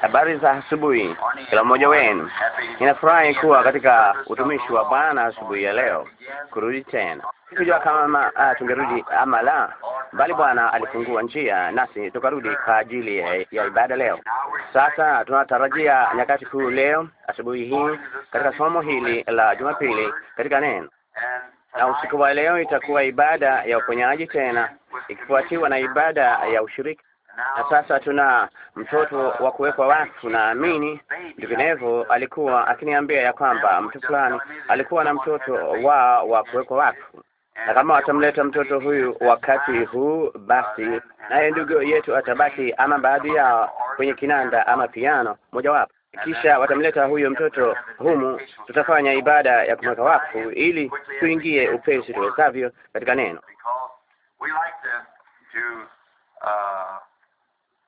Habari za asubuhi kila mmoja wenu. Ninafurahi kuwa katika utumishi wa Bwana asubuhi ya leo, kurudi tena. Sikujua kama uh, tungerudi ama la, bali Bwana alifungua njia nasi tukarudi kwa ajili ya, ya ibada leo. Sasa tunatarajia nyakati kuu leo asubuhi hii katika somo hili la Jumapili katika neno na usiku wa leo itakuwa ibada ya uponyaji tena ikifuatiwa na ibada ya ushirika. Na sasa tuna mtoto wa kuwekwa wakfu. Naamini ndivyo alikuwa akiniambia ya kwamba mtu fulani alikuwa na mtoto wa wa kuwekwa wakfu, na kama watamleta mtoto huyu wakati huu, basi naye ndugu yetu atabaki ama baadhi yao kwenye kinanda ama piano mojawapo kisha watamleta huyo mtoto humu, tutafanya ibada ya kumweka wakfu ili tuingie upesi tuwezavyo katika neno,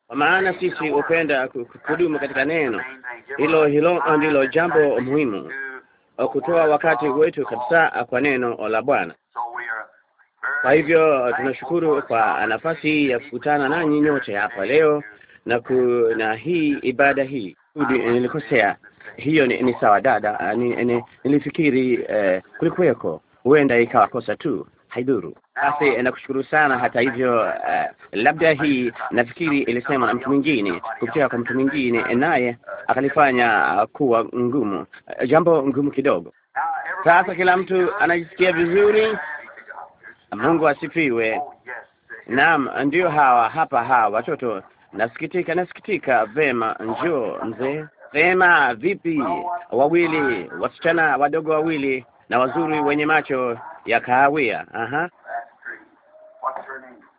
kwa maana sisi hupenda kudumu katika neno hilo. Hilo ndilo jambo muhimu, kutoa wakati wetu kabisa kwa neno la Bwana. Kwa hivyo tunashukuru kwa nafasi ya kukutana nanyi nyote hapa leo na, ku, na hii ibada hii Eh, nilikosea, hiyo ni, ni sawa dada. Ah, ni, ni, nilifikiri eh, kulikuweko, huenda ikawa kosa tu, haidhuru. Basi eh, nakushukuru sana. Hata hivyo, uh, labda hii nafikiri ilisema na mtu mwingine kupitia kwa mtu mwingine, naye akalifanya ah, kuwa ngumu, jambo ngumu kidogo. Sasa kila mtu anajisikia vizuri. Mungu asifiwe. Naam, ndio hawa hapa, hawa watoto Nasikitika, nasikitika. Vema, njoo mzee. Vema, vipi? Wawili wasichana wadogo wawili na wazuri wenye macho ya kahawia. Aha,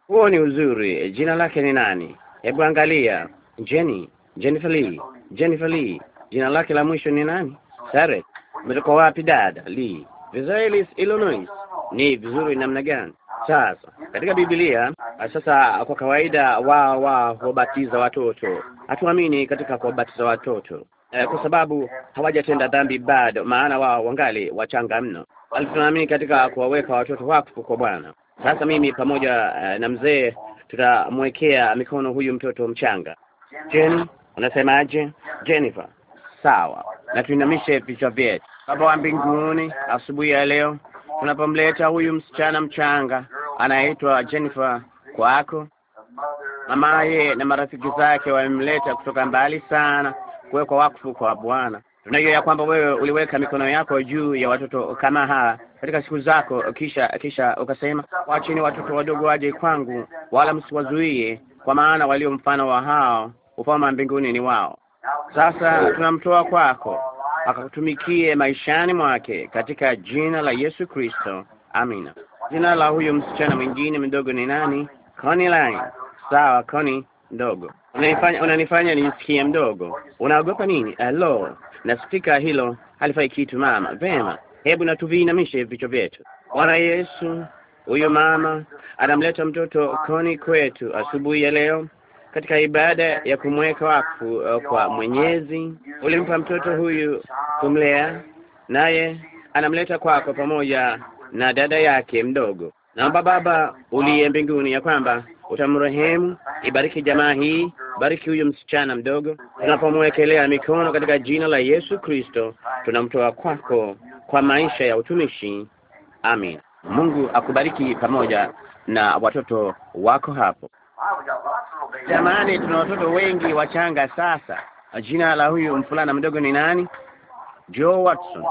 huo ni uzuri. Jina lake ni nani? Hebu angalia, Jenny, Jennifer Lee, Jennifer Lee. Jina lake la mwisho ni nani? Sare. Umetoka wapi dada? Lee, Visalis, Illinois. Ni vizuri namna gani? Sasa katika Biblia sasa, kwa kawaida wao wao hubatiza watoto. Hatuamini katika kuwabatiza watoto eh, kwa sababu hawajatenda dhambi bado, maana wao wangali wachanga mno, bali tunaamini katika kuwaweka watoto wakfu kwa Bwana. Sasa mimi pamoja eh, na mzee tutamwekea mikono huyu mtoto mchanga. Jen, unasemaje Jennifer? Sawa, na tuinamishe vichwa vyetu. Baba wa mbinguni, asubuhi ya leo tunapomleta huyu msichana mchanga anaitwa Jennifer kwako, mamaye na marafiki zake wamemleta kutoka mbali sana kuwekwa wakfu kwa Bwana. Tunajua ya kwamba wewe uliweka mikono yako juu ya watoto kama hawa katika siku zako, kisha kisha ukasema, wacheni watoto wadogo waje kwangu, wala msiwazuie, kwa maana walio mfano wa hao ufalme wa mbinguni ni wao. Sasa tunamtoa kwako akatumikie maishani mwake katika jina la Yesu Kristo, amina. Jina la huyu msichana mwingine mdogo ni nani? Connie Line. Sawa Connie ndogo, unanifanya unanifanya nisikie mdogo. Unaogopa nini? Hello, eh, nasikika hilo halifai kitu mama. Vema, hebu natuviinamishe vichwa vyetu. Bwana Yesu, huyu mama anamleta mtoto Connie kwetu asubuhi ya leo katika ibada ya kumweka wakfu uh, kwa Mwenyezi. Ulimpa mtoto huyu kumlea, naye anamleta kwako kwa pamoja na dada yake mdogo. Naomba Baba uliye mbinguni ya kwamba utamrehemu, ibariki jamaa hii, bariki huyu msichana mdogo. Tunapomwekelea mikono katika jina la Yesu Kristo, tunamtoa kwako kwa maisha ya utumishi. Amin. Mungu akubariki pamoja na watoto wako hapo. Jamani, tuna watoto wengi wachanga sasa. Jina la huyu mfulana mdogo ni nani? Joe Watson,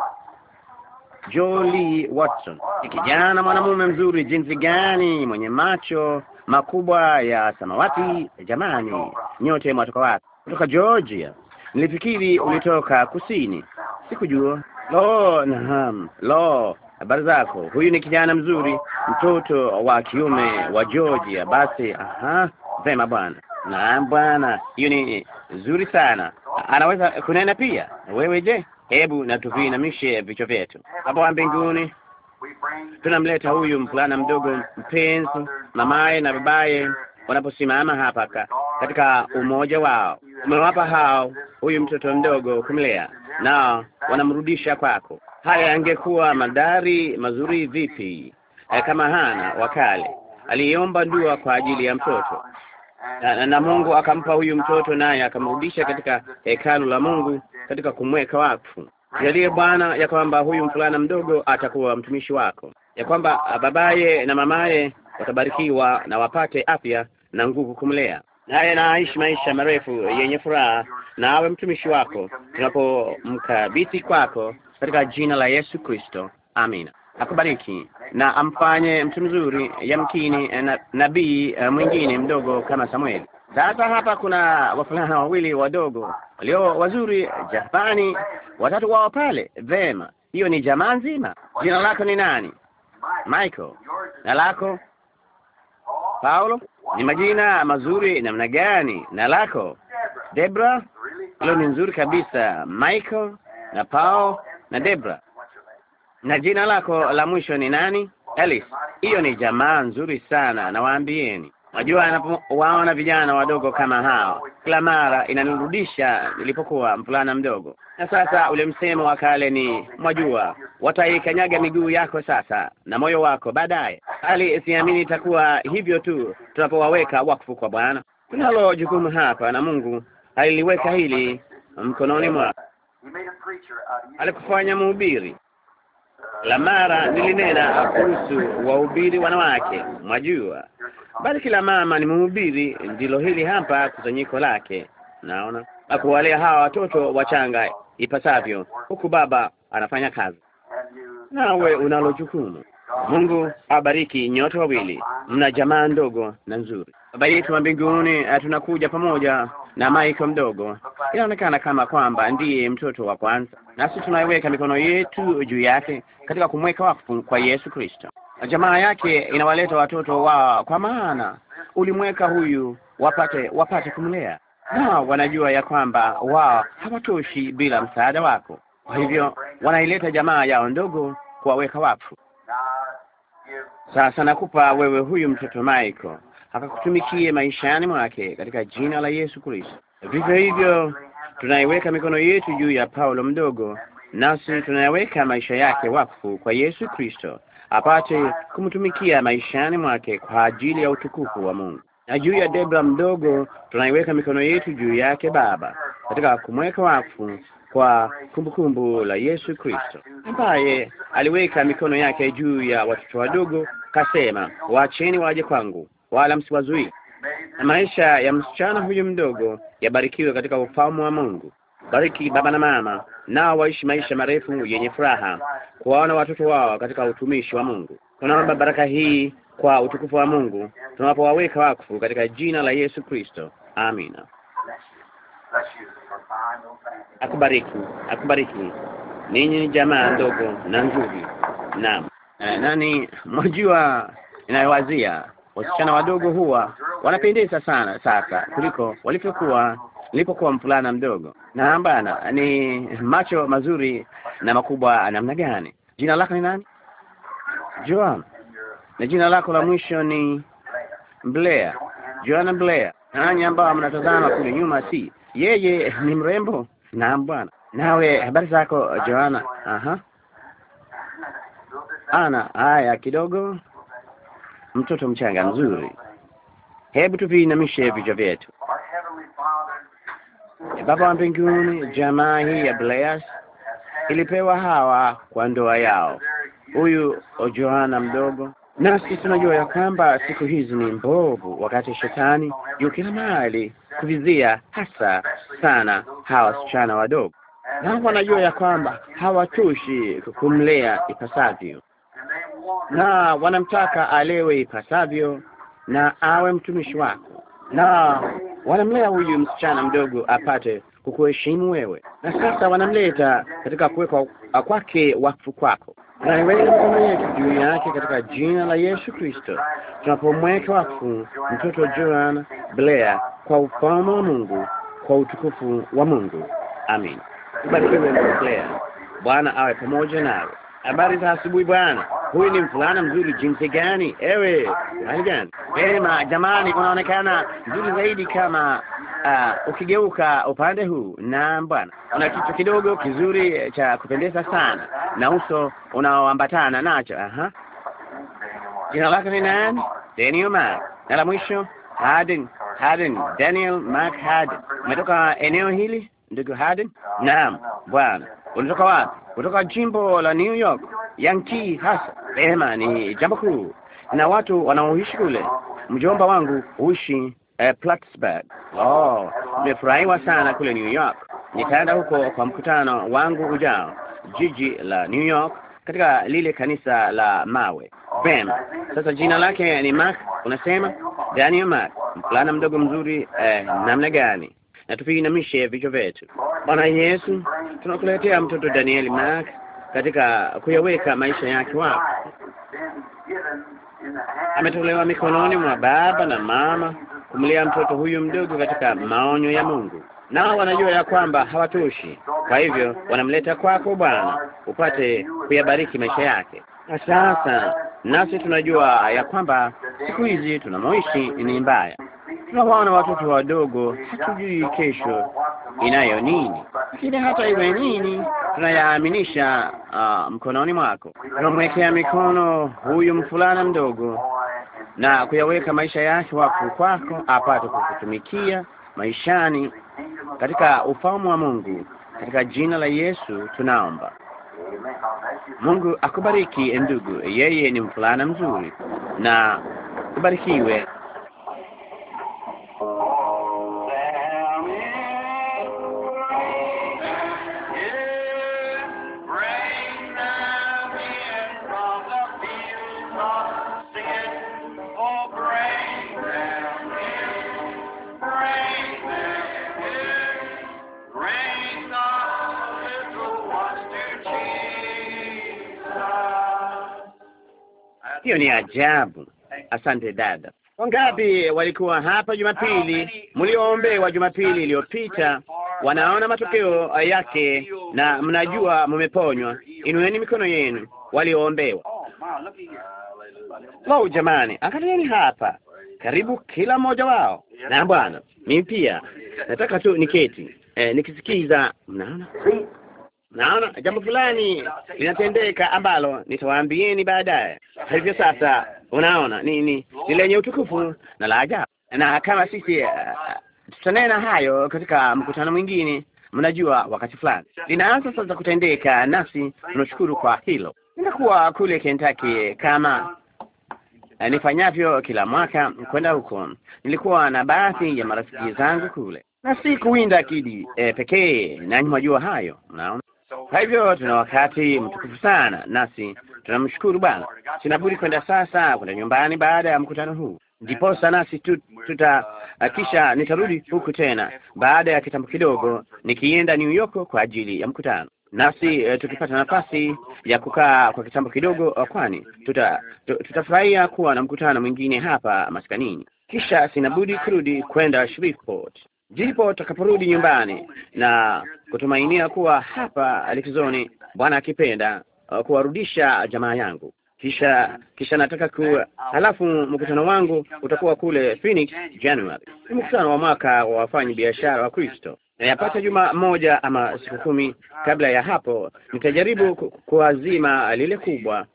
Jolie Watson ni kijana mwanamume mzuri jinsi gani, mwenye macho makubwa ya samawati. Jamani, nyote mwatoka wapi? Kutoka Georgia. Nilifikiri ulitoka kusini, sikujua. Lo, naam. Lo, habari zako. Huyu ni kijana mzuri, mtoto wa kiume wa Georgia. Basi aha, vema bwana. Naam bwana, hiyo ni nzuri sana. Anaweza kunena pia. Wewe je, hebu na vichwa vyetu hapa mbinguni. Tunamleta huyu mvulana mdogo mpenzi, mamaye na babaye wanaposimama hapa ka, katika umoja wao, umewapa hao huyu mtoto mdogo kumlea, na wanamrudisha kwako. Haya yangekuwa madari mazuri vipi eh, kama hana wakale aliyeomba ndua kwa ajili ya mtoto na, na Mungu akampa huyu mtoto, naye akamrudisha katika hekalu la Mungu katika kumweka wakfu. Jalie Bwana ya kwamba huyu mfulana mdogo atakuwa mtumishi wako, ya kwamba ah, babaye na mamaye watabarikiwa na wapate afya na nguvu kumlea, naye na aishi maisha marefu yenye furaha, na awe mtumishi wako tunapomkabidhi kwako, katika jina la Yesu Kristo, amina akubariki na amfanye mtu mzuri, yamkini eh, na nabii eh, mwingine mdogo kama Samueli. Sasa hapa kuna wafulana wawili wadogo walio wazuri Japani, watatu wao pale. Vema, hiyo ni jamaa nzima. Jina lako ni nani? Michael. Na lako? Paulo. Ni majina mazuri namna gani? Na lako? Debra. Hilo ni nzuri kabisa. Michael na Paul na Debra. Na jina lako la mwisho ni nani? Ellis. Hiyo ni jamaa nzuri sana, nawaambieni. Najua anapowaona vijana wadogo kama hao, kila mara inanirudisha nilipokuwa mvulana mdogo. Na sasa ule msemo wa kale ni mwajua, wataikanyaga miguu yako sasa na moyo wako baadaye. Hali siamini itakuwa hivyo tu tunapowaweka wakfu kwa Bwana. Tunalo jukumu hapa, na Mungu aliliweka hili mkononi mwako, alikufanya mhubiri la mara nilinena kuhusu wahubiri wanawake, mwajua, bali kila mama ni mhubiri. Ndilo hili hapa kusanyiko lake, naona akuwalea hawa watoto wachanga ipasavyo, huku baba anafanya kazi, nawe unalo jukumu. Mungu abariki nyote wawili, mna jamaa ndogo na nzuri. Baba yetu wa mbinguni, eh, tunakuja pamoja na Michael mdogo, inaonekana kama kwamba ndiye mtoto wa kwanza, nasi tunaiweka mikono yetu juu yake katika kumweka wakfu kwa Yesu Kristo. Jamaa yake inawaleta watoto wa, kwa maana ulimweka huyu wapate wapate kumlea, na wanajua ya kwamba wao hawatoshi bila msaada wako. Kwa hivyo wanaileta jamaa yao ndogo kuwaweka wakfu. Sasa nakupa wewe huyu mtoto Michael akakutumikie maishani mwake katika jina la Yesu Kristo. Vivyo hivyo tunaiweka mikono yetu juu ya Paulo mdogo, nasi tunayaweka maisha yake wakfu kwa Yesu Kristo apate kumtumikia maishani mwake kwa ajili ya utukufu wa Mungu. Na juu ya Debra mdogo tunaiweka mikono yetu juu yake Baba katika kumweka wakfu kwa kumbukumbu kumbu la Yesu Kristo ambaye aliweka mikono yake juu ya watoto wadogo, kasema, waacheni waje kwangu, wala msiwazuii. Na maisha ya msichana huyu mdogo yabarikiwe katika ufalme wa Mungu. Bariki baba na mama, nao waishi maisha marefu yenye furaha, kuwaona watoto wao katika utumishi wa Mungu. Tunaomba baraka hii kwa utukufu wa Mungu tunapowaweka wakfu katika jina la Yesu Kristo, amina akubariki akubariki ninyi jamaa ndogo na nzuri. Naam, eh, nani mwajua inayowazia wasichana wadogo huwa wanapendeza sana sasa kuliko walivyokuwa nilipokuwa mvulana mdogo. Na bana, ni macho mazuri na makubwa namna gani! Jina lako ni nani? Joan. Na jina lako la mwisho ni Blair. Joan Blair. Nani ambao mnatazama kule nyuma, si yeye ni mrembo Naam bwana. Nawe habari zako Joana? Aha. Ana haya kidogo, mtoto mchanga mzuri. Hebu tuviinamishe vichwa vyetu. Baba wa mbinguni, jamaa hii ya Blair ilipewa hawa kwa ndoa yao, huyu Joana mdogo nasi tunajua ya kwamba siku hizi ni mbovu, wakati shetani yuko kila mahali kuvizia hasa sana hawa wasichana wadogo, na wanajua ya kwamba hawatoshi kumlea ipasavyo, na wanamtaka alewe ipasavyo na awe mtumishi wako, na wanamlea huyu msichana mdogo apate kukuheshimu wewe, na sasa wanamleta katika kuwekwa kwake wakfu kwako tunaiweka mikono yetu juu yake katika jina la Yesu Kristo, tunapomweka wakfu mtoto Joan Blair kwa ufalme wa Mungu, kwa utukufu wa Mungu. Amin. Ubarikiwe Blair, Bwana awe pamoja nawe. Habari za asubuhi bwana. Huyu ni mvulana mzuri jinsi gani! Ewe hali gani? Vema jamani, unaonekana mzuri zaidi kama Uh, ukigeuka upande huu, na bwana, una kitu kidogo kizuri eh, cha kupendeza sana na uso unaoambatana nacho. Aha, jina lako ni nani? Daniel Mark. Na la mwisho Harden, Harden, Daniel Mark Harden. Umetoka eneo hili ndugu Harden? Naam bwana. Unatoka wapi? Kutoka jimbo la New York, Yankee hasa. Rehema ni jambo kuu na watu wanaoishi kule. Mjomba wangu huishi eh, Plattsburgh. Oh, nimefurahiwa sana kule New York. Nitaenda huko kwa mkutano wangu ujao, jiji la New York, katika lile kanisa la mawe. Vema, sasa jina lake ni Mark, unasema Daniel Mark, mvulana mdogo mzuri eh, namna gani? Na tuviinamishe vichwa vyetu. Bwana Yesu, tunakuletea mtoto Daniel Mark katika kuyaweka maisha yake wapo. Ametolewa mikononi mwa baba na mama kumlea mtoto huyu mdogo katika maonyo ya Mungu, nao wanajua ya kwamba hawatoshi. Kwa hivyo wanamleta kwako, Bwana, upate kuyabariki maisha yake. Sasa nasi tunajua ya kwamba siku hizi tunamoishi ni mbaya tunawaona watoto wadogo, hatujui kesho inayo nini, lakini hata iwe nini, tunayaaminisha uh, mkononi mwako. Tunamwekea mikono huyu mfulana mdogo na kuyaweka maisha yake wakfu kwako, apate kukutumikia maishani katika ufalme wa Mungu. Katika jina la Yesu tunaomba. Mungu akubariki ndugu, yeye ni mfulana mzuri, na kubarikiwe. Hiyo ni ajabu. Asante dada. Wangapi walikuwa hapa Jumapili mlioombewa Jumapili iliyopita, wanaona matokeo yake na mnajua mmeponywa? Inueni mikono yenu walioombewa. Lau jamani, angalieni hapa, karibu kila mmoja wao. Na bwana, mimi pia nataka tu niketi, eh, nikisikiza. Mnaona Naona jambo fulani linatendeka ambalo nitawaambieni baadaye. Hivyo sasa, unaona nini, ni lenye utukufu na la ajabu, na kama sisi eh, tutanena hayo katika mkutano mwingine. Mnajua, wakati fulani linaanza sasa kutendeka, nasi tunashukuru kwa hilo. Ninakuwa kule Kentucky kama eh, nifanyavyo kila mwaka kwenda huko. Nilikuwa na baadhi ya marafiki zangu kule, na si kuwinda kidi eh, pekee, nanyi mwajua hayo, mnaona kwa hivyo tuna wakati mtukufu sana, nasi tunamshukuru Bwana. sinabudi kwenda sasa, kwenda nyumbani baada ya mkutano huu, ndiposa nasi tu, tuta ah, kisha nitarudi huku tena baada ya kitambo kidogo, nikienda New York kwa ajili ya mkutano nasi eh, tukipata nafasi ya kukaa kwa kitambo kidogo, ah, kwani tuta tutafurahia kuwa na mkutano mwingine hapa maskanini. Kisha sinabudi kurudi kwenda Shreveport ndipo tutakaporudi nyumbani na kutumainia kuwa hapa likizoni, Bwana akipenda, uh, kuwarudisha jamaa yangu. Kisha kisha nataka ku, halafu mkutano wangu utakuwa kule Phoenix January. Ni mkutano wa mwaka wa wafanyi biashara wa Kristo. Yapata juma moja ama siku kumi kabla ya hapo, nitajaribu kuazima lile kubwa,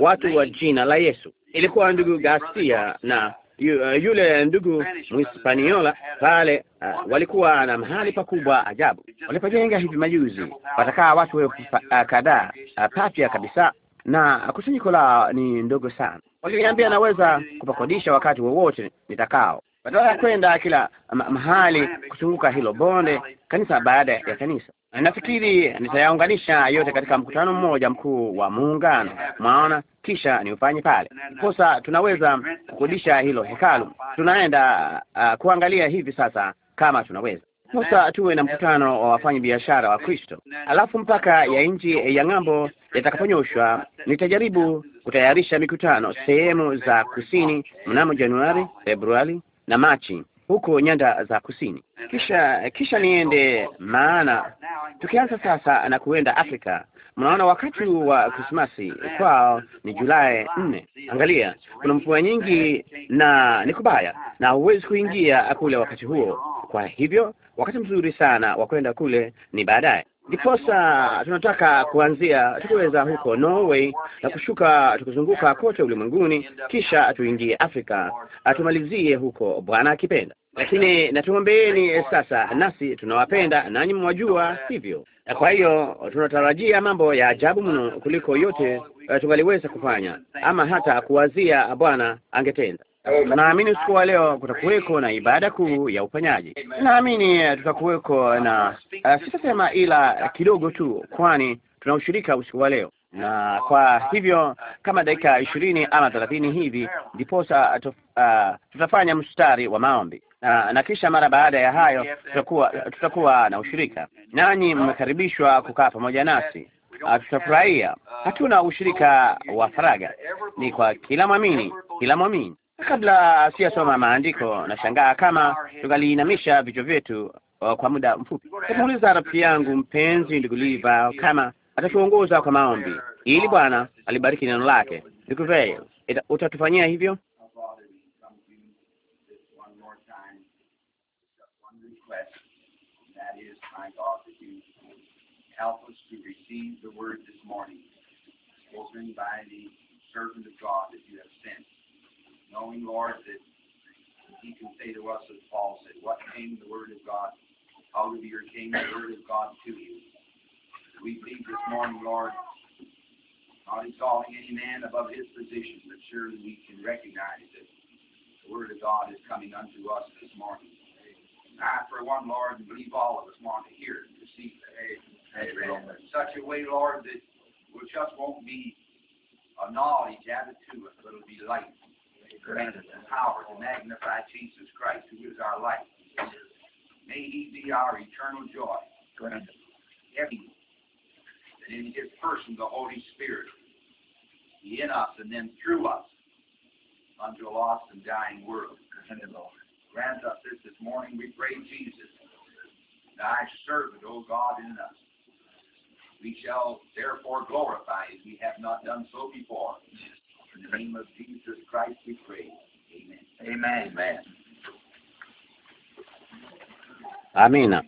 watu wa jina la Yesu. Ilikuwa ndugu Garcia na Uh, yule ndugu Mhispaniola pale uh, walikuwa na mahali pakubwa ajabu walipojenga hivi majuzi, watakaa watu elfu uh, kadhaa uh, papya kabisa, na kusanyiko lao ni ndogo sana. Waliniambia naweza kupakodisha wakati wowote nitakao, badala ya kwenda kila mahali kuzunguka hilo bonde, kanisa baada ya kanisa. Nafikiri nitayaunganisha yote katika mkutano mmoja mkuu wa muungano, maona kisha niufanye pale kosa. Tunaweza kukodisha hilo hekalu, tunaenda uh, kuangalia hivi sasa kama tunaweza sasa Tuwe na mkutano wa wafanya biashara wa Kristo, alafu mpaka ya nchi ya ng'ambo yatakaponyoshwa, nitajaribu kutayarisha mikutano sehemu za kusini mnamo Januari, Februari na Machi huko nyanda za kusini, kisha kisha niende, maana tukianza sasa na kuenda Afrika, mnaona wakati wa Krismasi kwao ni Julai nne. Angalia, kuna mvua nyingi na ni kubaya, na huwezi kuingia kule wakati huo. Kwa hivyo wakati mzuri sana wa kwenda kule ni baadaye ndiposa tunataka kuanzia tukiweza huko Norway na kushuka tukizunguka kote ulimwenguni, kisha tuingie Afrika atumalizie huko Bwana akipenda. Lakini natuombeeni sasa, nasi tunawapenda nanyi mwajua hivyo. Kwa hiyo tunatarajia mambo ya ajabu mno kuliko yote eh, tungaliweza kufanya ama hata kuwazia Bwana angetenda. Naamini usiku wa leo kutakuweko na ibada kuu ya uponyaji. Naamini eh, tutakuweko na uh, sitasema ila kidogo tu, kwani tuna ushirika usiku wa leo, na kwa hivyo kama dakika ishirini ama thelathini hivi ndiposa uh, tutafanya mstari wa maombi na, na kisha mara baada ya hayo tutakuwa tutakuwa na ushirika, nanyi mmekaribishwa kukaa pamoja nasi. Ah, tutafurahia. Hatuna ushirika wa faraga ni kwa kila mwamini, kila mwamini Kabla siyasoma maandiko, nashangaa kama tungaliinamisha vichwa vyetu uh, kwa muda mfupi. Tumuuliza rafiki yangu mpenzi ndugu Liva kama atatuongoza kwa maombi, ili Bwana alibariki neno lake. Ndugu Vale, utatufanyia hivyo? knowing, Lord, that He can say to us as Paul said, What came the Word of God? Out of your came the Word of God to you. We plead this morning, Lord, not exalting any man above his position, but surely we can recognize that the Word of God is coming unto us this morning. I, for one, Lord, and believe all of us want to hear to receive it. In such a way, Lord, that it just won't be a knowledge added to us, but it'll be light Grant us the power to magnify Jesus Christ, who is our life. May he be our eternal joy. us. Every, and in his person, the Holy Spirit, in us and then through us unto a lost and dying world. Granted, Lord. Grant us this this morning, we pray, Jesus, thy servant, O God, in us. We shall therefore glorify as we have not done so before. Amina.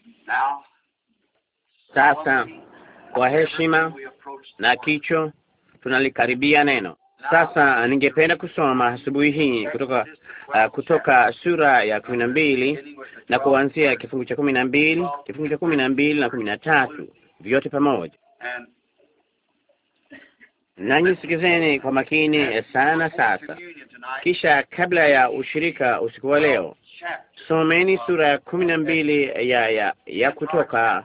Sasa kwa heshima na kicho tunalikaribia neno. Sasa ningependa kusoma asubuhi hii kutoka uh, kutoka sura ya kumi na mbili na kuanzia kifungu cha kumi na mbili kifungu cha kumi na mbili na kumi na tatu vyote pamoja nanyi sikizeni kwa makini eh, sana sasa. Kisha kabla ya ushirika usiku wa leo, someni sura ya kumi na mbili ya ya ya Kutoka,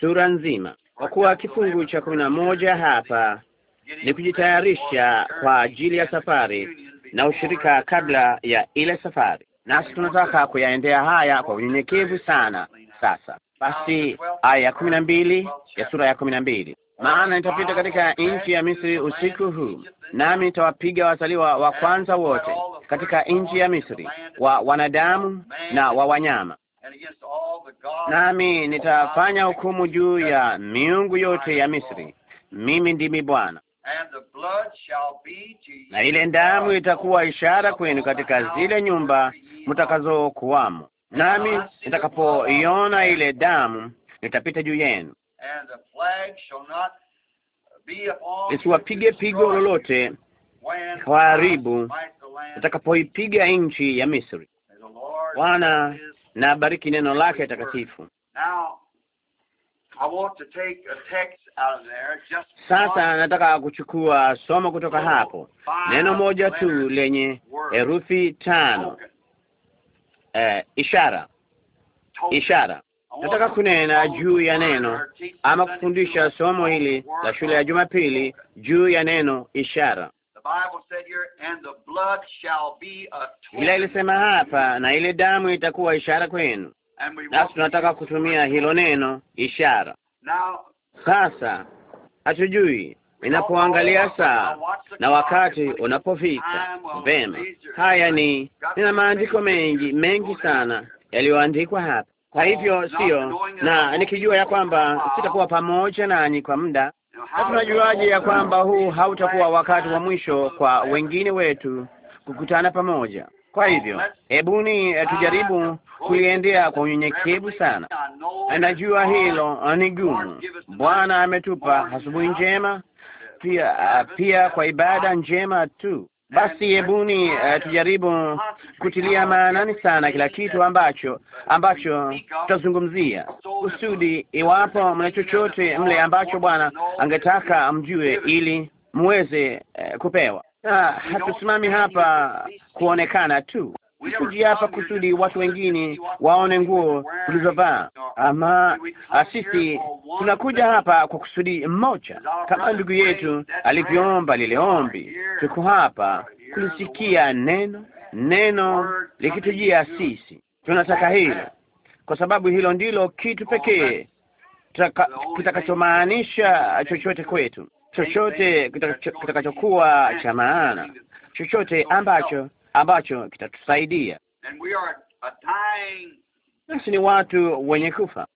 sura nzima, kwa kuwa kifungu cha kumi na moja hapa ni kujitayarisha kwa ajili ya safari na ushirika kabla ya ile safari, nasi tunataka kuyaendea haya kwa unyenyekevu sana. Sasa basi, aya ya kumi na mbili ya sura ya kumi na mbili maana nitapita katika nchi ya Misri usiku huu, nami nitawapiga wazaliwa wa kwanza wote katika nchi ya Misri, wa wanadamu na wa wanyama, nami nitafanya hukumu juu ya miungu yote ya Misri. Mimi ndimi Bwana. Na ile damu itakuwa ishara kwenu katika zile nyumba mtakazokuwamo, nami nitakapoiona ile damu nitapita juu yenu isiwapige pigo lolote aribu itakapoipiga nchi ya Misri. Bwana na bariki neno lake takatifu. Sasa nataka kuchukua somo kutoka oh, hapo, neno moja tu lenye herufi tano, eh, ishara, ishara nataka kunena juu ya neno ama kufundisha somo hili la shule ya Jumapili juu ya neno ishara. ila ilisema hapa, na ile damu itakuwa ishara kwenu, nasi tunataka kutumia hilo neno ishara. Sasa hatujui Ninapoangalia saa na wakati unapofika vema. Haya ni, nina maandiko mengi mengi sana yaliyoandikwa hapa, kwa hivyo sio, na nikijua ya kwamba uh, sitakuwa pamoja nanyi kwa muda, na tunajuaje ya kwamba huu hautakuwa wakati wa mwisho kwa wengine wetu kukutana pamoja? Kwa hivyo hebuni eh, tujaribu kuliendea kwa unyenyekevu sana. Eh, najua hilo eh, ni gumu. Bwana ametupa asubuhi njema pia, pia kwa ibada njema tu basi hebuni uh, eh, tujaribu kutilia maanani sana kila kitu ambacho ambacho tutazungumzia, kusudi iwapo mna chochote mle ambacho Bwana angetaka mjue, ili mweze uh, eh, kupewa. Ah, hatusimami hapa kuonekana tu, kuji hapa kusudi watu wengine waone nguo tulizovaa, ama ah, sisi tunakuja hapa kwa kusudi mmoja, kama ndugu yetu alivyoomba lile ombi. Tuko hapa kulisikia neno, neno likitujia sisi. Tunataka hilo kwa sababu hilo ndilo kitu pekee kitakachomaanisha chochote kwetu, chochote kitakachokuwa cha maana, chochote ambacho ambacho kitatusaidia nasi ni watu wenye kufa.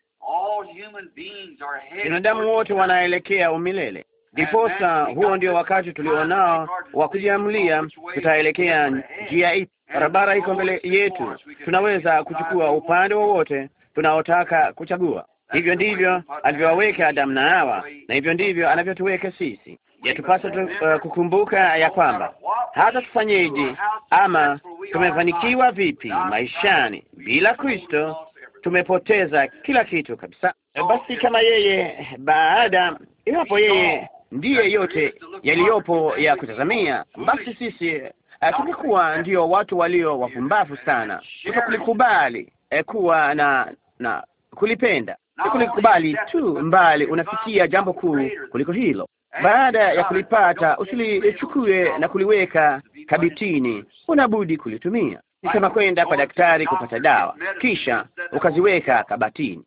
Binadamu wote wanaelekea umilele, ndiposa huo ndio wakati tulionao wa kujiamlia tutaelekea njia ipi. Barabara iko mbele yetu, tunaweza kuchukua upande wowote tunaotaka kuchagua. Hivyo ndivyo alivyowaweka Adamu na Hawa, na hivyo ndivyo anavyotuweka sisi yatupasa tu, uh, kukumbuka ya kwamba hata tufanyeje ama tumefanikiwa vipi maishani bila Kristo, tumepoteza kila kitu kabisa. Eh, basi kama yeye baada iwapo yeye ndiye yote yaliyopo ya kutazamia, basi sisi eh, tumekuwa ndio watu walio wapumbavu sana kutokulikubali eh, kuwa na na kulipenda, kulikubali tu mbali, unafikia jambo kuu kuliko hilo baada ya kulipata usilichukue na kuliweka kabitini, unabudi kulitumia. Ni kama kwenda kwa daktari kupata dawa, kisha ukaziweka kabatini.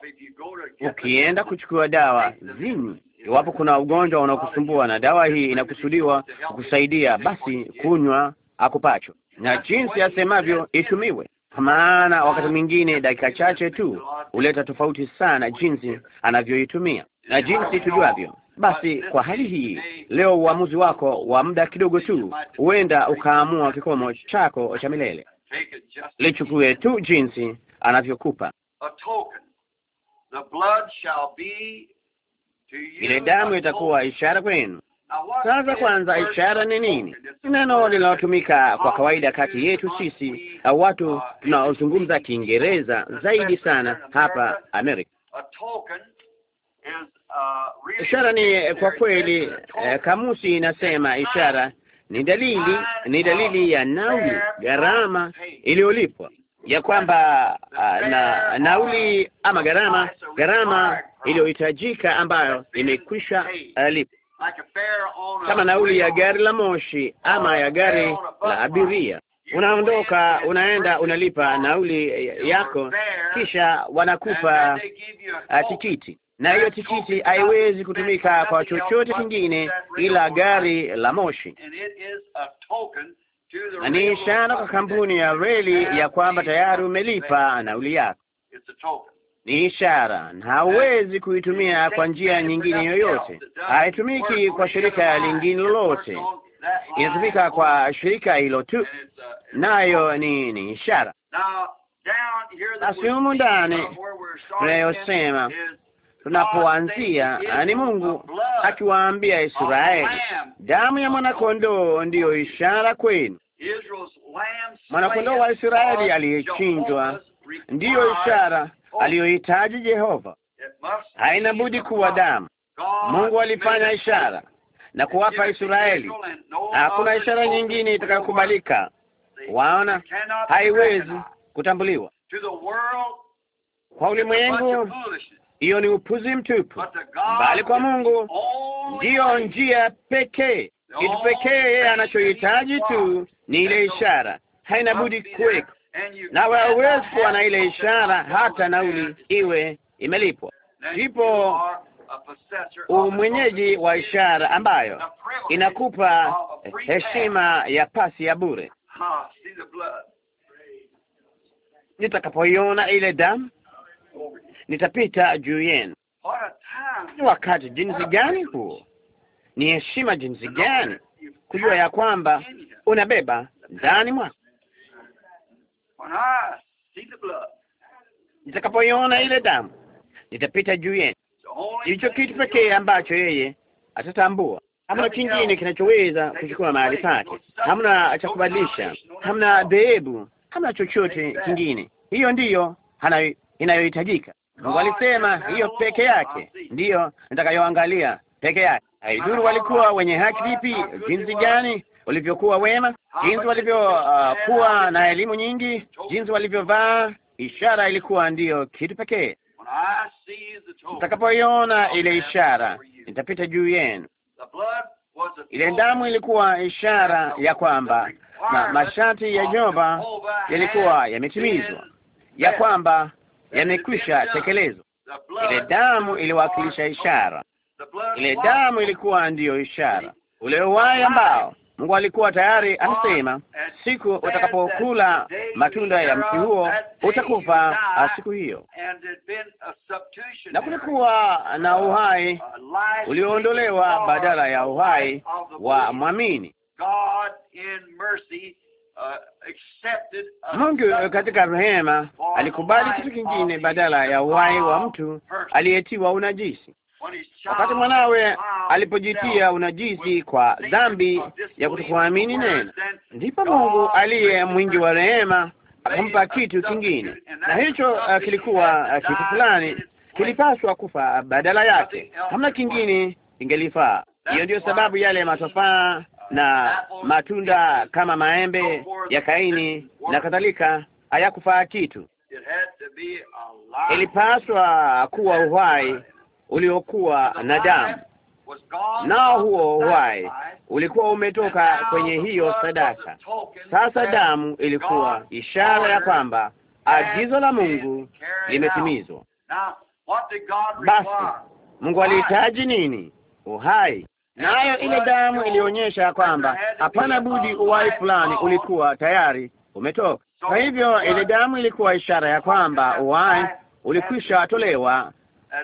Ukienda kuchukua dawa zini Iwapo kuna ugonjwa unaokusumbua na dawa hii inakusudiwa kukusaidia, basi kunywa akupacho, na jinsi asemavyo itumiwe, kwa maana wakati mwingine dakika chache tu huleta tofauti sana jinsi anavyoitumia na jinsi tujuavyo basi kwa hali hii leo, uamuzi wako wa muda kidogo tu huenda ukaamua kikomo chako cha milele. Lichukue tu jinsi anavyokupa. Ile damu itakuwa ishara kwenu. Sasa kwanza, ishara ni nini? Ni neno linalotumika kwa kawaida kati yetu sisi au uh, watu uh, tunaozungumza Kiingereza zaidi sana hapa Amerika. Ishara ni eh, kwa kweli, uh, kamusi inasema ishara ni dalili, ni dalili ya nauli, gharama iliyolipwa ya kwamba uh, na nauli ama gharama, gharama iliyohitajika ambayo imekwisha uh, lipwa kama nauli ya gari la moshi ama ya gari la abiria. Unaondoka, unaenda, unalipa nauli yako, kisha wanakupa ah, tikiti na hiyo tikiti haiwezi kutumika kwa chochote kingine ila gari la moshi, na ni ishara kwa kampuni ya reli ya kwamba tayari umelipa nauli yako. Ni ishara na hauwezi kuitumia kwa njia nyingine yoyote. Haitumiki kwa shirika lingine lolote, inatumika kwa shirika hilo tu, nayo ni ni ishara. Basi humu ndani tunayosema tunapoanzia ni Mungu akiwaambia Israeli, damu ya mwanakondoo ndiyo ishara kwenu. Mwanakondoo wa Israeli aliyechinjwa ndiyo ishara oh, aliyohitaji Jehova. Haina budi kuwa damu. Mungu alifanya ishara na kuwapa Israeli. Hakuna ishara nyingine itakayokubalika. Waona, haiwezi kutambuliwa kwa ulimwengu hiyo ni upuzi mtupu, bali kwa Mungu ndiyo njia pekee. Kitu pekee yeye anachohitaji tu ni ile ishara, haina budi kuweka na hauwezi kuwa na ile ishara hata nauli iwe imelipwa. Ndipo umwenyeji wa ishara ambayo inakupa heshima ya pasi ya bure. Nitakapoiona ile damu nitapita juu yenu. Ni wakati jinsi gani huo! Ni heshima jinsi gani kujua ya kwamba unabeba ndani mwako. Nitakapoiona ile damu, nitapita juu yenu. Ndicho kitu pekee ambacho yeye atatambua. Hamna kingine kinachoweza kuchukua mahali pake, hamna cha kubadilisha, hamna dhehebu, hamna chochote kingine. Hiyo ndiyo inayohitajika. Mungu alisema hiyo peke yake ndiyo nitakayoangalia peke yake. Haidhuru walikuwa wenye haki vipi, jinsi gani walivyokuwa wema, jinsi walivyokuwa uh, na elimu nyingi, jinsi walivyovaa, ishara ilikuwa ndiyo kitu pekee. Nitakapoiona ile ishara, nitapita juu yenu. Ile damu ilikuwa ishara ya kwamba na mashati ya Joba yalikuwa yametimizwa, ya kwamba yamekwisha tekelezwa. Ile damu iliwakilisha ishara, ile damu ilikuwa ndiyo ishara, ule uhai ambao Mungu alikuwa tayari anasema, siku utakapokula matunda ya mti huo utakufa ah, siku hiyo. Na kulikuwa na uhai ulioondolewa badala ya uhai wa mwamini. Mungu uh, uh, katika rehema alikubali kitu kingine badala ya uhai wa mtu aliyetiwa unajisi. Wakati mwanawe alipojitia unajisi kwa dhambi ya kutokuamini neno, ndipo Mungu aliye mwingi wa rehema akampa kitu kingine, na hicho uh, kilikuwa uh, kitu fulani kilipaswa kufa badala yake. Hamna kingine ingelifaa. Hiyo ndiyo sababu yale matofaa na matunda kama maembe ya Kaini na kadhalika hayakufaa kitu. Ilipaswa kuwa uhai uliokuwa na damu, nao huo uhai ulikuwa umetoka kwenye hiyo sadaka. Sasa damu ilikuwa ishara ya kwamba agizo la Mungu limetimizwa. Basi Mungu alihitaji nini? Uhai nayo ile damu ilionyesha kwamba hapana budi uwai fulani ulikuwa tayari umetoka. Kwa hivyo ile damu ilikuwa ishara ya kwamba uwai ulikwisha tolewa,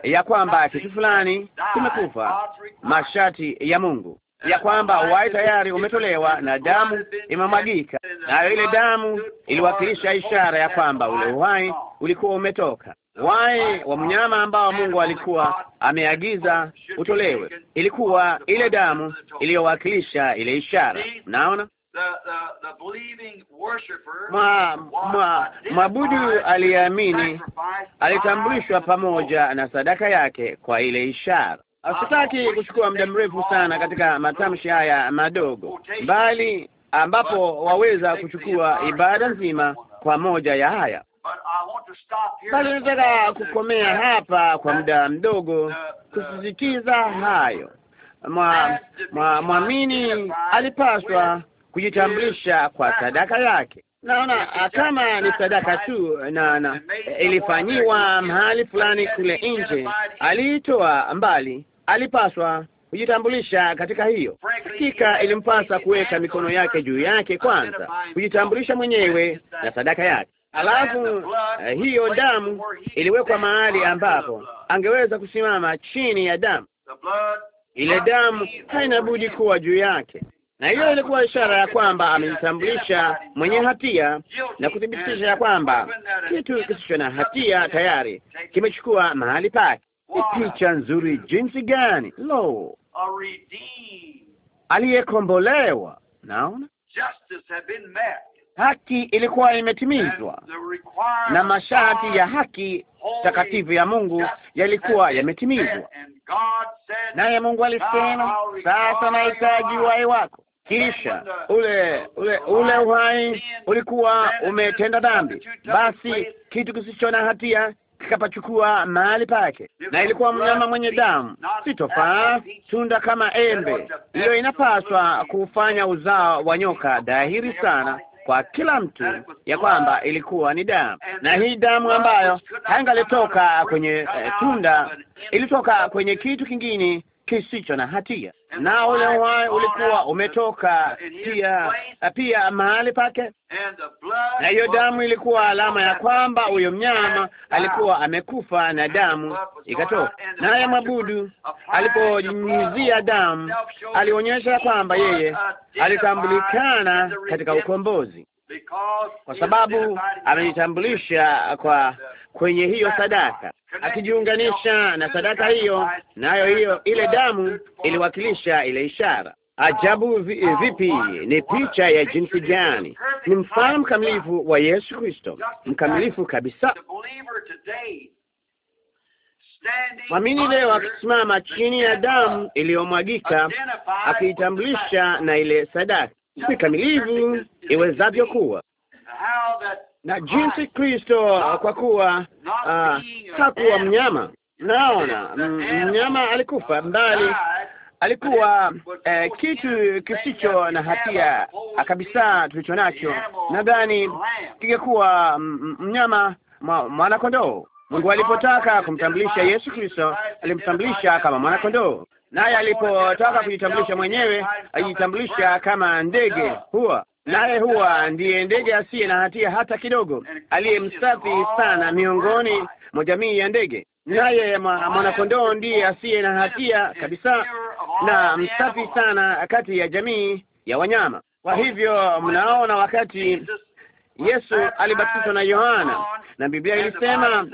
ya kwamba kitu fulani kimekufa, masharti ya Mungu ya kwamba uhai tayari umetolewa na damu imemwagika, nayo ile damu iliwakilisha ishara ya kwamba ule uhai ulikuwa umetoka wai wa mnyama ambao Mungu alikuwa ameagiza utolewe. Ilikuwa ile damu iliyowakilisha ile ishara. naona mwabudu aliyeamini alitambulishwa pamoja na sadaka yake kwa ile ishara. Sitaki kuchukua muda mrefu sana katika matamshi haya madogo, bali ambapo waweza kuchukua ibada nzima kwa moja ya haya bali nataka kukomea hapa kwa muda mdogo kusisitiza hayo. Mwamini ma, alipaswa kujitambulisha kwa sadaka yake. Naona kama ni sadaka tu na, na ilifanyiwa mahali fulani kule nje, aliitoa mbali, alipaswa kujitambulisha katika hiyo. Hakika ilimpasa kuweka mikono yake juu yake kwanza, kujitambulisha mwenyewe na sadaka yake. Alafu eh, hiyo damu iliwekwa mahali ambapo angeweza kusimama chini ya damu. Ile damu haina budi kuwa juu yake, na hiyo ilikuwa ishara ya kwamba amemtambulisha mwenye hatia na kuthibitisha ya kwamba kitu kisicho na hatia tayari kimechukua mahali pake. Ni picha nzuri jinsi gani! Lo, aliyekombolewa! Naona haki ilikuwa imetimizwa na masharti ya haki takatifu ya Mungu yalikuwa yametimizwa, naye Mungu alisema, sasa nahitaji uhai wako. Kisha ule ule ule uhai ulikuwa umetenda dhambi, basi kitu kisicho na hatia kikapachukua mahali pake, na ilikuwa mnyama mwenye damu, si tofaa tunda kama embe. Hiyo inapaswa kufanya uzao wa nyoka dhahiri sana kwa kila mtu ya kwamba ilikuwa ni damu, na hii damu ambayo hangalitoka kwenye eh, tunda ilitoka kwenye kitu kingine kisicho na hatia, na ule uhai ulikuwa umetoka pia uh, pia mahali pake, na hiyo damu ilikuwa alama ya kwamba huyo mnyama alikuwa amekufa na damu ikatoka naye. Mwabudu aliponyunyizia damu, alionyesha kwamba yeye alitambulikana katika ukombozi kwa sababu amejitambulisha kwa kwenye hiyo sadaka, akijiunganisha na sadaka hiyo, nayo hiyo ile damu iliwakilisha ile ishara. Ajabu vipi! Ni picha ya jinsi gani! Ni mfano mkamilifu wa Yesu Kristo, mkamilifu kabisa. Mwamini leo akisimama chini ya damu iliyomwagika, akiitambulisha na ile sadaka, ni kamilifu iwezavyo kuwa na jinsi Kristo, uh, kwa kuwa uh, hakuwa mnyama. Naona mm, mnyama alikufa, mbali alikuwa eh, kitu kisicho na hatia kabisa tulicho nacho. Nadhani kingekuwa mm, mnyama mwanakondoo. Mungu alipotaka kumtambulisha Yesu Kristo, alimtambulisha kama mwanakondoo, naye alipotaka kujitambulisha mwenyewe, alijitambulisha kama ndege. Huwa naye huwa ndiye ndege asiye na hatia hata kidogo, aliye msafi sana miongoni mwa jamii ya ndege, naye mwanakondoo ndiye asiye na hatia kabisa na msafi sana kati ya jamii ya wanyama. Kwa hivyo mnaona, wakati Yesu alibatizwa na Yohana na Biblia ilisema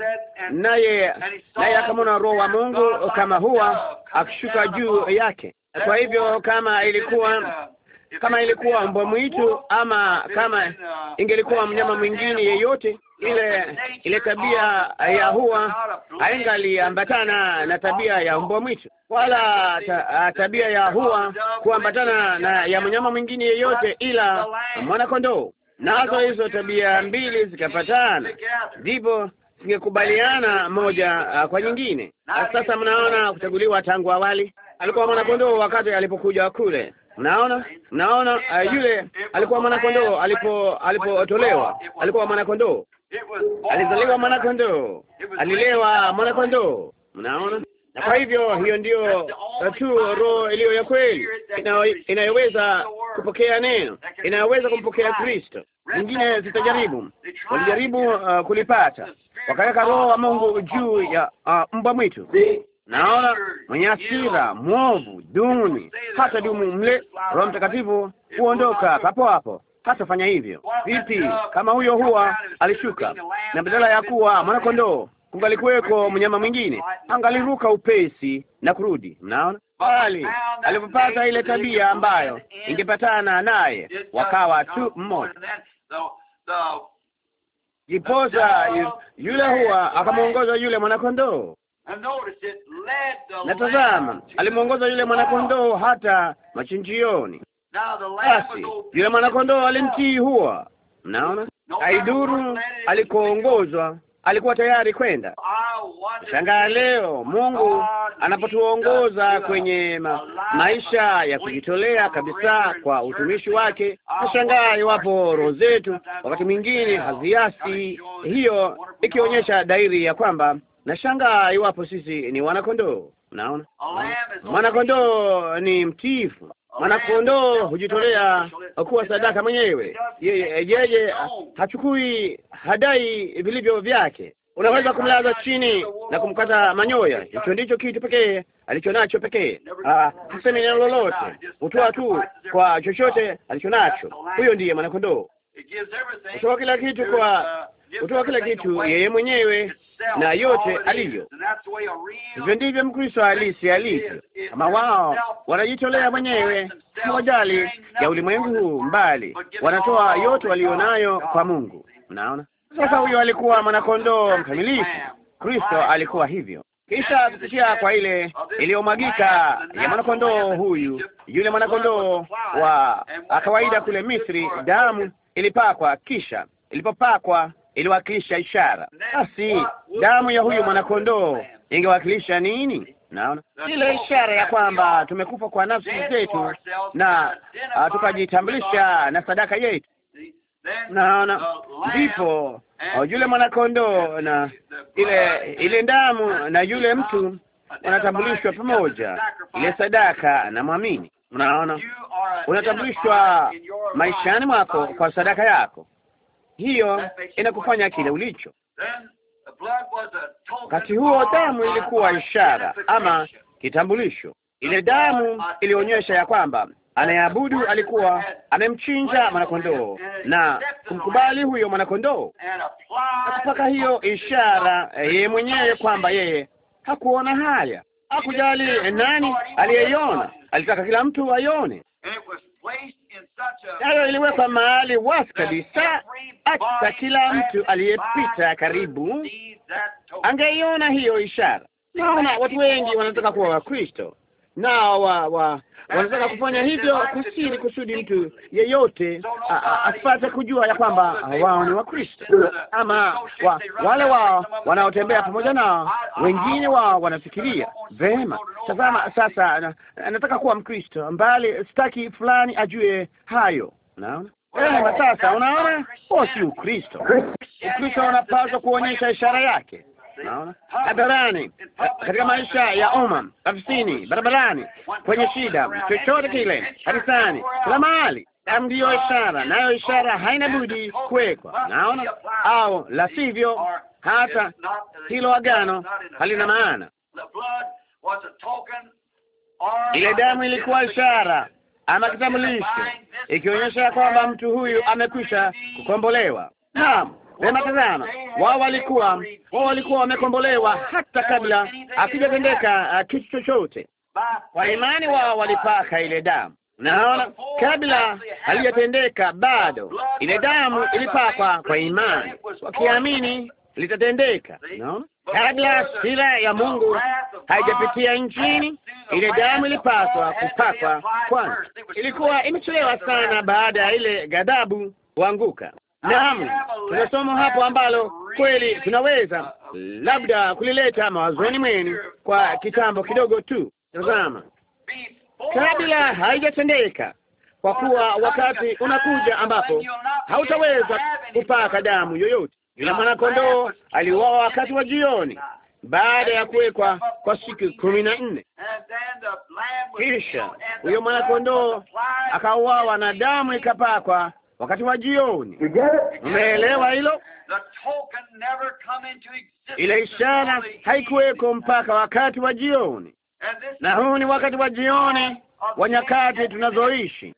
naye naye akamwona Roho wa Mungu kama huwa akishuka juu yake. Kwa hivyo kama ilikuwa kama ilikuwa mbwa mwitu ama kama ingelikuwa mnyama mwingine yeyote, ile ile tabia ya huwa haingaliambatana na tabia ya mbwa mwitu, wala ta, tabia ya huwa kuambatana na ya mnyama mwingine yeyote ila mwanakondoo. Nazo hizo tabia mbili zikapatana, ndipo zingekubaliana moja kwa nyingine. Sasa mnaona kuchaguliwa tangu awali, alikuwa mwanakondoo wakati alipokuja kule Naona, naona uh, ah, yule alikuwa mwanakondoo alipo alipotolewa, alikuwa mwanakondoo, alizaliwa mwanakondoo, alilewa mwanakondoo. Mnaona, na kwa hivyo hiyo ndiyo uh, tu roho iliyo ya kweli inayoweza kupokea neno, inayoweza kumpokea Kristo. Nyingine zitajaribu, walijaribu uh, kulipata, wakaweka roho wa Mungu juu ya uh, mbwa mwitu naona mwenye asira, mwovu, duni, hata dumu mle. Roho Mtakatifu huondoka papo hapo, hatafanya hivyo. Vipi kama huyo huwa alishuka na badala ya kuwa mwanakondoo kungalikuweko mnyama mwingine, angaliruka upesi na kurudi. Mnaona, bali alipopata ile tabia ambayo ingepatana naye, wakawa tu mmoja jiposa. Yule huwa akamwongoza yule mwanakondoo na tazama, alimwongoza yule mwanakondoo hata machinjioni. Basi yule mwanakondoo alimtii huwa, mnaona, aiduru alikoongozwa, alikuwa tayari kwenda. Shangaa leo Mungu anapotuongoza kwenye ma maisha ya kujitolea kabisa kwa utumishi wake. Nashangaa iwapo roho zetu wakati mwingine haziasi hiyo, ikionyesha dairi ya kwamba na shanga iwapo sisi ni wanakondoo. Unaona, oh, mwanakondoo ni mtiifu. Oh, mwanakondoo hujitolea kuwa sadaka mwenyewe, yeye eh, hachukui hadai vilivyo vyake. Unaweza kumlaza chini na kumkata manyoya. Hicho ndicho kitu pekee alicho nacho pekee. Ah, hasemi neno lolote, hutoa tu kwa chochote alicho nacho. Huyo ndiye mwanakondoo, hutoa kila kitu kwa uh, hutoa kila kitu yeye mwenyewe na yote alivyo. Hivyo ndivyo Mkristo halisi alivyo. Kama wao wanajitolea mwenyewe, hawajali ya ulimwengu huu, mbali wanatoa yote walio nayo kwa Mungu. Mnaona sasa, huyo alikuwa mwanakondoo mkamilifu. Kristo alikuwa hivyo. Kisha kupitia kwa ile iliyomwagika ya mwanakondoo huyu, yule mwanakondoo wa kawaida kule Misri, damu ilipakwa. Kisha ilipopakwa iliwakilisha ishara. Basi damu ya huyu mwanakondoo ingewakilisha nini? Naona ile ishara ya kwamba tumekufa kwa nafsi zetu na tukajitambulisha na sadaka yetu. Naona ndipo yule mwanakondoo na ile ile damu na yule mtu wanatambulishwa pamoja, ile sadaka na mwamini. Unaona, unatambulishwa maishani mwako kwa sadaka yako hiyo inakufanya kile ulicho. Wakati huo damu ilikuwa ishara ama kitambulisho. Ile damu ilionyesha ya kwamba anayeabudu alikuwa amemchinja mwanakondoo na kumkubali huyo mwanakondoo, akapaka hiyo ishara eh, yeye mwenyewe kwamba yeye hakuona haya, hakujali eh, nani aliyeiona, alitaka kila mtu aione. Hilo iliwekwa mahali wazi kabisa, hata kila mtu aliyepita karibu angeiona hiyo ishara. Naona watu wengi wanataka kuwa Wakristo nao wa, wa wanataka kufanya hivyo kusiri kusudi mtu yeyote asipate kujua ya kwamba wao ni Wakristo ama wa, wale wao wanaotembea pamoja nao. Wengine wao wanafikiria vema, tazama sasa na, nataka kuwa Mkristo mbali, sitaki fulani ajue hayo. Eh, sasa, unaona oh, si Ukristo. Ukristo unapaswa kuonyesha ishara yake naona hadharani, katika maisha ya umma, afisini, barabarani, kwenye shida, chochote kile, kanisani, kila mahali. Ndiyo ishara, nayo ishara haina budi kuwekwa, naona au la sivyo, hata hilo agano halina maana. Ile damu ilikuwa ishara ama kitambulisho, ikionyesha kwamba mtu huyu amekwisha kukombolewa. Naam. Sema, tazama, wao walikuwa wao walikuwa wamekombolewa hata kabla akijatendeka uh, kitu chochote. Kwa imani wao walipaka ile damu. Naona kabla halijatendeka bado, ile damu ilipakwa kwa imani, wakiamini litatendeka. Naona kabla sila ya Mungu haijapitia nchini, ile damu ilipaswa kupakwa kwanza. Ilikuwa imechelewa sana baada ya ile ghadhabu kuanguka. Naam, tunasoma hapo ambalo kweli tunaweza labda kulileta mawazoni mwenu kwa kitambo kidogo tu. Tazama, kabla haijatendeka, kwa kuwa wakati unakuja ambapo hautaweza kupaka damu yoyote. Yule mwanakondoo aliuawa wakati wa jioni baada ya kuwekwa kwa siku kumi na nne. Kisha huyo mwanakondoo akauawa na damu ikapakwa wakati wa jioni. Umeelewa hilo? Ile ishara haikuweko mpaka wakati wa jioni, na huu ni wakati wa jioni wa nyakati tunazoishi.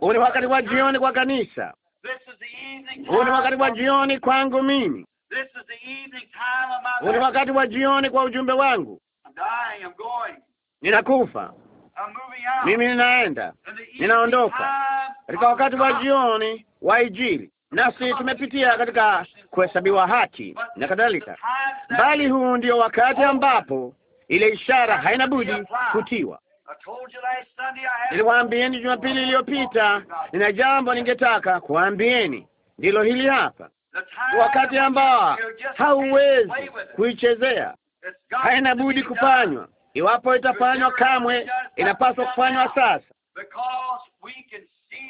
Huu ni wakati wa jioni kwa kanisa. Huu ni wakati wa jioni kwangu mimi. Huu ni wakati wa jioni kwa ujumbe wangu. Ninakufa, mimi ninaenda, ninaondoka katika wakati wa jioni wa Injili, nasi tumepitia katika kuhesabiwa haki na kadhalika, bali huu ndio wakati ambapo ile ishara haina budi kutiwa. Niliwaambieni Jumapili iliyopita, nina jambo ningetaka kuambieni, ndilo hili hapa. Wakati ambao hauwezi kuichezea, haina budi kufanywa Iwapo itafanywa kamwe, inapaswa kufanywa sasa,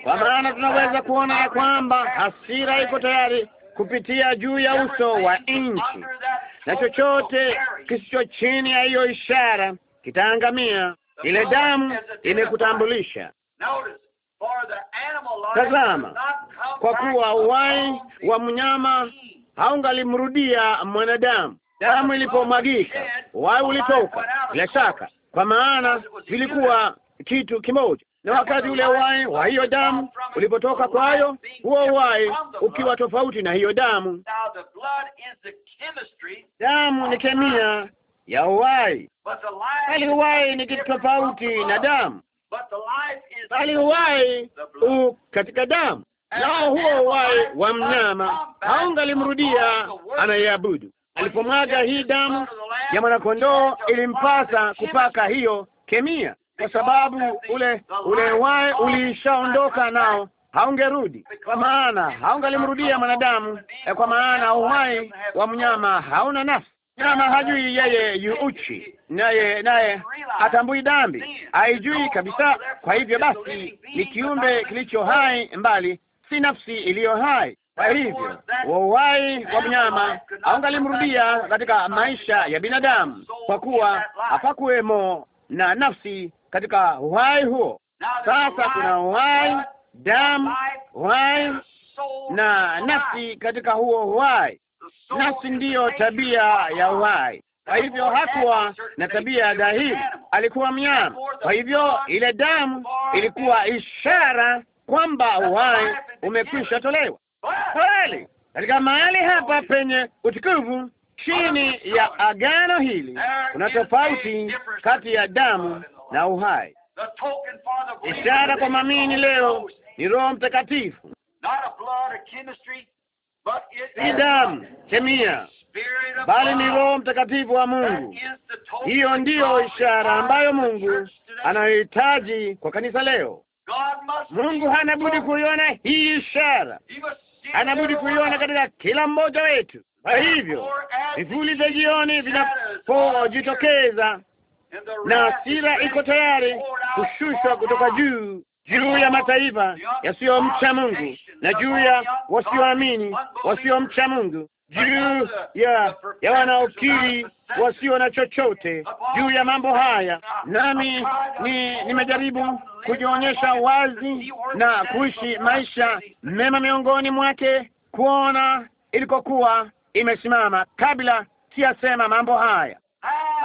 kwa maana tunaweza kuona ya kwamba hasira iko tayari kupitia juu ya uso wa nchi, na chochote kisicho chini ya hiyo ishara kitaangamia. Ile damu imekutambulisha. Tazama, kwa kuwa uhai wa mnyama haungalimrudia mwanadamu, damu ilipomwagika, wao ulitoka bila shaka, kwa maana vilikuwa kitu kimoja. Na wakati ule wai wa hiyo damu ulipotoka kwayo, huo wai ukiwa tofauti na hiyo damu. Damu ni kemia ya uwai, bali uwai ni kitu tofauti na damu, bali uwai u katika damu, nao huo uwai wa mnyama haungalimrudia anayeabudu alipomwaga hii damu ya mwanakondoo, ilimpasa kupaka hiyo kemia, kwa sababu ule ule wae ulishaondoka nao haungerudi kwa maana haungalimrudia mwanadamu, kwa maana uhai wa mnyama hauna nafsi. Mnyama hajui yeye yuuchi, naye naye atambui dhambi, haijui kabisa. Kwa hivyo basi, ni kiumbe kilicho hai mbali, si nafsi iliyo hai. Kwa hivyo wauai wa mnyama haungalimrudia katika maisha ya binadamu, kwa kuwa hapakuwemo na nafsi katika uhai huo. Sasa kuna uhai, damu, uhai na nafsi katika huo uhai. Nafsi ndiyo tabia ya uhai. Kwa hivyo hakuwa na tabia ya dhahiri, alikuwa mnyama. Kwa hivyo ile damu ilikuwa ishara kwamba uhai umekwisha tolewa kweli katika mahali hapa penye utukufu chini ya agano hili kuna tofauti kati ya damu na uhai. Ishara kwa mamini leo ni Roho Mtakatifu, si damu kemia, bali ni Roho Mtakatifu wa Mungu. Hiyo ndiyo ishara ambayo Mungu anayohitaji kwa kanisa leo. Mungu hana budi kuiona hii ishara anabudi kuiona katika kila mmoja wetu. Kwa hivyo vivuli vya jioni vinapojitokeza na sira iko tayari kushushwa kutoka juu juu ya mataifa yasiyomcha Mungu na juu ya wasioamini wasiomcha Mungu, juu ya, ya wanaokiri wasio na chochote juu ya mambo haya, nami ni nimejaribu kujionyesha wazi na kuishi maisha mema miongoni mwake, kuona ilikokuwa imesimama kabla siyasema mambo haya.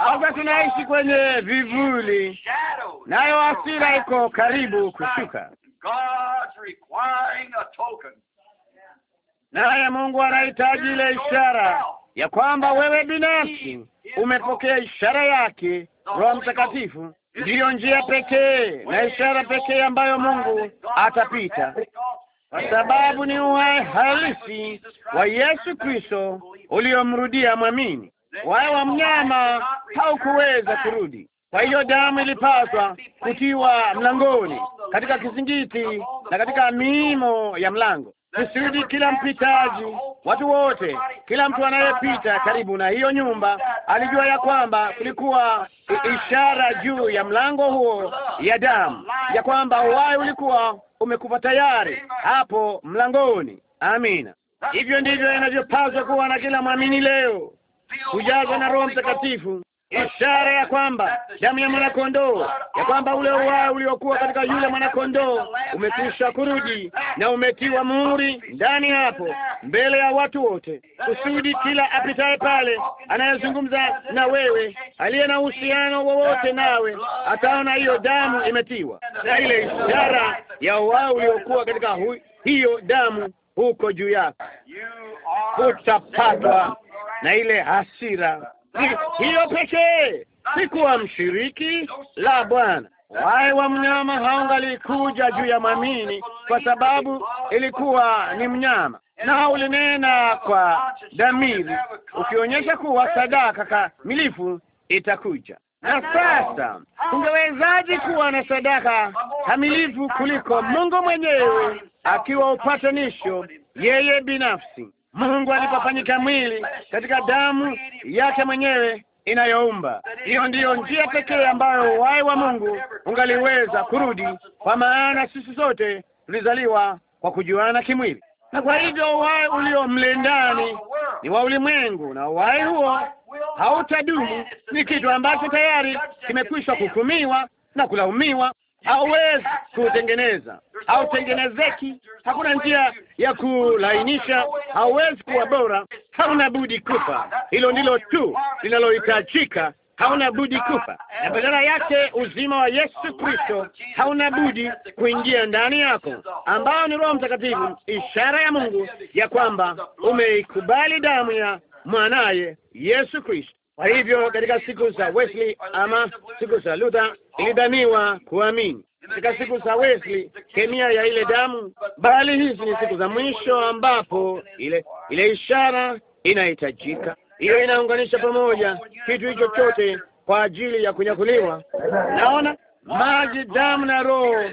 Sasa tunaishi kwenye vivuli, nayo hasira iko karibu kushuka naye Mungu anahitaji ile ishara ya kwamba wewe binafsi umepokea ishara yake. Roho Mtakatifu ndiyo njia pekee na ishara pekee ambayo Mungu atapita, kwa sababu ni uhai halisi wa Yesu Kristo uliomrudia mwamini. Uhai wa mnyama haukuweza kurudi, kwa hiyo damu ilipaswa kutiwa mlangoni, katika kizingiti na katika miimo ya mlango kusudi kila mpitaji, watu wote, kila mtu anayepita karibu na hiyo nyumba alijua ya kwamba kulikuwa ishara juu ya mlango huo ya damu, ya kwamba uhai ulikuwa umekufa tayari hapo mlangoni. Amina. Hivyo ndivyo inavyopaswa kuwa na kila mwamini leo, kujazwa na Roho Mtakatifu ishara ya kwamba damu ya mwanakondoo, ya kwamba ule uhai uliokuwa katika yule mwanakondoo umekwisha kurudi na umetiwa muhuri ndani hapo, mbele ya watu wote, kusudi kila apitaye pale, anayezungumza na wewe, aliye na uhusiano wowote nawe, ataona hiyo damu imetiwa, na ile ishara ya uhai uliokuwa katika hu, hiyo damu huko juu yako, utapatwa na ile hasira hiyo pekee, sikuwa mshiriki la Bwana. Wai wa mnyama haungalikuja juu ya mwamini, kwa sababu ilikuwa ni mnyama, na ulinena kwa dhamiri, ukionyesha kuwa sadaka kamilifu itakuja. Na sasa ungewezaje kuwa na sadaka kamilifu kuliko Mungu mwenyewe akiwa upatanisho yeye binafsi? Mungu alipofanyika mwili katika damu yake mwenyewe inayoumba. Hiyo ndiyo njia pekee ambayo uhai wa Mungu ungaliweza kurudi, kwa maana sisi sote tulizaliwa kwa kujuana kimwili, na kwa hivyo uhai ulio mle ndani ni wa ulimwengu, na uhai huo hautadumu. Ni kitu ambacho tayari kimekwisha kuhukumiwa na kulaumiwa hauwezi kutengeneza, hautengenezeki. Hakuna njia ya kulainisha, hauwezi kuwa bora. Hauna budi kufa. Hilo ndilo tu linalohitajika. Hauna budi kufa, na badala yake uzima wa Yesu Kristo hauna budi kuingia ndani yako, ambao ni Roho Mtakatifu, ishara ya Mungu ya kwamba umeikubali damu ya mwanaye Yesu Kristo. Kwa hivyo katika siku za Wesley ama siku za Luther ilidhaniwa kuamini katika siku za Wesley kemia ya ile damu, bali hizi ni siku za mwisho ambapo ile ile ishara inahitajika. Hiyo inaunganisha pamoja kitu hicho chote kwa ajili ya kunyakuliwa. Naona maji, damu na roho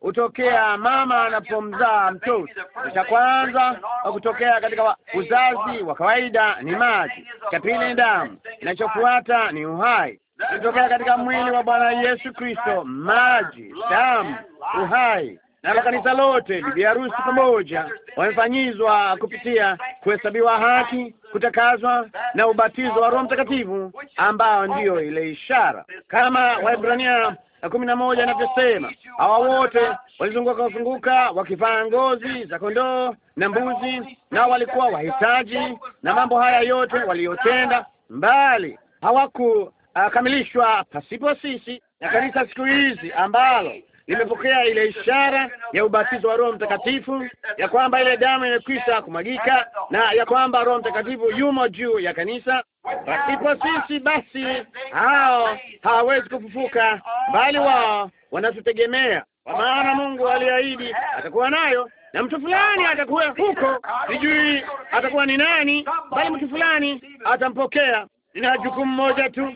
hutokea mama anapomzaa mtoto. Cha kwanza wa kutokea katika uzazi wa kawaida ni maji, cha pili ni damu, inachofuata ni uhai. Kutokea katika mwili wa Bwana Yesu Kristo, maji, damu, uhai na kanisa lote bibi harusi pamoja wamefanyizwa kupitia kuhesabiwa haki, kutakazwa na ubatizo wa Roho Mtakatifu, ambao ndiyo ile ishara. Kama Waebrania na kumi na moja inavyosema, hawa wote walizunguka zunguka wakivaa ngozi za kondoo na mbuzi, nao walikuwa wahitaji, na mambo haya yote waliyotenda mbali hawakukamilishwa pasipo sisi na kanisa siku hizi ambalo nimepokea ile ishara ya ubatizo wa Roho Mtakatifu, ya kwamba ile damu imekwisha kumwagika na ya kwamba Roho Mtakatifu yumo juu ya kanisa. Pasipo sisi basi hao hawawezi kufufuka, bali wao wanatutegemea, kwa maana Mungu aliahidi atakuwa nayo na mtu fulani atakuwa huko, sijui atakuwa ni nani, bali mtu fulani atampokea. Nina jukumu moja tu,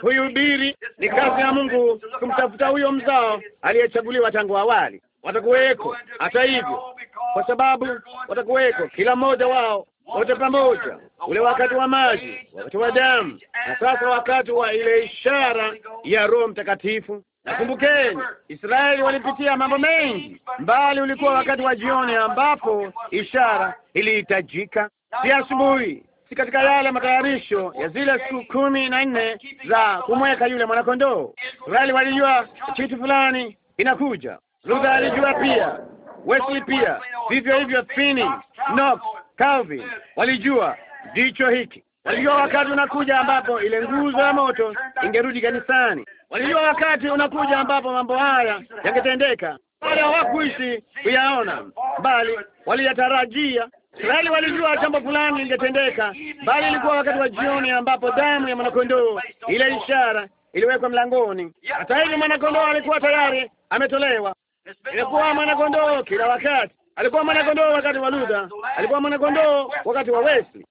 kuhubiri. Ni kazi ya Mungu kumtafuta huyo mzao aliyechaguliwa tangu awali. Watakuweko hata hivyo, kwa sababu watakuweko, kila mmoja wao wote pamoja, ule wakati wa maji, wakati wa damu, na sasa wakati wa ile ishara ya Roho Mtakatifu. Nakumbukeni, Israeli walipitia mambo mengi, mbali ulikuwa wakati wa jioni ambapo ishara ilihitajika, si asubuhi si katika yale matayarisho ya zile siku kumi na nne za kumweka yule mwanakondoo. Israeli walijua kitu fulani inakuja. Luther alijua pia, Wesley pia, vivyo hivyo Finney, Knox, Calvin walijua ndicho hiki. Walijua wakati unakuja ambapo ile nguzo ya moto ingerudi kanisani. Walijua wakati unakuja ambapo mambo haya yangetendeka, bali hawakuishi kuyaona, bali waliyatarajia. Israeli walijua jambo fulani lingetendeka, bali ilikuwa wakati wa jioni ambapo damu ya mwanakondoo, ile ishara iliwekwa mlangoni. Hata hivyo, mwanakondoo alikuwa tayari ametolewa. Ilikuwa mwanakondoo kila wakati, alikuwa mwanakondoo wakati wa Luda, alikuwa mwanakondoo wakati wa Wesley,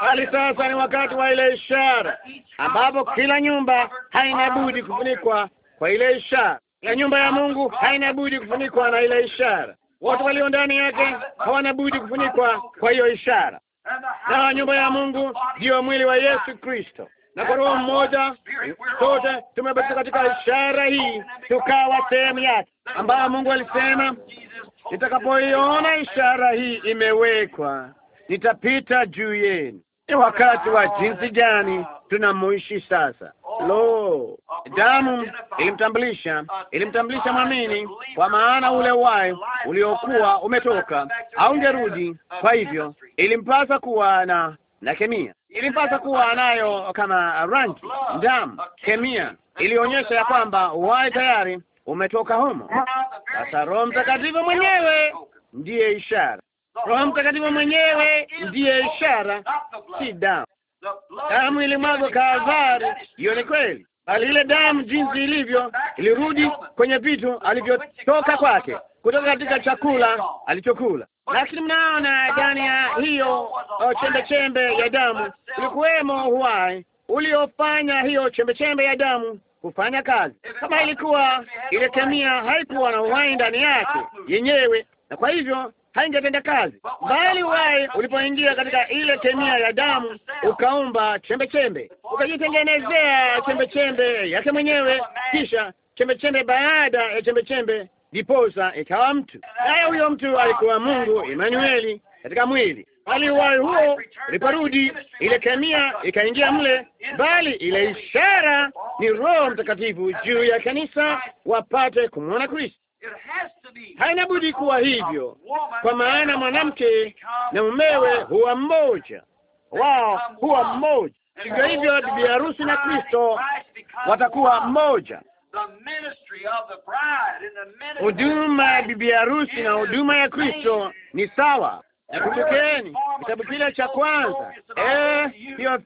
bali sasa ni wakati wa ile ishara, ambapo kila nyumba haina budi kufunikwa kwa ile ishara. Kila nyumba ya Mungu haina budi kufunikwa na ile ishara watu walio ndani yake hawana budi kufunikwa kwa hiyo ishara. Na nyumba ya Mungu ndiyo mwili wa Yesu Kristo, na kwa roho mmoja sote tumebatizwa katika ishara hii, tukawa sehemu yake, ambayo Mungu alisema, nitakapoiona ishara hii imewekwa nitapita juu yenu. Ni wakati wa jinsi gani tunamuishi sasa. Lo, damu ilimtambulisha, ilimtambulisha mwamini, kwa maana ule uhai uliokuwa umetoka haungerudi. Kwa hivyo ilimpasa kuwa na na kemia, ilimpasa kuwa nayo kama rangi, damu, kemia ilionyesha ya kwamba uhai tayari umetoka humo. Sasa Roho Mtakatifu mwenyewe ndiye ishara, Roho Mtakatifu mwenyewe ndiye ishara, si damu damu ilimwagwa Kalvari. Hiyo ni kweli, bali ile damu jinsi ilivyo ilirudi kwenye vitu alivyotoka kwake, kutoka katika chakula alichokula. Lakini mnaona ndani ya hiyo oh, chembe chembe ya damu ilikuwemo uhai uliofanya hiyo chembe chembe ya damu kufanya kazi. Kama ilikuwa ile kemia haikuwa na uhai ndani yake yenyewe, na kwa hivyo haingetenda kazi, bali wai ulipoingia katika ile kemia ya damu ukaumba chembe chembe, ukajitengenezea chembe chembe yake mwenyewe, kisha chembe chembe baada ya chembe chembe, ndiposa ikawa mtu, naye huyo mtu alikuwa Mungu Emanueli katika mwili. Bali uwai huo uliporudi, ile kemia ikaingia mle, bali ile ishara ni Roho Mtakatifu juu ya kanisa, wapate kumwona Kristo. Haina budi kuwa hivyo, kwa maana mwanamke na mumewe huwa mmoja, wao huwa mmoja. Hivyo hivyo bibi harusi na Kristo watakuwa mmoja. Huduma ya bibi harusi na huduma ya Kristo ni sawa. Hebu kitabu kile cha kwanza, eh,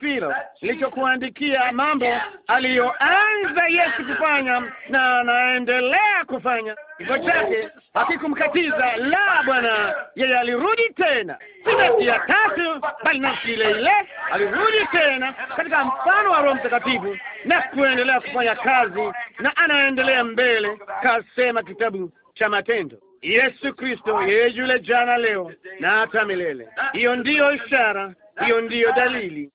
pilo nilichokuandikia mambo aliyoanza Yesu kufanya na anaendelea kufanya. Kifo chake hakikumkatiza la, Bwana yeye alirudi tena, si nafsi ya tatu, bali nafsi ile ile. Alirudi tena katika mfano wa Roho Mtakatifu na kuendelea kufanya kazi, na anaendelea mbele, kasema kitabu cha Matendo. Yesu Kristo yeye yule jana, leo na hata milele. Hiyo ndiyo ishara, hiyo ndiyo dalili.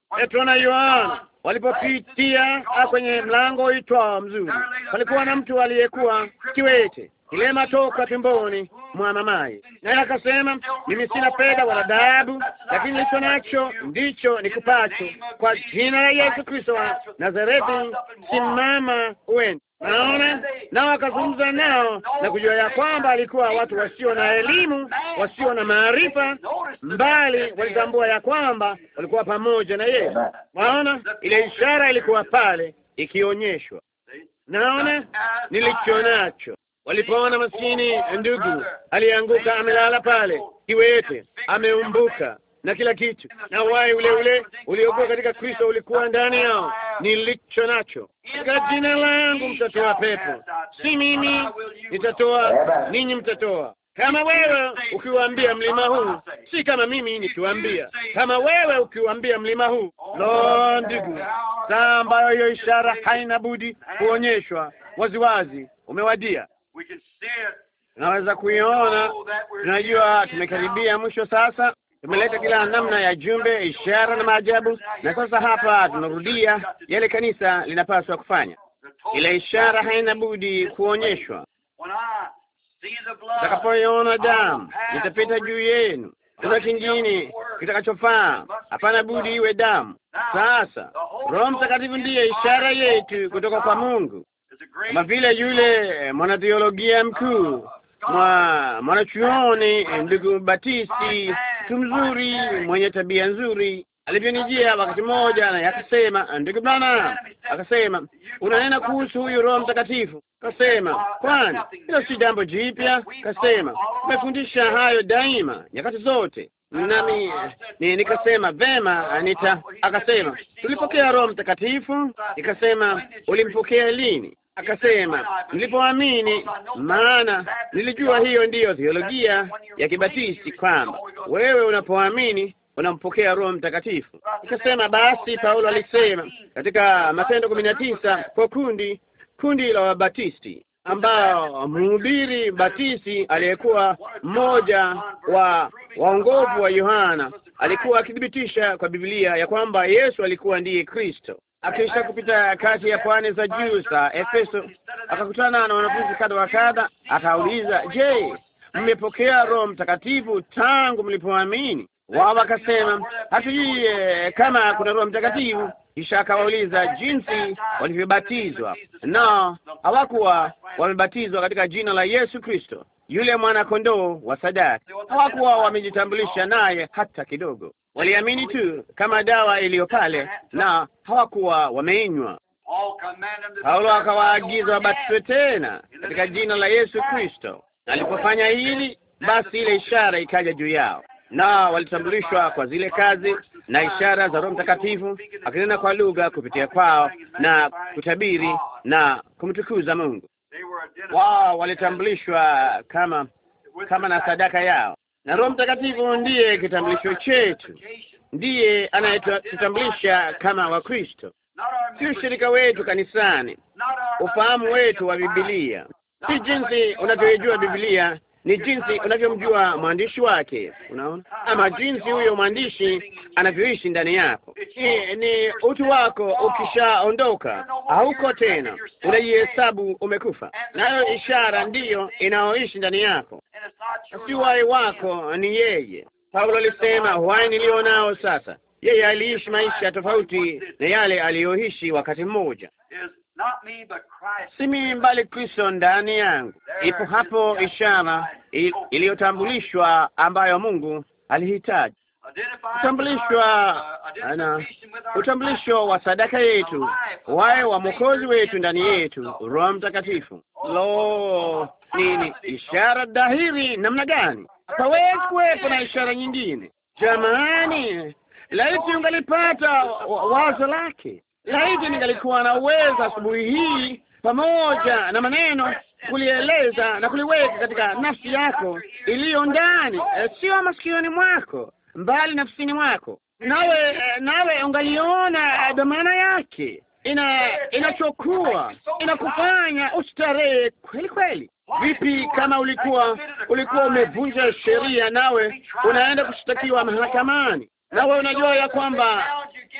na Yohana walipopitia kwenye mlango uitwao mzuri, palikuwa na mtu aliyekuwa kiwete kilema toka tumboni mwa mamaye, naye akasema, mimi sina fedha wala dhahabu, lakini nilicho nacho ndicho nikupacho. Kwa jina la Yesu Kristo wa Nazareti, simama uende. Naona na wakazungumza nao na kujua ya kwamba alikuwa watu wasio na elimu, wasio na maarifa, mbali walitambua ya kwamba walikuwa pamoja na yeye. Naona ile ishara ilikuwa pale ikionyeshwa. Naona nilicho nacho walipoona maskini ndugu alianguka, amelala pale kiwete, ameumbuka na kila kitu, na uhai ule ule uliokuwa katika Kristo ulikuwa ndani yao. Nilicho nacho katika jina langu mtatoa pepo, si mimi nitatoa, ninyi mtatoa kama wewe ukiwaambia mlima huu, si kama mimi nikiwaambia. Kama wewe ukiwaambia mlima huu, lo, ndugu, saa ambayo hiyo ishara haina budi kuonyeshwa waziwazi, umewadia. Tunaweza kuiona, tunajua tumekaribia mwisho sasa tumeleta kila namna ya jumbe, ishara na maajabu, na sasa hapa tunarudia yale kanisa linapaswa kufanya. Ile ishara haina budi kuonyeshwa. Nitakapoiona damu nitapita juu yenu, kuna kingine kitakachofaa? Hapana budi iwe damu. Sasa Roho Mtakatifu ndiye ishara yetu kutoka kwa Mungu, kama vile yule mwanatheolojia mkuu mwa mwanachuoni ndugu Batisti, mtu mzuri mwenye tabia nzuri, alivyonijia wakati mmoja, na akasema, ndugu bwana, akasema, unanena kuhusu huyu Roho Mtakatifu. Kasema, kwani hilo si jambo jipya? Kasema, umefundisha hayo daima, nyakati zote nami ni nikasema vema Anita. Akasema tulipokea Roho Mtakatifu. Nikasema ulimpokea lini? akasema, nilipoamini, maana nilijua hiyo ndiyo theolojia ya Kibatisti, kwamba wewe unapoamini unampokea Roho Mtakatifu. ikasema basi, Paulo alisema katika Matendo kumi na tisa kwa kundi kundi la Wabatisti ambao mhubiri Batisti aliyekuwa mmoja wa waongovu wa Yohana alikuwa akithibitisha kwa Biblia ya kwamba Yesu alikuwa ndiye Kristo akisha kupita kati ya pwani za juu za Efeso, akakutana na wanafunzi kadha wa kadha, akauliza, je, mmepokea Roho Mtakatifu tangu mlipoamini? Wao wakasema hatujui eh, kama kuna Roho Mtakatifu. Kisha akawauliza jinsi walivyobatizwa, na hawakuwa wamebatizwa katika jina la Yesu Kristo, yule mwana kondoo wa sadaka. Hawakuwa wamejitambulisha naye hata kidogo waliamini tu kama dawa iliyo pale, na hawakuwa wameinywa. Paulo akawaagiza wabatizwe tena katika jina la Yesu Kristo. Alipofanya hili, basi ile ishara ikaja juu yao, na walitambulishwa kwa zile kazi na ishara za Roho Mtakatifu, akinena kwa lugha kupitia kwao na kutabiri na kumtukuza Mungu. Wao walitambulishwa kama kama na sadaka yao na Roho Mtakatifu ndiye kitambulisho chetu, ndiye anayetutambulisha kama Wakristo, si ushirika wetu kanisani, ufahamu wetu wa Biblia, si jinsi unavyojua Biblia ni jinsi unavyomjua mwandishi wake, unaona, ama jinsi huyo mwandishi anavyoishi ndani yako. Ni, ni utu wako. Ukishaondoka hauko tena, unaihesabu umekufa, nayo ishara ndiyo inayoishi ndani yako, si uhai wako, ni yeye. Paulo alisema uhai niliyo nao sasa. Yeye aliishi maisha tofauti na yale aliyoishi wakati mmoja si mimi bali Kristo ndani yangu. Ipo hapo ishara iliyotambulishwa ambayo Mungu alihitaji kutambulishwa na utambulisho wa sadaka yetu, waye wa mwokozi wetu ndani yetu, Roho Mtakatifu. Oh, Lo, oh, oh, nini ishara dhahiri namna gani! Hapawezi kuwepo na ishara nyingine. Jamani, laiti ungalipata wazo lake Laiti ningalikuwa naweza asubuhi hii pamoja na maneno kulieleza na kuliweka katika nafsi yako iliyo ndani, e, sio masikioni mwako, mbali nafsini mwako, nawe eh, nawe ungaliona eh, dhamana yake ina inachokuwa inakufanya ustarehe kweli kweli. Vipi kama ulikuwa ulikuwa umevunja sheria, nawe unaenda kushtakiwa mahakamani, nawe unajua ya kwamba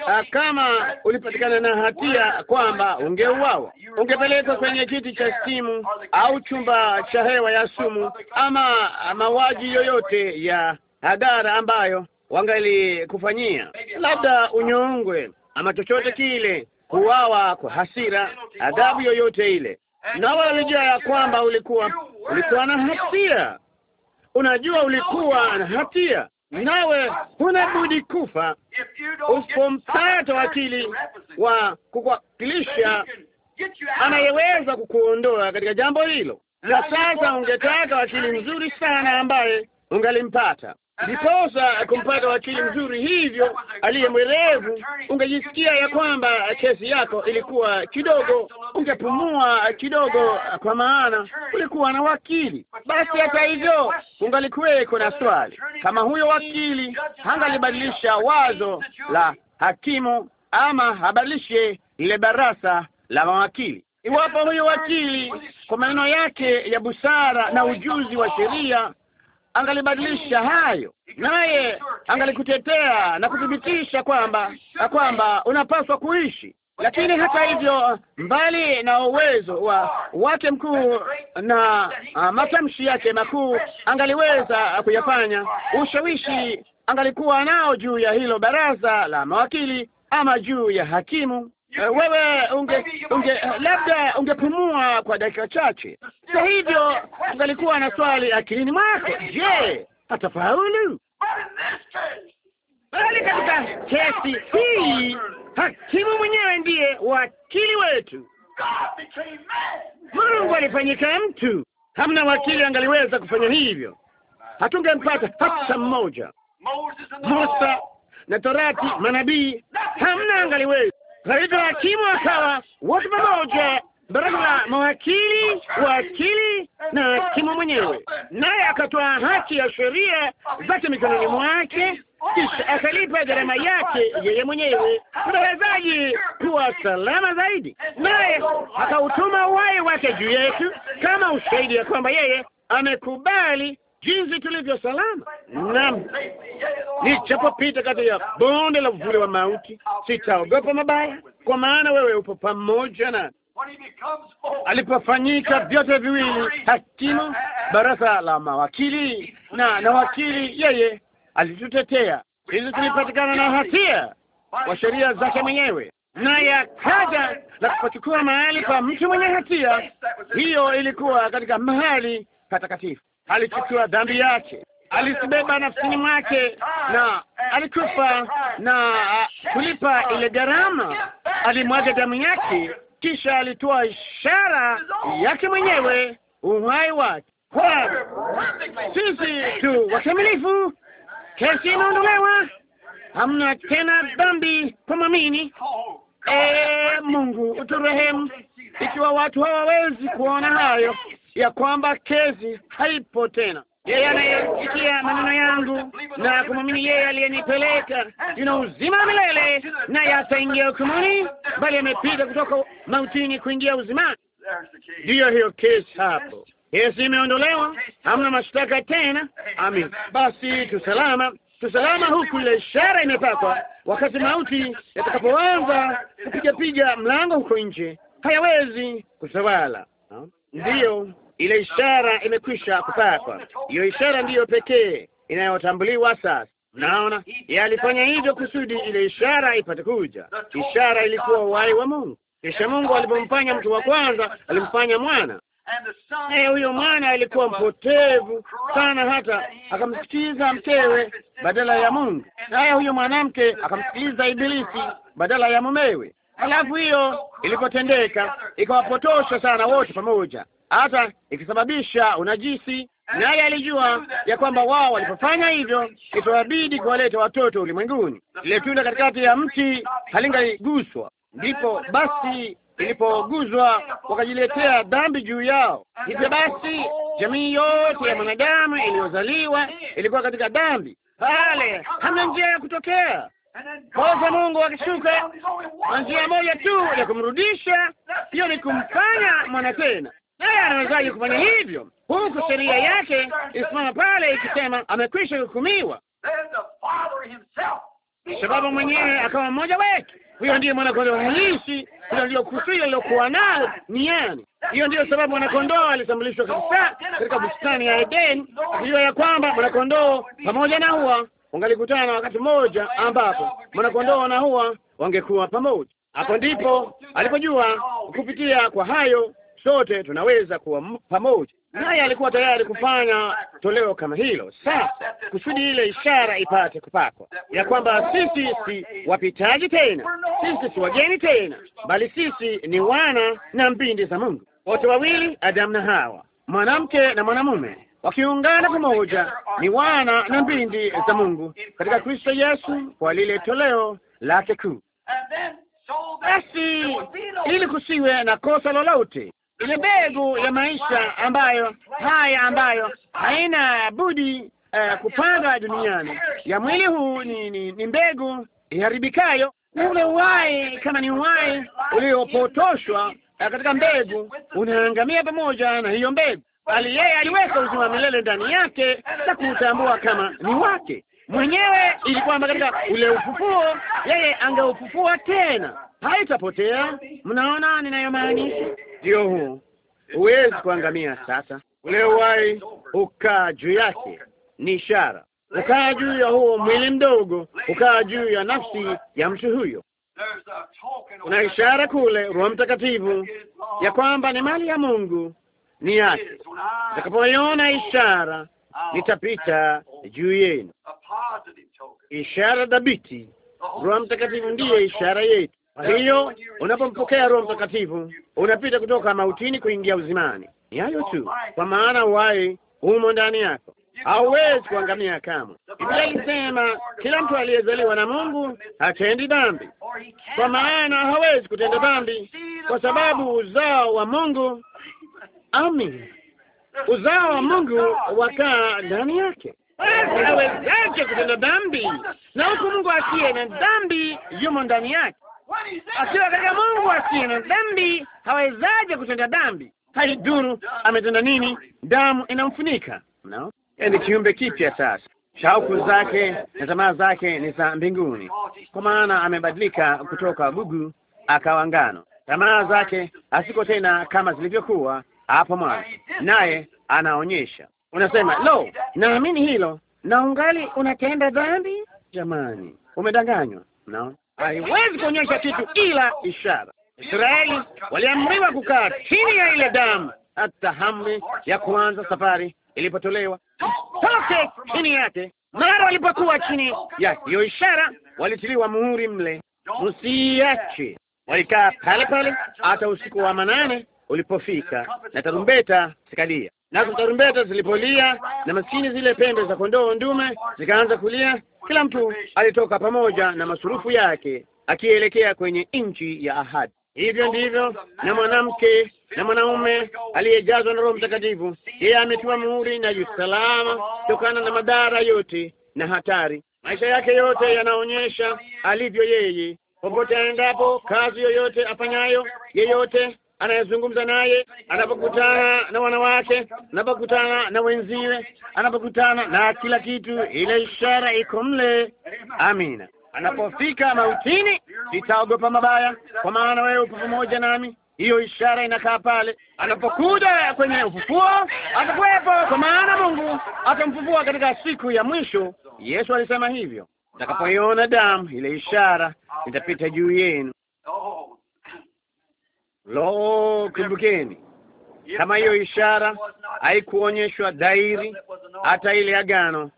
Ah, kama ulipatikana na hatia kwamba ungeuawa, ungepelekwa kwenye kiti cha simu au chumba cha hewa ya sumu, ama mauaji yoyote ya hadhara ambayo wangalikufanyia, labda unyongwe ama chochote kile, kuuawa kwa hasira, adhabu yoyote ile. Na walijua ya kwamba ulikuwa ulikuwa na hatia, unajua ulikuwa na hatia, nawe huna budi kufa usipompata wakili wa kukuwakilisha anayeweza kukuondoa katika jambo hilo. Na sasa ungetaka wakili mzuri sana ambaye ungalimpata ndiposa kumpata wakili mzuri hivyo aliye mwerevu, ungejisikia ya kwamba kesi yako ilikuwa kidogo, ungepumua kidogo, kwa maana ulikuwa na wakili. Basi hata hivyo, ungalikuweko na swali kama huyo wakili hangalibadilisha wazo la hakimu ama habadilishe lile barasa la mawakili iwapo huyo wakili kwa maneno yake ya busara na ujuzi wa sheria angalibadilisha hayo, naye angalikutetea na kuthibitisha kwamba kwamba unapaswa kuishi. Lakini hata hivyo, mbali na uwezo wa wake mkuu na ah, matamshi yake makuu, angaliweza kuyafanya. Ushawishi angalikuwa nao juu ya hilo baraza la mawakili ama juu ya hakimu uh, wewe unge, unge labda ungepumua kwa dakika chache. Kwa hivyo ungalikuwa na swali akilini mwako, je, atafaulu? Bali katika kesi hii hakimu mwenyewe ndiye wakili wetu. Mungu alifanyika mtu. Hamna wakili angaliweza kufanya hivyo, hatungempata hata mmoja. Musa na Torati, manabii, hamna angaliweza basi taratibu akawa wote pamoja, la mawakili, wakili na hakimu mwenyewe, naye akatoa hati ya sheria zake mikononi mwake, kisha akalipa gharama yake yeye mwenyewe. Mtawezaji kuwa salama zaidi, naye akautuma uhai wake juu yetu kama ushahidi ya kwamba yeye amekubali jinsi tulivyo salama. Naam, nichapopita kati ya bonde la uvuli wa mauti sitaogopa mabaya, kwa maana wewe upo pamoja na alipofanyika vyote viwili hakimu, baraza la mawakili na na wakili, yeye alitutetea hizi, tulipatikana na hatia kwa sheria zake mwenyewe, naye akaja na kuchukua mahali pa mtu mwenye hatia. Hiyo ilikuwa katika mahali patakatifu alichukua dhambi yake, alisibeba nafsini mwake, na alikufa na kulipa ile gharama. Alimwaga damu yake, kisha alitoa ishara yake mwenyewe, uhai wake. Sisi tu wakamilifu, kesi imeondolewa, hamna tena dhambi kwa mwamini. E, Mungu uturehemu, ikiwa watu hawawezi kuona hayo ya kwamba kesi haipo tena. Yeye anayesikia maneno yangu na kumwamini yeye aliyenipeleka ina uzima wa milele, naye ataingia hukumuni, bali amepita kutoka mautini kuingia uzimani. Ndiyo hiyo kesi hapo. Kesi imeondolewa, hamna mashtaka tena. Amin. Basi tusalama, tusalama huku, ile ishara imepakwa. Wakati mauti yatakapoanza kupiga piga mlango huko nje, hayawezi kutawala. Ndiyo ile ishara imekwisha kupakwa. Hiyo ishara ndiyo pekee inayotambuliwa sasa. Naona yeye alifanya hivyo kusudi ile ishara ipate kuja. Ishara ilikuwa uhai wa Mungu. Kisha Mungu alipomfanya mtu wa kwanza, alimfanya mwana naye ee, huyo mwana alikuwa mpotevu sana, hata akamsikiliza mkewe badala ya Mungu, naye ee, huyo mwanamke akamsikiliza Ibilisi badala ya mumewe. Halafu hiyo ilipotendeka ikawapotosha sana wote pamoja, hata ikisababisha unajisi, naye alijua ya kwamba wao walipofanya hivyo itawabidi kuwaleta watoto ulimwenguni. Ile tunda katikati ya mti halingaiguswa, ndipo basi ilipoguzwa wakajiletea dhambi juu yao. Hivyo basi jamii yote ya mwanadamu iliyozaliwa ilikuwa katika dhambi, pale hamna njia ya kutokea. Kwanza Mungu akishuka na njia moja tu ya kumrudisha, hiyo ni kumfanya mwana tena, naye anawezaje kufanya hivyo, huku sheria yake isimama pale ikisema amekwisha hukumiwa? Kisha Baba mwenyewe akawa mmoja wetu. Huyo ndiye mwanakondoo halisi. Hilo ndilo kusudi alilokuwa nalo yani Hiyo ndiyo sababu mwanakondoo alitambulishwa kabisa katika bustani ya Eden, akijua ya kwamba mwanakondoo pamoja na hua wangalikutana wakati mmoja, ambapo mwanakondoo na hua wangekuwa pamoja. Hapo ndipo alipojua kupitia kwa hayo sote tunaweza kuwa pamoja naye. Alikuwa tayari kufanya toleo kama hilo sasa, kusudi ile ishara ipate kupakwa ya kwamba sisi si wapitaji tena, sisi si wageni tena, bali sisi ni wana na mbindi za Mungu, wote wawili, Adamu na Hawa, mwanamke na mwanamume wakiungana pamoja ni wana na mbindi za Mungu katika Kristo Yesu kwa lile toleo lake kuu. Basi ili kusiwe na kosa lolote, ile mbegu ya maisha ambayo haya ambayo haina budi uh, kupandwa duniani ya mwili huu ni, ni, ni mbegu iharibikayo ule uhai kama ni uhai uliopotoshwa eh, katika mbegu unaangamia pamoja na hiyo mbegu, bali yeye aliweka uzima milele ndani yake na kuutambua kama ni wake mwenyewe, ili kwamba katika ule ufufuo yeye angeufufua tena, haitapotea. Mnaona ninayomaanisha? ndio huu, huwezi kuangamia sasa. Ule uwai ukaa juu yake ni ishara, ukaa juu ya huo mwili mdogo, ukaa juu ya nafsi ya mtu huyo. Kuna ishara kule Roho Mtakatifu ya kwamba ni mali ya Mungu, ni yake. Nitakapoiona ishara, nitapita juu yenu. Ishara dhabiti, Roho Mtakatifu ndiye ishara yetu. Kwa hiyo unapompokea Roho Mtakatifu unapita kutoka mautini kuingia uzimani. Ni hayo tu, kwa maana uhai humo ndani yako, hauwezi kuangamia kamwe. Biblia ilisema kila mtu aliyezaliwa na Mungu hatendi dhambi, kwa maana hawezi kutenda dhambi kwa sababu uzao wa Mungu, amin, uzao wa Mungu wakaa ndani yake. Anawezaje kutenda dhambi na huku Mungu asiye na dhambi yumo ndani yake? akiwa katika Mungu asina na dhambi, hawezaje kutenda dhambi. Haiduru ametenda nini, damu inamfunika. No, ni kiumbe kipya sasa. Shauku zake na tamaa zake ni za mbinguni, kwa maana amebadilika kutoka gugu akawa ngano. Tamaa zake haziko tena kama zilivyokuwa hapo mwanzo, naye anaonyesha. Unasema, lo, naamini hilo na ungali unatenda dhambi? Jamani, umedanganywa. No, haiwezi kuonyesha kitu ila ishara. Israeli waliamriwa kukaa chini ya ile damu hata hamri ya kuanza safari ilipotolewa, toke chini yake. Mara walipokuwa chini ya hiyo ishara, walitiliwa muhuri mle, msiache. Walikaa pale pale hata usiku wa manane ulipofika na tarumbeta zikalia, nazo tarumbeta zilipolia na maskini zile pembe za kondoo ndume zikaanza kulia, kila mtu alitoka pamoja na masurufu yake akielekea kwenye nchi ya ahadi. Hivyo ndivyo na mwanamke na mwanaume aliyejazwa na Roho Mtakatifu, yeye ametiwa muhuri na yu salama kutokana na madhara yote na hatari. Maisha yake yote yanaonyesha alivyo yeye, popote aendapo, kazi yoyote afanyayo, yeyote anayezungumza naye, anapokutana na wanawake, anapokutana na wenziwe, anapokutana na kila kitu, ile ishara iko mle. Amina. Anapofika mautini, sitaogopa mabaya, kwa maana wewe upo pamoja nami. Hiyo ishara inakaa pale. Anapokuja kwenye ufufuo, atakuwepo, kwa maana Mungu atamfufua katika siku ya mwisho. Yesu alisema hivyo, nitakapoiona damu ile ishara, itapita juu yenu. Lo, kumbukeni kama hiyo ishara haikuonyeshwa dhairi, hata ile agano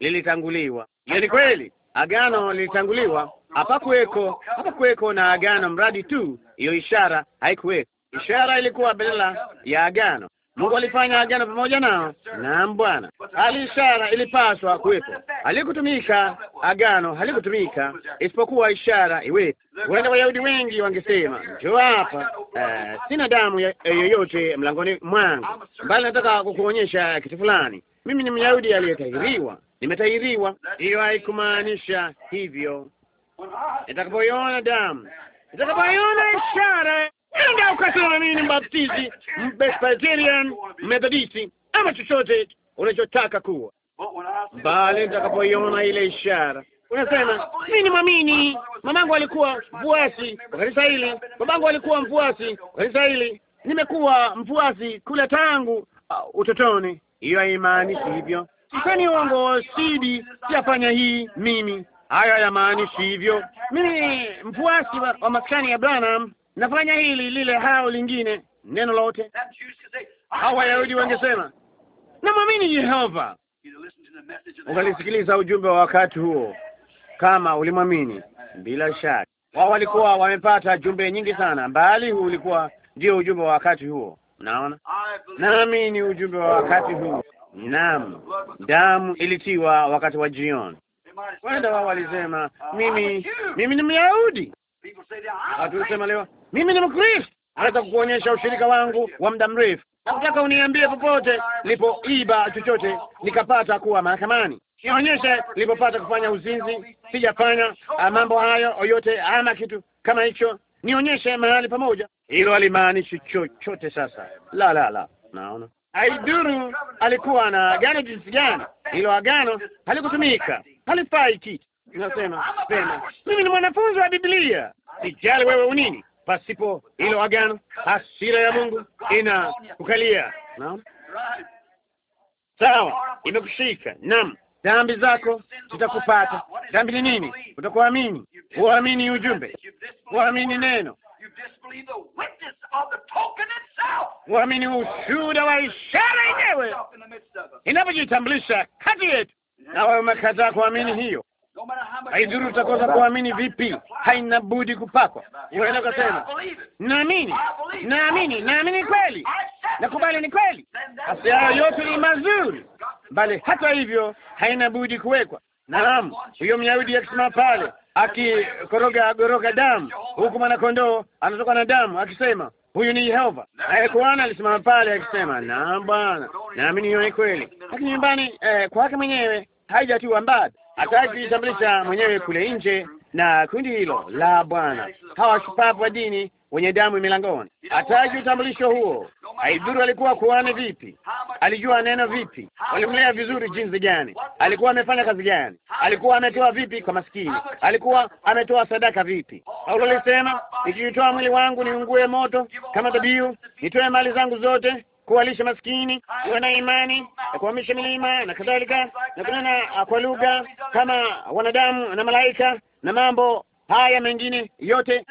lilitanguliwa. Hiyo ni kweli, agano lilitanguliwa, hapakuweko hapakuweko na agano, mradi tu hiyo ishara haikuweko. Ishara ilikuwa badala ya agano, Mungu alifanya agano pamoja nao. Naam Bwana, hali ishara ilipaswa kuwepo, halikutumika agano, halikutumika isipokuwa ishara iwepo. Huenda Wayahudi wengi wangesema njoo hapa, uh, sina damu eh, yoyote mlangoni mwangu, mbali nataka kukuonyesha kitu fulani. Mimi ni Myahudi aliyetahiriwa, nimetahiriwa. Hiyo haikumaanisha hivyo. Nitakapoiona damu, nitakapoiona ishara enda ukasema mimi ni mbaptizi Presbyterian Methodisti ama chochote unachotaka kuwa, bali nitakapoiona ile ishara unasema mimi ni mwamini. Mamangu alikuwa mfuasi wa kanisa hili, babangu alikuwa mfuasi wa kanisa hili, nimekuwa mfuasi kule tangu uh, utotoni. Hiyo haimaanishi hivyo, sifani wongo sidi siyafanya hii mimi, hayo hayamaanishi hivyo. Mimi mfuasi wa, wa maskani ya Branham nafanya hili lile hao lingine neno lote. Hao Wayahudi wangesema namwamini Yehova. Ungalisikiliza ujumbe wa wakati huo kama ulimwamini. Bila shaka wao walikuwa wamepata jumbe nyingi sana, bali huu ulikuwa ndio ujumbe wa wakati huo. Naona nami ni ujumbe wa wakati huo. Naam, damu ilitiwa wakati wa jioni. Wenda wao walisema mimi mimi ni Myahudi, Watu ah, leo, mimi ni Mkristo. Naweza kukuonyesha ushirika wangu wa muda mrefu. Nataka uniambie popote nilipoiba chochote nikapata kuwa mahakamani, nionyeshe nilipopata kufanya uzinzi. Sijafanya ah, mambo hayo yote ama kitu kama hicho, nionyeshe mahali pamoja. Hilo alimaanishi chochote. Sasa la la la, naona aiduru alikuwa na agano jinsi gani. Hilo agano halikutumika, halifai kitu inasema sema, mimi ni mwanafunzi wa Biblia, sijali wewe unini. Pasipo hilo agano, hasira ya Mungu ina kukalia. Naam, sawa, imekushika. Naam, dhambi zako zitakupata. Dhambi ni nini? Utakuamini, huamini ujumbe, huamini neno uamini ushuhuda wa ishara yenyewe inapojitambulisha kati yetu, na wamekataa kuamini hiyo haidhuru utakosa kuamini vipi, haina budi kupakwa. Unaweza kusema naamini, naamini, naamini kweli, nakubali ni kweli, basi hayo yote ni mazuri, bali hata hivyo haina budi kuwekwa. Naam, huyo Myahudi akisema pale akikoroga goroga damu huku mwanakondoo anatoka na damu akisema huyu ni Yehova. Eh, Bwana alisimama pale akisema naam, Bwana, naamini hiyo ni kweli, lakini nyumbani eh, kwake mwenyewe haijatiwa mbada atajitambulisha mwenyewe kule nje na kundi hilo la Bwana, hawa shupavu wa dini wenye damu milangoni. hataji utambulisho huo, haidhuru alikuwa kuhani vipi, alijua neno vipi, walimlea vizuri jinsi gani, alikuwa amefanya kazi gani, alikuwa ametoa vipi kwa maskini, alikuwa ametoa sadaka vipi. Paulo alisema, nikiitoa mwili wangu niungue moto kama dhabihu, nitoe mali zangu zote kuwalisha maskini, kuwa na imani na kuhamisha milima na kadhalika, na kunena ah, kwa lugha kama wanadamu na malaika na mambo haya mengine yote.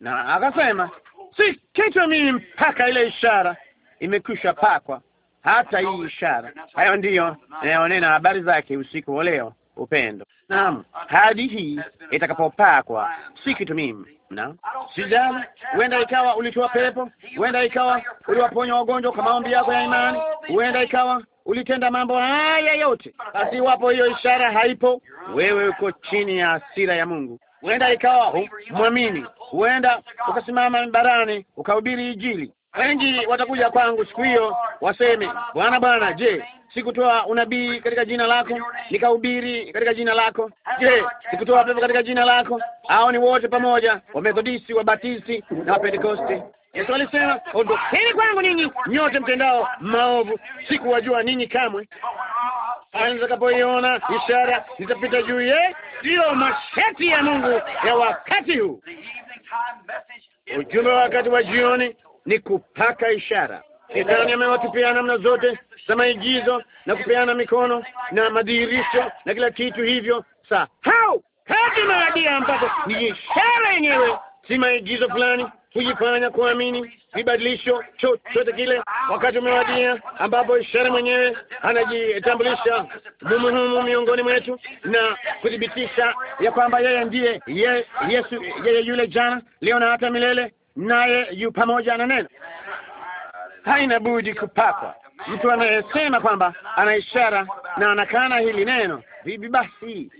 Na akasema si kitu mimi mpaka ile ishara imekwisha pakwa, hata hii ishara. Hayo ndiyo inayonena eh, habari zake usiku wa leo upendo. Naam, hadi hii itakapopakwa, si kitu mimi na sijana, huenda ikawa ulitoa pepo, huenda ikawa uliwaponya wagonjwa kwa maombi yako ya imani, huenda ikawa ulitenda mambo haya yote. Basi iwapo hiyo ishara haipo, wewe uko chini ya asira ya Mungu. Huenda ikawa mwamini, huenda ukasimama barani ukahubiri Injili, Wengi watakuja kwangu siku hiyo, waseme, Bwana, Bwana, je, sikutoa unabii katika jina lako, nikahubiri katika jina lako? Je, sikutoa pepo katika jina lako? Hao ni wote pamoja, Wamethodisti, Wabatisti na Wapentekoste. Yesu alisema, ondokeni kwangu ninyi nyote mtendao maovu, sikuwajua ninyi kamwe. Nitakapoiona ishara nitapita juu ye. Ndiyo mashati ya Mungu ya wakati huu, ujumbe wa wakati wa jioni ni kupaka ishara. Shetani amewatupia namna zote za maigizo na kupeana mikono na madhihirisho na kila kitu hivyo. Saa hau hadi maabia ambapo ni ishara yenyewe, si maigizo fulani kujifanya kuamini vibadilisho chochote kile. Wakati umewadia ambapo ishara mwenyewe anajitambulisha mumuhumu miongoni mwetu na kuthibitisha ya kwamba yeye ndiye ye, Yesu, yeye yule jana leo na hata milele, naye yu pamoja na neno, haina budi kupakwa. Mtu anayesema kwamba ana ishara na anakana hili neno, vipi basi?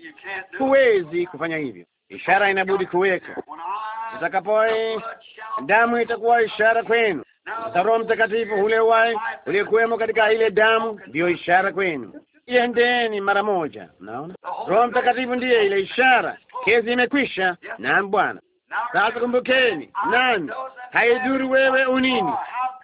Huwezi kufanya hivyo, ishara inabudi kuwekwa. Mtakapo damu itakuwa ishara kwenu. Sasa Roho Mtakatifu ule wai uliokuwemo katika ile damu ndiyo ishara kwenu. Iendeni mara moja. Naona Roho Mtakatifu ndiye ile ishara. Kesi imekwisha. Naam Bwana. Sasa kumbukeni, nani, haidhuru wewe unini,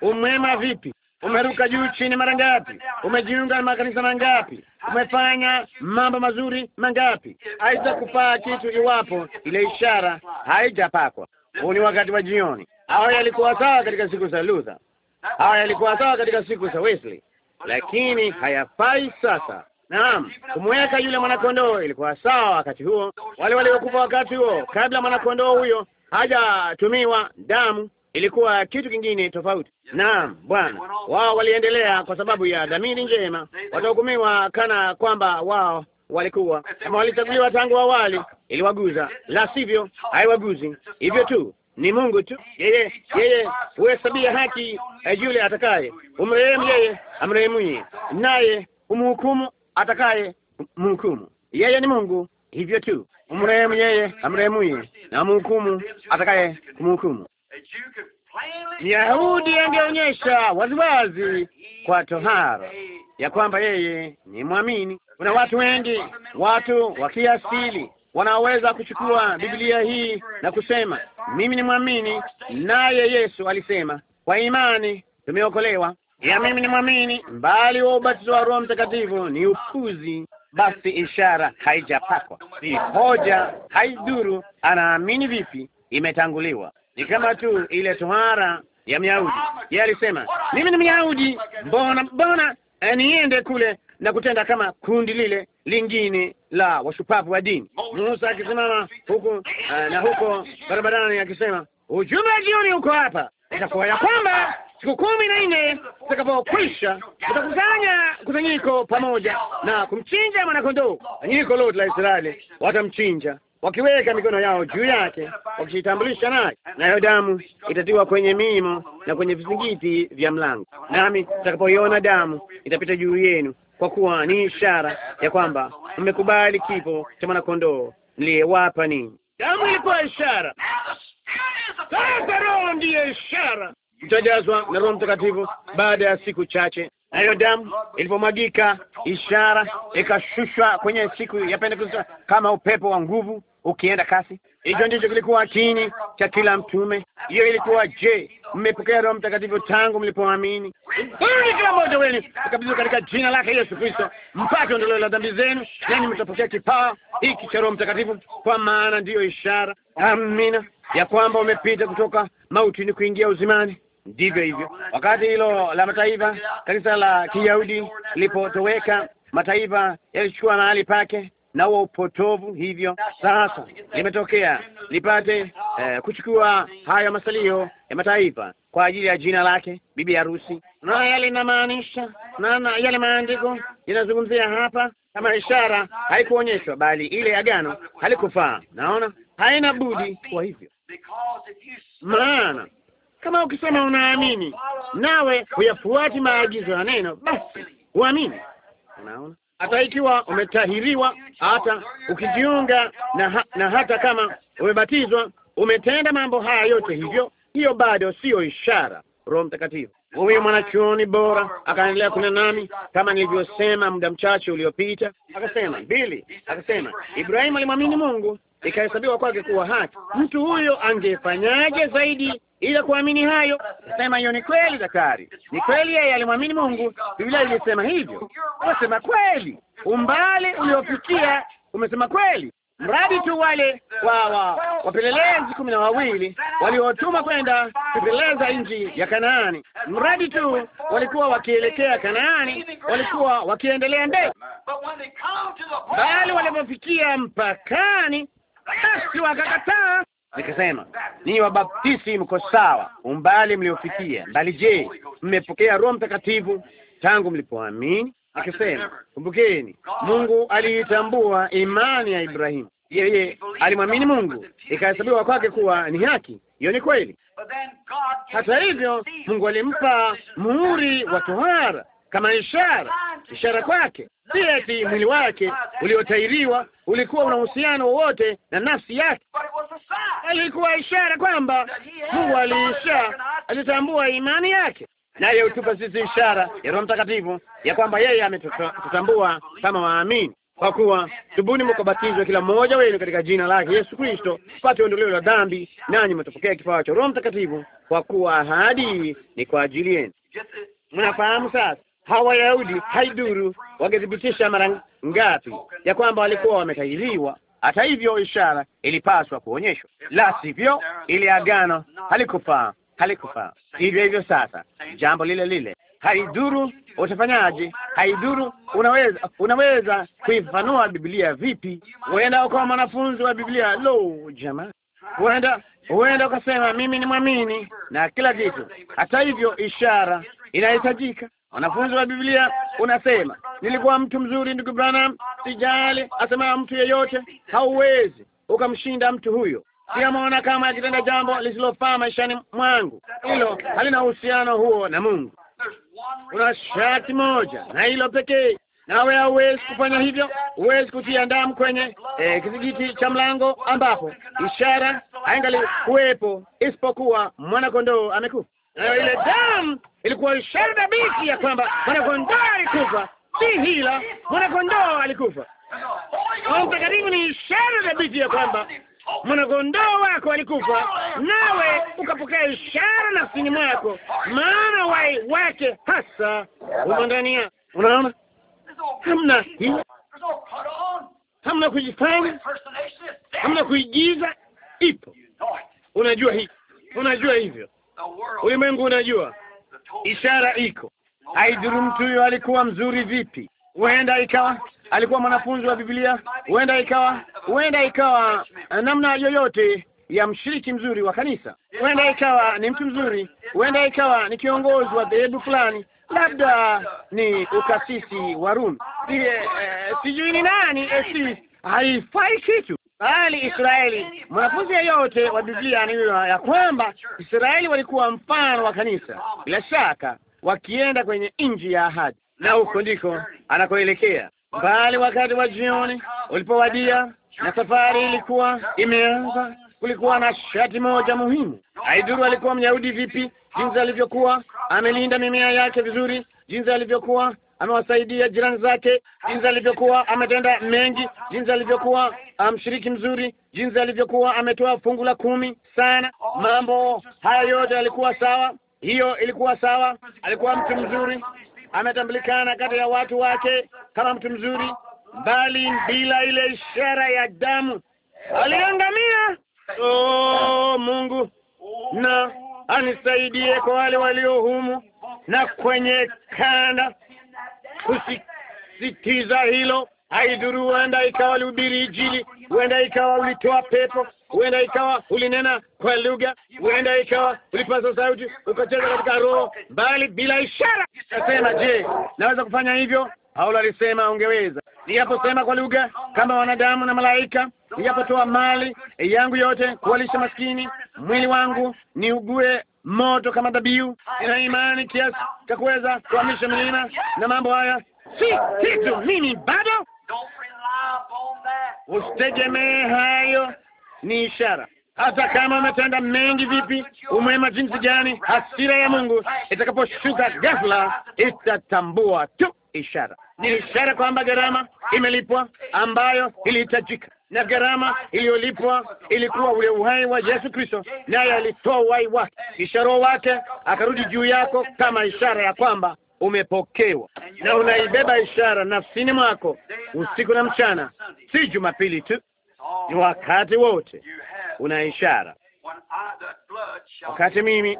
umwema vipi, umeruka juu chini mara ngapi, umejiunga na makanisa mangapi, umefanya mambo mazuri mangapi, haitakufaa kitu iwapo ile ishara haijapakwa. Huu ni wakati wa jioni. Hawa yalikuwa sawa katika siku za Luther, hawa yalikuwa sawa katika siku za Wesley, lakini hayafai sasa Naam, kumweka yule mwanakondoo ilikuwa sawa wakati huo. Wale waliokufa wakati huo, kabla mwanakondoo huyo hajatumiwa damu, ilikuwa kitu kingine tofauti. Naam, Bwana, wao waliendelea kwa sababu ya dhamiri njema, watahukumiwa kana kwamba wao walikuwa kama walichaguliwa tangu awali. Iliwaguza, la sivyo haiwaguzi. Hivyo tu ni Mungu tu, yeye yeye huhesabia haki eh, yule atakaye, umrehemu yeye amrehemuye, naye umhukumu atakaye mhukumu. Yeye ni Mungu, hivyo tu. umrehemu yeye amrehemuye, na mhukumu atakaye kumhukumu. Myahudi angeonyesha waziwazi kwa tohara ya kwamba yeye ni mwamini. Kuna watu wengi, watu wa kiasili wanaoweza kuchukua Biblia hii na kusema mimi ni mwamini, naye Yesu alisema kwa imani tumeokolewa ya mimi ni mwamini, mbali wa ubatizo wa Roho Mtakatifu ni upuzi, basi ishara haijapakwa, si hoja, haidhuru anaamini vipi, imetanguliwa. Ni kama tu ile tohara ya Myahudi. Yeye alisema mimi ni Myahudi, mbona mbona eh, niende kule na kutenda kama kundi lile lingine la washupavu wa dini. Musa akisimama huku uh, na huko barabarani akisema ujumbe wa jioni uko hapa, itakuwa ya kwamba siku kumi na nne zitakapokwisha, utakusanya kusanyiko pamoja na kumchinja mwanakondoo. Kusanyiko lote la Israeli watamchinja wakiweka mikono yao juu yake, wakijitambulisha naye, nayo damu itatiwa kwenye mimo na kwenye vizingiti vya mlango. Nami nitakapoiona damu itapita juu yenu, kwa kuwa ni ishara ya kwamba mmekubali kifo cha mwanakondoo niliyewapa ninyi. Damu ilikuwa ishara, sasa Roho ndiye ishara mtajazwa na Roho Mtakatifu baada ya siku chache. Na hiyo damu ilipomwagika, ishara ikashushwa kwenye siku ya Pentekoste kama upepo wa nguvu ukienda kasi. Hicho ndicho kilikuwa kiini cha kila mtume. Hiyo ilikuwa je, mmepokea Roho Mtakatifu tangu mlipoamini? Kila mmoja wenu akabidhiwa katika jina lake Yesu Kristo mpate ondoleo la dhambi zenu, nani mtapokea kipawa hiki cha Roho Mtakatifu, kwa maana ndiyo ishara, amina, ya kwamba umepita kutoka mautini kuingia uzimani. Ndivyo hivyo. Wakati hilo la mataifa, kanisa la Kiyahudi lilipotoweka, mataifa yalichukua mahali pake na huo upotovu. Hivyo sasa limetokea lipate eh, kuchukua haya masalio ya mataifa kwa ajili ya jina lake, bibi harusi. Na yale inamaanisha, unaona yale maandiko yanazungumzia hapa, kama ishara haikuonyeshwa, bali ile agano halikufaa. Naona haina budi kwa hivyo, maana kama ukisema unaamini nawe huyafuati maagizo ya neno, basi uamini. Unaona, hata ikiwa umetahiriwa, hata ukijiunga na, ha na hata kama umebatizwa, umetenda mambo haya yote hivyo, hiyo bado siyo ishara. Roho Mtakatifu, huyo mwanachuoni bora akaendelea kuna nami, kama nilivyosema muda mchache uliopita, akasema mbili, akasema Ibrahimu alimwamini Mungu ikahesabiwa kwake kuwa haki. Mtu huyo angefanyaje zaidi ila kuamini hayo. Nasema hiyo ni kweli, daktari, ni kweli, yeye alimwamini Mungu. Biblia ilisema hivyo. Umesema kweli, umbali uliofikia umesema kweli, mradi tu wale wa, wa wapelelezi kumi na wawili waliotuma kwenda kupeleleza nchi ya Kanaani, mradi tu walikuwa wakielekea Kanaani, walikuwa wakiendelea mbele, bali walipofikia mpakani, basi wakakataa nikasema, ni wabaptisi mko sawa umbali mliofikia, bali je, mmepokea Roho Mtakatifu tangu mlipoamini? Nikasema, kumbukeni, Mungu aliitambua imani ya Ibrahimu. Yeye alimwamini Mungu, ikahesabiwa kwake kuwa ni haki. Hiyo ni kweli. Hata hivyo, Mungu alimpa muhuri wa tohara kama ishara ishara kwake, si eti mwili wake uliotairiwa ulikuwa una uhusiano wowote na nafsi yake. Ilikuwa ishara kwamba Mungu aliisha alitambua imani yake, naye utupa sisi ishara ya Roho Mtakatifu ya kwamba yeye ametutambua kama waamini. Kwa kuwa tubuni, mkabatizwe kila mmoja wenu katika jina lake Yesu Kristo pate ondoleo la dhambi, nanyi mtapokea kipawa cha Roho Mtakatifu, kwa kuwa ahadi ni kwa ajili yenu. Mnafahamu sasa hawa Wayahudi haiduru wangethibitisha mara ngapi ya kwamba walikuwa wametahiriwa. Hata hivyo, ishara ilipaswa kuonyeshwa, la sivyo ili agano halikufaa, halikufaa. Hivyo hivyo sasa, jambo lile lile haiduru utafanyaje, haiduru unaweza, unaweza kuifafanua Biblia vipi? Huenda ukawa mwanafunzi wa Biblia. Lo, jamaa, huenda huenda ukasema mimi ni mwamini na kila kitu. Hata hivyo, ishara inahitajika. Wanafunzi wa Biblia unasema, nilikuwa mtu mzuri, ndugu Branham, sijali asema mtu yeyote. Hauwezi ukamshinda mtu huyo. Siyamuona kama akitenda jambo lisilofaa maishani mwangu. Hilo halina uhusiano huo na Mungu. Kuna shati moja na hilo pekee, nawe hauwezi kufanya hivyo. Huwezi kutia damu kwenye eh, kizigiti cha mlango ambapo ishara haingali kuwepo isipokuwa mwana kondoo amekufa nayo ile damu ilikuwa ishara dhabiti ya kwamba mwanakondoo alikufa, si hila. Mwanakondoo alikufa. Roho Mtakatifu ni ishara dhabiti ya kwamba mwanakondoo wako alikufa, nawe ukapokea ishara nafsini mwako, maana wai wake hasa umandania. Unaona, hamna hila, hamna kujifanya, hamna kuigiza. Ipo, unajua hii, unajua hivyo Ulimwengu unajua, ishara iko. Haidhuru mtu huyo alikuwa mzuri vipi, huenda ikawa alikuwa mwanafunzi wa Biblia, huenda ikawa, huenda ikawa eh, namna yoyote ya mshiriki mzuri wa kanisa, huenda ikawa ni mtu mzuri, huenda ikawa ni kiongozi wa dhehebu fulani, labda ni ukasisi wa Rumi, eh, sijui ni nani. Esi eh, haifai kitu bali Israeli. Mwanafunzi yeyote wa Biblia anajua ya kwamba Israeli walikuwa mfano wa kanisa, bila shaka wakienda kwenye nchi ya ahadi, na huko ndiko anakoelekea. Bali wakati wa jioni ulipowadia na safari ilikuwa imeanza, kulikuwa na shati moja muhimu. Haiduru alikuwa Myahudi vipi, jinsi alivyokuwa amelinda mimea yake vizuri, jinsi alivyokuwa amewasaidia jirani zake, jinsi alivyokuwa ametenda mengi, jinsi alivyokuwa ah, mshiriki mzuri, jinsi alivyokuwa ametoa fungu la kumi sana. Mambo haya yote yalikuwa sawa, hiyo ilikuwa sawa. Alikuwa mtu mzuri, ametambulikana kati ya watu wake kama mtu mzuri, bali bila ile ishara ya damu aliangamia. Oh, Mungu na anisaidie kwa wale walio humu na kwenye kanda kusisitiza hilo. Haidhuru, huenda ikawa ulihubiri Injili, huenda ikawa ulitoa pepo, huenda ikawa ulinena kwa lugha, huenda ikawa ulipaza sauti, ukacheza katika roho, bali bila ishara. nasema je, naweza kufanya hivyo? Paulo alisema ungeweza, niyaposema kwa lugha kama wanadamu na malaika, niyapotoa mali yangu yote kuwalisha maskini, mwili wangu niugue moto kama dhabihu. Nina imani kiasi cha kuweza kuhamisha milima na mambo haya, si kitu mimi bado. Usitegemee hayo, ni ishara hata kama umetenda mengi vipi, umwema jinsi gani, hasira ya Mungu itakaposhuka ghafla, itatambua tu ishara. Ni ishara kwamba gharama imelipwa ambayo ilihitajika na gharama iliyolipwa ilikuwa ule uhai wa Yesu Kristo, naye alitoa uhai wake, ishara wake akarudi juu yako kama ishara ya kwamba umepokewa, na unaibeba ishara nafsini mwako usiku na mchana, si Jumapili tu, ni wakati wote una ishara. Wakati mimi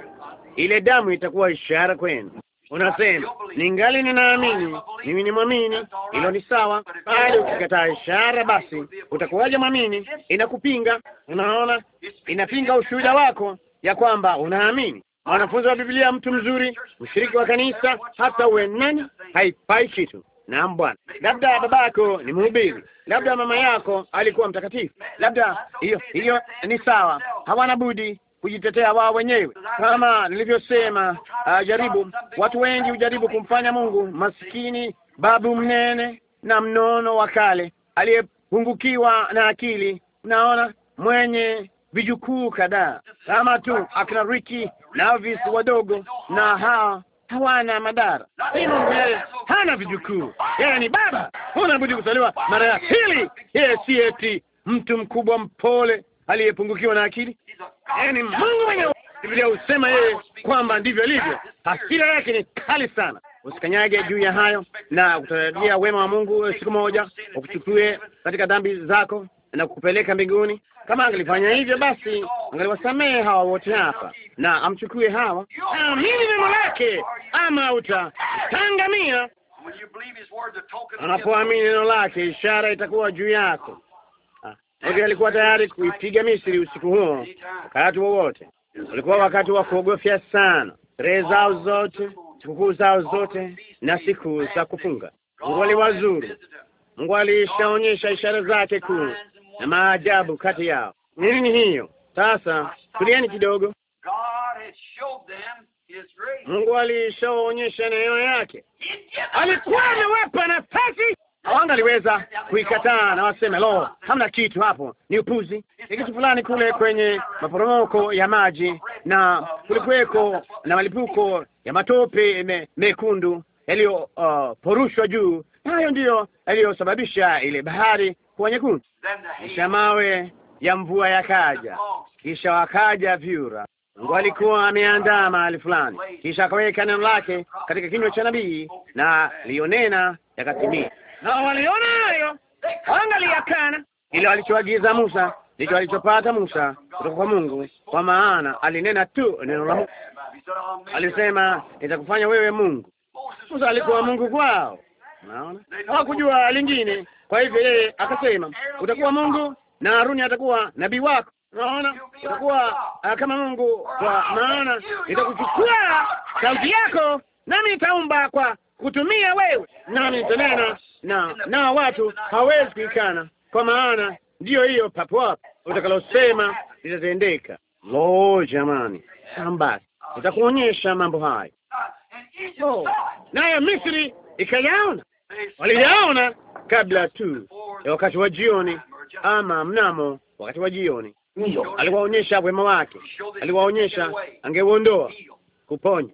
ile damu itakuwa ishara kwenu unasema ningali ninaamini, mimi ni mwamini, hilo ni sawa. Bali ukikataa ishara, basi utakuwaje mwamini? Inakupinga, unaona, inapinga ushuhuda wako ya kwamba unaamini. Mwanafunzi wa Biblia, mtu mzuri, mshiriki wa kanisa, hata uwe nani, haifai kitu. Naam Bwana, labda babako ni mhubiri, labda mama yako alikuwa mtakatifu, labda hiyo hiyo ni sawa, hawana budi kujitetea wao wenyewe. Kama nilivyosema, uh, jaribu. Watu wengi hujaribu kumfanya Mungu masikini babu mnene na mnono wa kale, aliyepungukiwa na akili, unaona, mwenye vijukuu kadhaa, kama tu akina Ricky na Elvis wadogo, na hao hawana madara. Si Mungu, yeye hana vijukuu, yeye ni Baba. Huna budi kuzaliwa mara ya pili. Yeye si eti mtu mkubwa mpole aliyepungukiwa na akili yaani Mungu mwenyewe. Biblia husema yeye kwamba ndivyo alivyo hasira yake ni kali sana. Usikanyage juu ya hayo na kutarajia wema wa Mungu siku moja ukuchukue katika dhambi zako na kukupeleka mbinguni. Kama angelifanya hivyo, basi angaliwasamehe hawa wote hapa na amchukue hawa. Amini neno lake, ama tangamia Unapoamini neno lake, ishara itakuwa juu yako. David alikuwa tayari kuipiga Misri usiku huo, wakati wowote. Ulikuwa wakati wa kuogofya sana. Sherehe zao zote, sikukuu zao zote, na siku za kufunga. Mungu aliwazuru. Mungu alishaonyesha ishara zake kuu na maajabu kati yao. Nini hiyo? Sasa tulieni kidogo. Mungu alishaonyesha neema yake, alikuwa amewapa nafasi aliweza kuikataa na waseme lo, hamna kitu hapo, ni upuzi, ni kitu fulani kule kwenye maporomoko ya maji, na kulikuweko na malipuko ya matope me, mekundu yaliyoporushwa uh, juu. Hayo ndiyo yaliyosababisha ile bahari kuwa nyekundu, kisha mawe ya mvua yakaja, kisha wakaja vyura. Mungu alikuwa ameandaa mahali fulani, kisha akaweka neno lake katika kinywa cha nabii na lionena yakatimia na waliona hayo, wangaliyakana Ile walichoagiza Musa ndicho alichopata Musa kutoka kwa Mungu, kwa maana alinena tu neno la Mungu. Alisema, nitakufanya wewe Mungu. Musa alikuwa Mungu kwao, unaona, hawakujua lingine. Kwa hivyo yeye akasema, utakuwa Mungu na Haruni atakuwa nabii wako. Unaona, utakuwa uh, kama Mungu, kwa maana nitakuchukua sauti yako, nami nitaumba kwa kutumia wewe, nami nitanena na na watu hawezi kuikana, kwa maana ndiyo hiyo papo hapo utakalosema litatendeka. Lo, jamani, sambasi nitakuonyesha mambo hayo. Oh, nayo Misri ikayaona, waliyaona kabla tu ya wakati wa jioni, ama mnamo wakati wa jioni. Aliwaonyesha wema wake, aliwaonyesha angeuondoa, kuponya.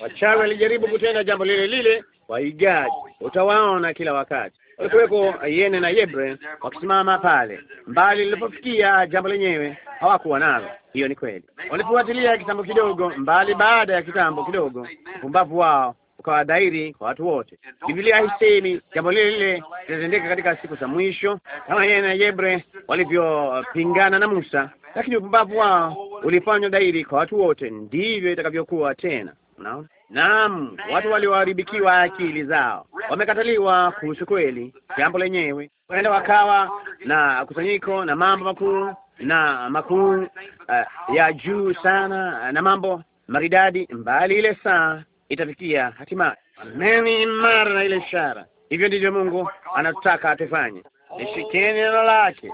Wachawi walijaribu kutenda jambo lile lile waigaji, utawaona kila wakati. Walikuweko Yene na Yebre wakisimama pale mbali. Lilipofikia jambo lenyewe, hawakuwa nalo. Hiyo ni kweli. Walifuatilia kitambo kidogo mbali, baada ya kitambo kidogo upumbavu wao ukawa dhahiri kwa watu wote. Biblia haisemi jambo lile lile litatendeka katika siku za mwisho kama Yene na Yebre walivyopingana na Musa, lakini upumbavu wao ulifanywa dhahiri kwa watu wote. Ndivyo itakavyokuwa tena. Unaona, naam, watu walioharibikiwa akili zao wamekataliwa kuhusu kweli, jambo lenyewe. Waenda wakawa na kusanyiko na mambo makuu na makuu uh, ya juu sana eh, na mambo maridadi, mbali ile saa itafikia hatimaye. Simameni imara na ile ishara. Hivyo ndivyo Mungu anataka atufanye Nishikeni neno lake,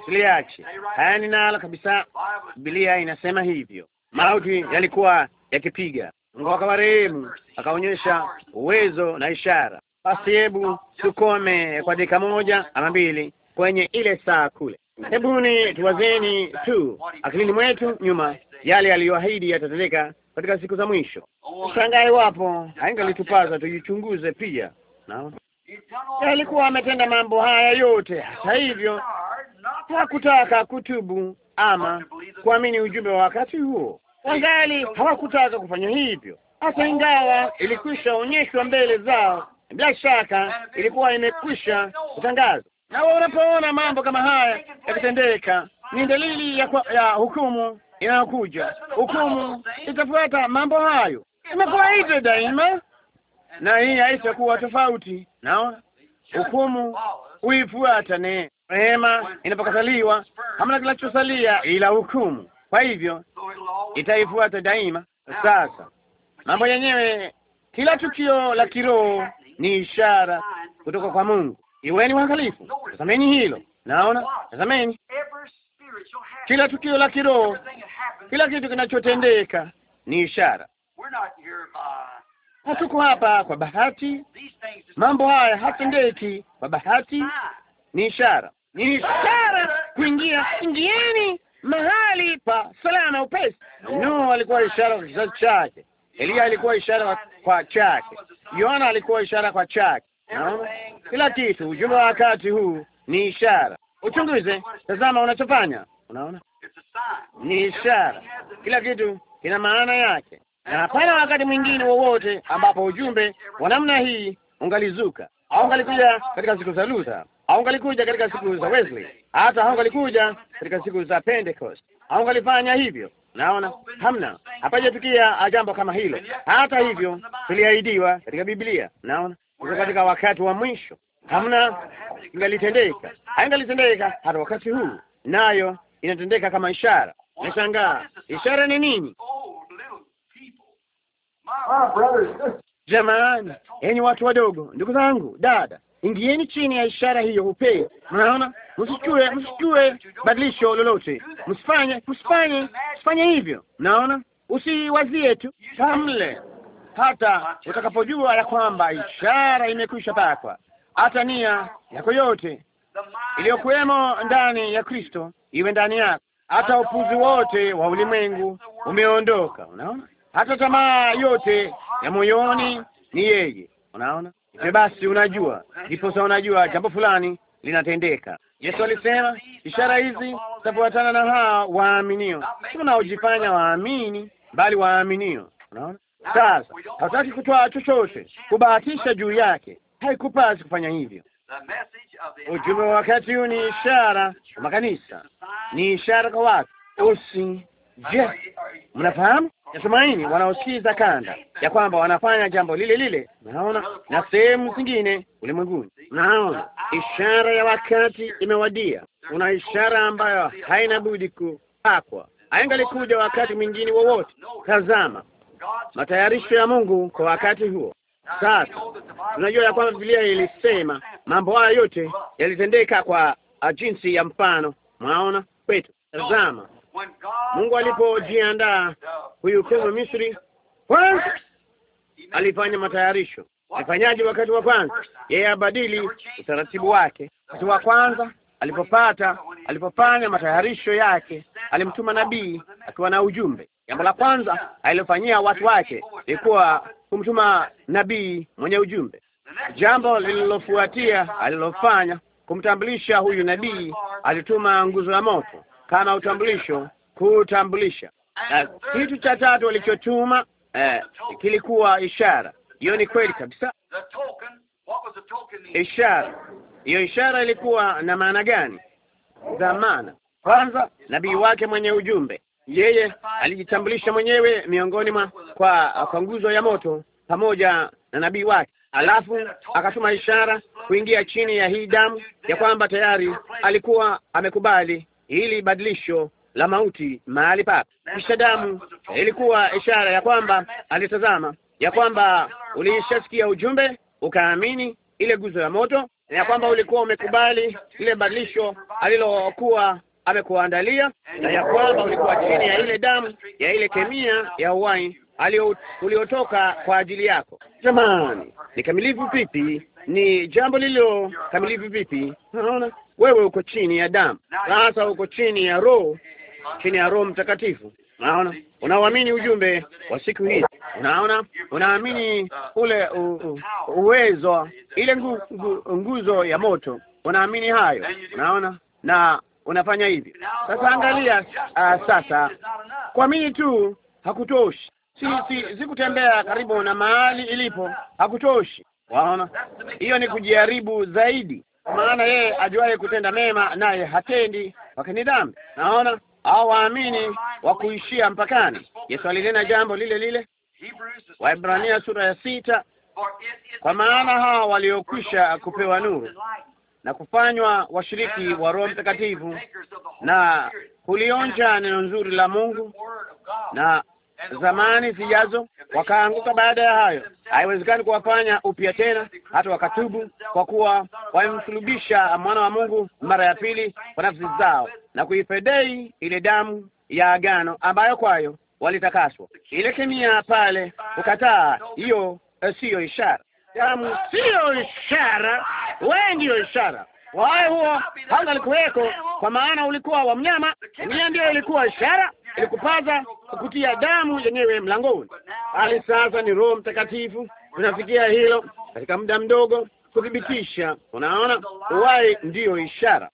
usiliache. hayani nalo kabisa. Biblia inasema hivyo. Mauti yalikuwa yakipiga Mungu akawarehemu, akaonyesha uwezo na ishara. Basi hebu tukome kwa dakika moja ama mbili kwenye ile saa kule. Hebuni tuwazeni tu akilini mwetu nyuma yale aliyoahidi yatatendeka katika siku za mwisho. Ushangae wapo haingalitupaza tujichunguze pia no? Alikuwa ametenda mambo haya yote, hata hivyo hakutaka kutubu ama kuamini ujumbe wa wakati huo wangali hawakutaka kufanya hivyo, hata ingawa ilikwisha onyeshwa mbele zao, bila shaka ilikuwa imekwisha kutangazwa. Na unapoona mambo kama haya yakitendeka, ni dalili ya, ya hukumu inayokuja. Hukumu itafuata mambo hayo, imekuwa hivyo daima, na hii haitakuwa tofauti. Naona hukumu huifuata neema. Rehema inapokataliwa, hamna kinachosalia ila hukumu. Kwa hivyo itaifuata daima. Sasa mambo yenyewe, kila tukio la kiroho ni ishara kutoka kwa Mungu. Iweni wangalifu, tazameni hilo. Naona, tazameni kila tukio la kiroho, kila kitu kinachotendeka ni ishara. Hatuko hapa kwa bahati. Mambo haya hatendeki kwa bahati, ni ishara, ni ishara kuingia. Ingieni mahali pa sala na upesi. Nuhu alikuwa ishara kwa kizazi chake, Eliya alikuwa ishara kwa chake, Yohana alikuwa ishara kwa chake. Naona kila kitu, ujumbe wa wakati huu ni ishara. Uchunguze, tazama unachofanya. Unaona, ni ishara. Kila kitu kina maana yake, na hapana wakati mwingine wowote ambapo ujumbe wa namna hii ungalizuka au ungalikuja katika siku za Luther haungalikuja katika siku za Wesley, hata haungalikuja katika siku za Pentecost, haungalifanya hivyo. Naona hamna, hapajafikia jambo kama hilo. Hata hivyo tuliahidiwa katika Biblia, naona uko katika wakati wa mwisho, hamna ingalitendeka, haingalitendeka hata wakati huu, nayo inatendeka kama ishara. Nashangaa ishara ni nini? Jamani, enyi watu wadogo, ndugu zangu, dada ingieni chini ya ishara hiyo upei. Mnaona, msichue msichue badilisho lolote, msifanye msifanye msifanye hivyo. Mnaona, usiwazie tu kamle, hata utakapojua ya kwamba ishara imekwisha pakwa, hata nia yako yote iliyokuwemo ndani ya Kristo iwe ndani yako. Hata upuzi wote wa ulimwengu umeondoka. Unaona, hata tamaa yote ya moyoni ni yeye. Unaona, Hivyo basi, unajua, sasa unajua jambo fulani linatendeka. Yesu alisema ishara hizi zitafuatana na hawa waaminio, si wanaojifanya waamini, bali waaminio. Unaona, sasa hataki kutoa chochote kubahatisha juu yake, haikupasi kufanya hivyo. Ujumbe wa wakati huu ni ishara kwa makanisa, ni ishara kwa watu usi Je, mnafahamu? Natumaini wanaosikiza kanda ya kwamba wanafanya jambo lile lile, naona na sehemu zingine ulimwenguni. Naona ishara ya wakati imewadia, kuna ishara ambayo haina budi kupakwa. Haingalikuja wakati mwingine wowote. Tazama matayarisho ya Mungu kwa wakati huo. Sasa tunajua ya kwamba Biblia ilisema mambo haya yote yalitendeka kwa jinsi ya mfano, mwaona kwetu. Tazama Mungu alipojiandaa kuihukumu Misri, kwanza alifanya matayarisho. Alifanyaje wakati wa kwanza? Yeye abadili utaratibu wake. Wakati wa kwanza alipopata, alipofanya matayarisho yake, alimtuma nabii akiwa na ujumbe. Jambo la kwanza alilofanyia watu wake ilikuwa kumtuma nabii mwenye ujumbe. Jambo lililofuatia alilofanya kumtambulisha huyu nabii, alituma nguzo ya moto kama utambulisho kutambulisha. Uh, kitu cha tatu walichotuma uh, eh, kilikuwa ishara. Hiyo ni kweli kabisa. Ishara hiyo, ishara ilikuwa na maana gani? Dhamana kwanza, nabii wake mwenye ujumbe, yeye alijitambulisha mwenyewe miongoni mwa kwa, kwa nguzo ya moto pamoja na nabii wake, alafu akatuma ishara kuingia chini ya hii damu, ya kwamba tayari alikuwa amekubali hili badilisho la mauti mahali pake. Kisha damu ilikuwa ishara ya kwamba alitazama, ya kwamba ulishasikia ujumbe ukaamini ile guzo ya moto, na ya kwamba ulikuwa umekubali lile badilisho alilokuwa amekuandalia, na ya kwamba ulikuwa chini ya ile damu ya ile kemia ya uwai uliotoka kwa ajili yako. Jamani, ni kamilifu vipi? Ni jambo lililo kamilifu vipi? Unaona? wewe uko chini ya damu, sasa uko chini ya Roho, chini ya Roho Mtakatifu. Unaona, unaamini ujumbe wa siku hizi, unaona, unaamini ule u, u, uwezo, ile ngu, ngu, nguzo ya moto, unaamini hayo, unaona, na unafanya hivi sasa. Angalia uh, sasa, kuamini tu hakutoshi. Si, si, si karibu na mahali ilipo hakutoshi. Waona, hiyo ni kujaribu zaidi maana yeye ajuaye kutenda mema naye hatendi wakini dhambi. Naona hao waamini wa kuishia mpakani. Yesu alinena jambo lile lile, Waibrania sura ya sita, kwa maana hawa waliokwisha kupewa nuru na kufanywa washiriki wa Roho Mtakatifu na kulionja neno nzuri la Mungu na zamani zijazo wakaanguka baada ya hayo, haiwezekani kuwafanya upya tena hata wakatubu, kwa kuwa wamemsulubisha mwana wa Mungu mara ya pili kwa nafsi zao na kuifedhei ile damu ya agano ambayo kwayo walitakaswa. Ile kemia pale ukataa hiyo, eh, siyo ishara. Damu siyo ishara, wengi ndiyo ishara wawe huo likuweko kwa maana ulikuwa wa mnyama. Mnyama ndiyo ilikuwa ishara, ilikupaza kukutia damu yenyewe mlangoni, bali sasa ni Roho Mtakatifu. Tunafikia hilo katika muda mdogo kuthibitisha. Unaona, uwai ndiyo ishara.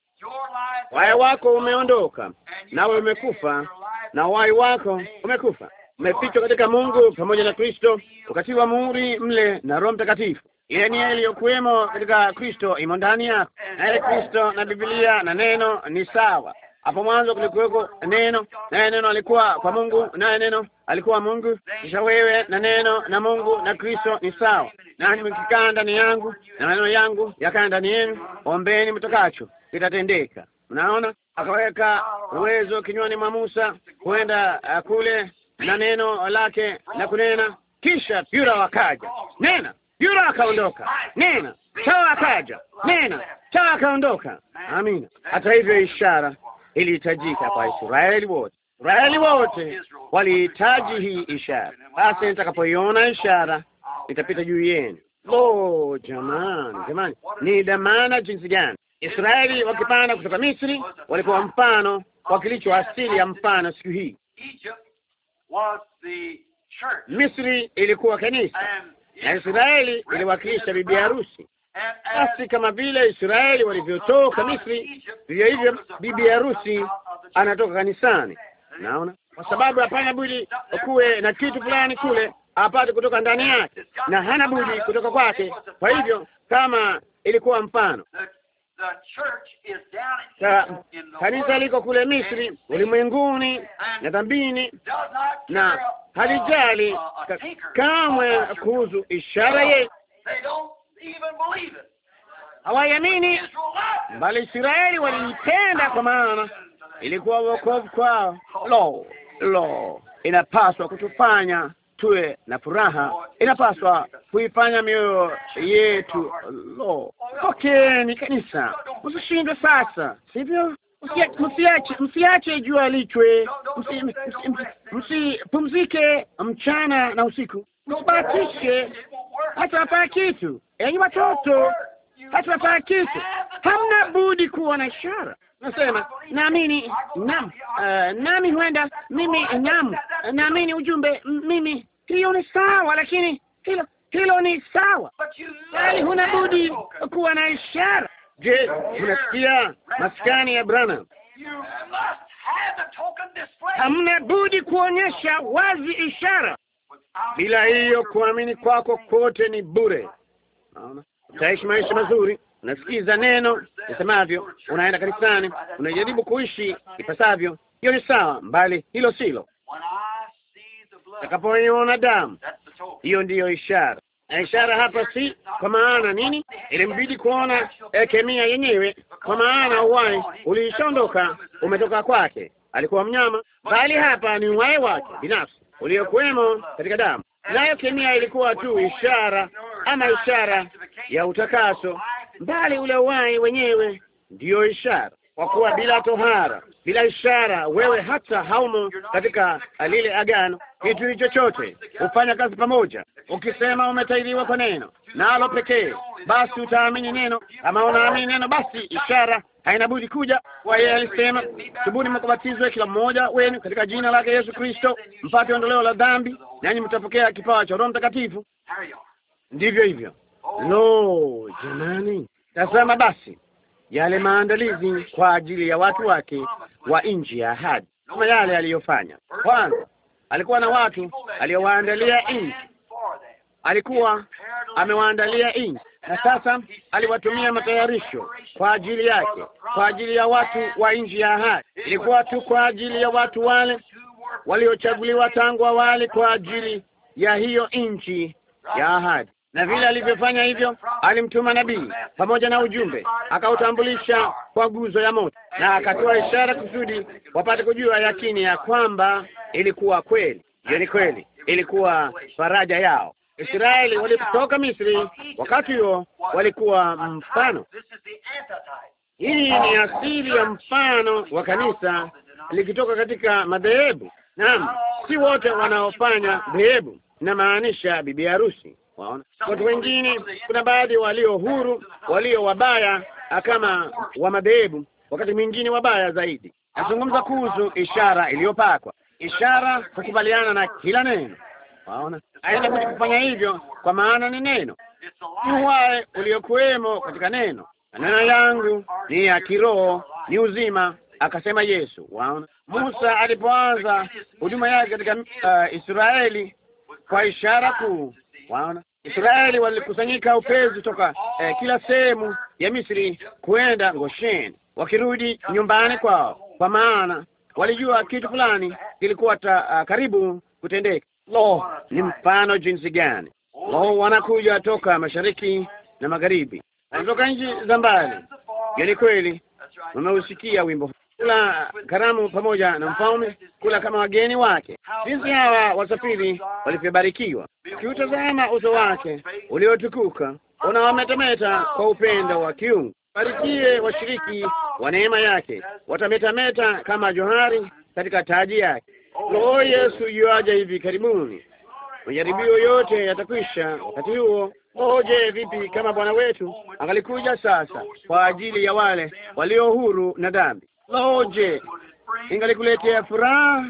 Wai wako umeondoka, nawe umekufa, na uwai wako umekufa, umefichwa katika Mungu pamoja na Kristo, ukatiwa muhuri mle na Roho Mtakatifu ile nia iliyokuwemo katika Kristo imo ndani yako, naye ile Kristo na Biblia na neno ni sawa. Hapo mwanzo kulikuweko neno, naye neno alikuwa kwa Mungu, naye neno alikuwa Mungu. Kisha wewe na neno na Mungu na Kristo ni sawa, nani mkikaa ndani yangu na maneno yangu yakaa ndani yenu, ombeni mtakacho kitatendeka. Mnaona, akaweka uwezo kinywani mwa Musa kwenda uh, kule na neno lake na kunena, kisha vyura wakaja nena yule akaondoka, nena chawa akaja, nena chawa akaondoka. Amina. Hata hivyo, ishara ilihitajika kwa Israeli wote. Israeli wote walihitaji hii ishara. Basi nitakapoiona ishara itapita juu yenu. Lo, jamani, jamani, ni damana jinsi gani! Israeli wakipanda kutoka Misri walikuwa mfano kwa kilicho asili ya mfano siku hii. Misri ilikuwa kanisa na Israeli iliwakilisha bibi harusi. Basi kama vile Israeli walivyotoka Misri, vivyo hivyo bibi harusi anatoka kanisani. Naona, kwa sababu hapana budi kuwe na kitu fulani kule apate kutoka ndani yake, na hana budi kutoka kwake. Kwa hivyo kama ilikuwa mfano Sa, kanisa liko kule Misri, ulimwenguni na dhambini, na halijali kamwe kuhusu ishara ye hawaiamini bali Israeli waliipenda kwa maana ilikuwa wokovu kwao. Lo, lo, inapaswa kutufanya tuwe na furaha, inapaswa kuifanya mioyo yetu. Lo, pokeeni kanisa, msishindwe sasa, sivyo? Msiache, msiache jua lichwe, msipumzike mchana na usiku, msibahatishe hata hapa kitu. Enyi yaani watoto, hata hapa kitu, hamna budi kuwa na ishara. Nasema naamini, naam, eh, nami huenda mimi, naam, naamini ujumbe mimi hiyo ni sawa, lakini hilo hilo ni sawa, bali huna budi kuwa na ishara. Je, unasikia maskani ya brana Hamna budi kuonyesha wazi ishara. Bila hiyo kuamini kwako kote ni bure. Naona utaishi maisha mazuri. Unasikiza neno nisemavyo, unaenda kanisani, unajaribu kuishi ipasavyo. Hiyo ni sawa, mbali hilo silo. Akapoiona damu, hiyo ndiyo ishara. Ishara hapa si kwa maana nini, ilimbidi kuona kemia yenyewe, kwa maana uwai uliishaondoka umetoka kwake, alikuwa mnyama, bali hapa ni uwai wake binafsi uliokuwemo katika damu, nayo kemia ilikuwa tu ishara ama ishara ya utakaso, bali ule uwai wenyewe ndiyo ishara kwa kuwa bila tohara, bila ishara, wewe hata haumo katika lile agano. Kitu chochote hufanya kazi pamoja, ukisema umetahiriwa kwa neno nalo pekee, basi utaamini neno. Kama unaamini neno, basi ishara haina budi kuja, kwa yeye alisema, tubuni mkabatizwe kila mmoja wenu katika jina lake Yesu Kristo mpate ondoleo la dhambi, nanyi mtapokea kipawa cha Roho Mtakatifu. Ndivyo hivyo. Lo, jamani, tazama basi yale maandalizi kwa ajili ya watu wake wa nchi ya ahadi, kama yale aliyofanya. Kwanza alikuwa na watu aliyowaandalia nchi, alikuwa amewaandalia nchi, na sasa aliwatumia matayarisho kwa ajili yake, kwa ajili ya watu wa nchi ya ahadi. Ilikuwa tu kwa ajili ya watu wale waliochaguliwa tangu awali kwa ajili ya hiyo nchi ya ahadi na vile alivyofanya hivyo, alimtuma nabii pamoja na ujumbe, akautambulisha kwa guzo ya moto, na akatoa ishara kusudi wapate kujua yakini ya kwamba ilikuwa kweli. Hiyo ni kweli, ilikuwa faraja yao. Israeli walipotoka Misri, wakati huo walikuwa mfano. Hii ni asili ya mfano wa kanisa likitoka katika madhehebu. Naam, si wote wanaofanya dhehebu, namaanisha bibi harusi Waona watu wengine, kuna baadhi walio huru, walio wabaya ah, kama wa madhehebu, wakati mwingine wabaya zaidi. Nazungumza kuhusu ishara iliyopakwa, ishara kukubaliana na kila neno. Waona aenda kuti kufanya hivyo, kwa maana ni neno, ni uhai uliokuwemo katika neno, neno yangu ni ya kiroho, ni uzima, akasema Yesu. Waona Musa alipoanza huduma yake katika uh, Israeli kwa ishara kuu Waona Israeli walikusanyika upezi toka eh, kila sehemu ya Misri kwenda Gosheni, wakirudi nyumbani kwao, kwa maana walijua kitu fulani kilikuwa ta, uh, karibu kutendeka. Lo, ni mfano jinsi gani! Lo, wanakuja toka mashariki na magharibi, wanatoka nchi za mbali. yani kweli, wamehusikia wimbo kula karamu pamoja na mfalme, kula kama wageni wake. Jinsi hawa wasafiri walivyobarikiwa! Ukiutazama uso wake uliotukuka, unawametameta kwa upendo wa kiungu. Barikie washiriki wa neema yake, watametameta kama johari katika taji yake. Lo, Yesu yuaja hivi karibuni, majaribio yote yatakwisha wakati huo. Oje vipi kama Bwana wetu angalikuja sasa kwa ajili ya wale walio huru na dhambi loje ingalikuletea furaha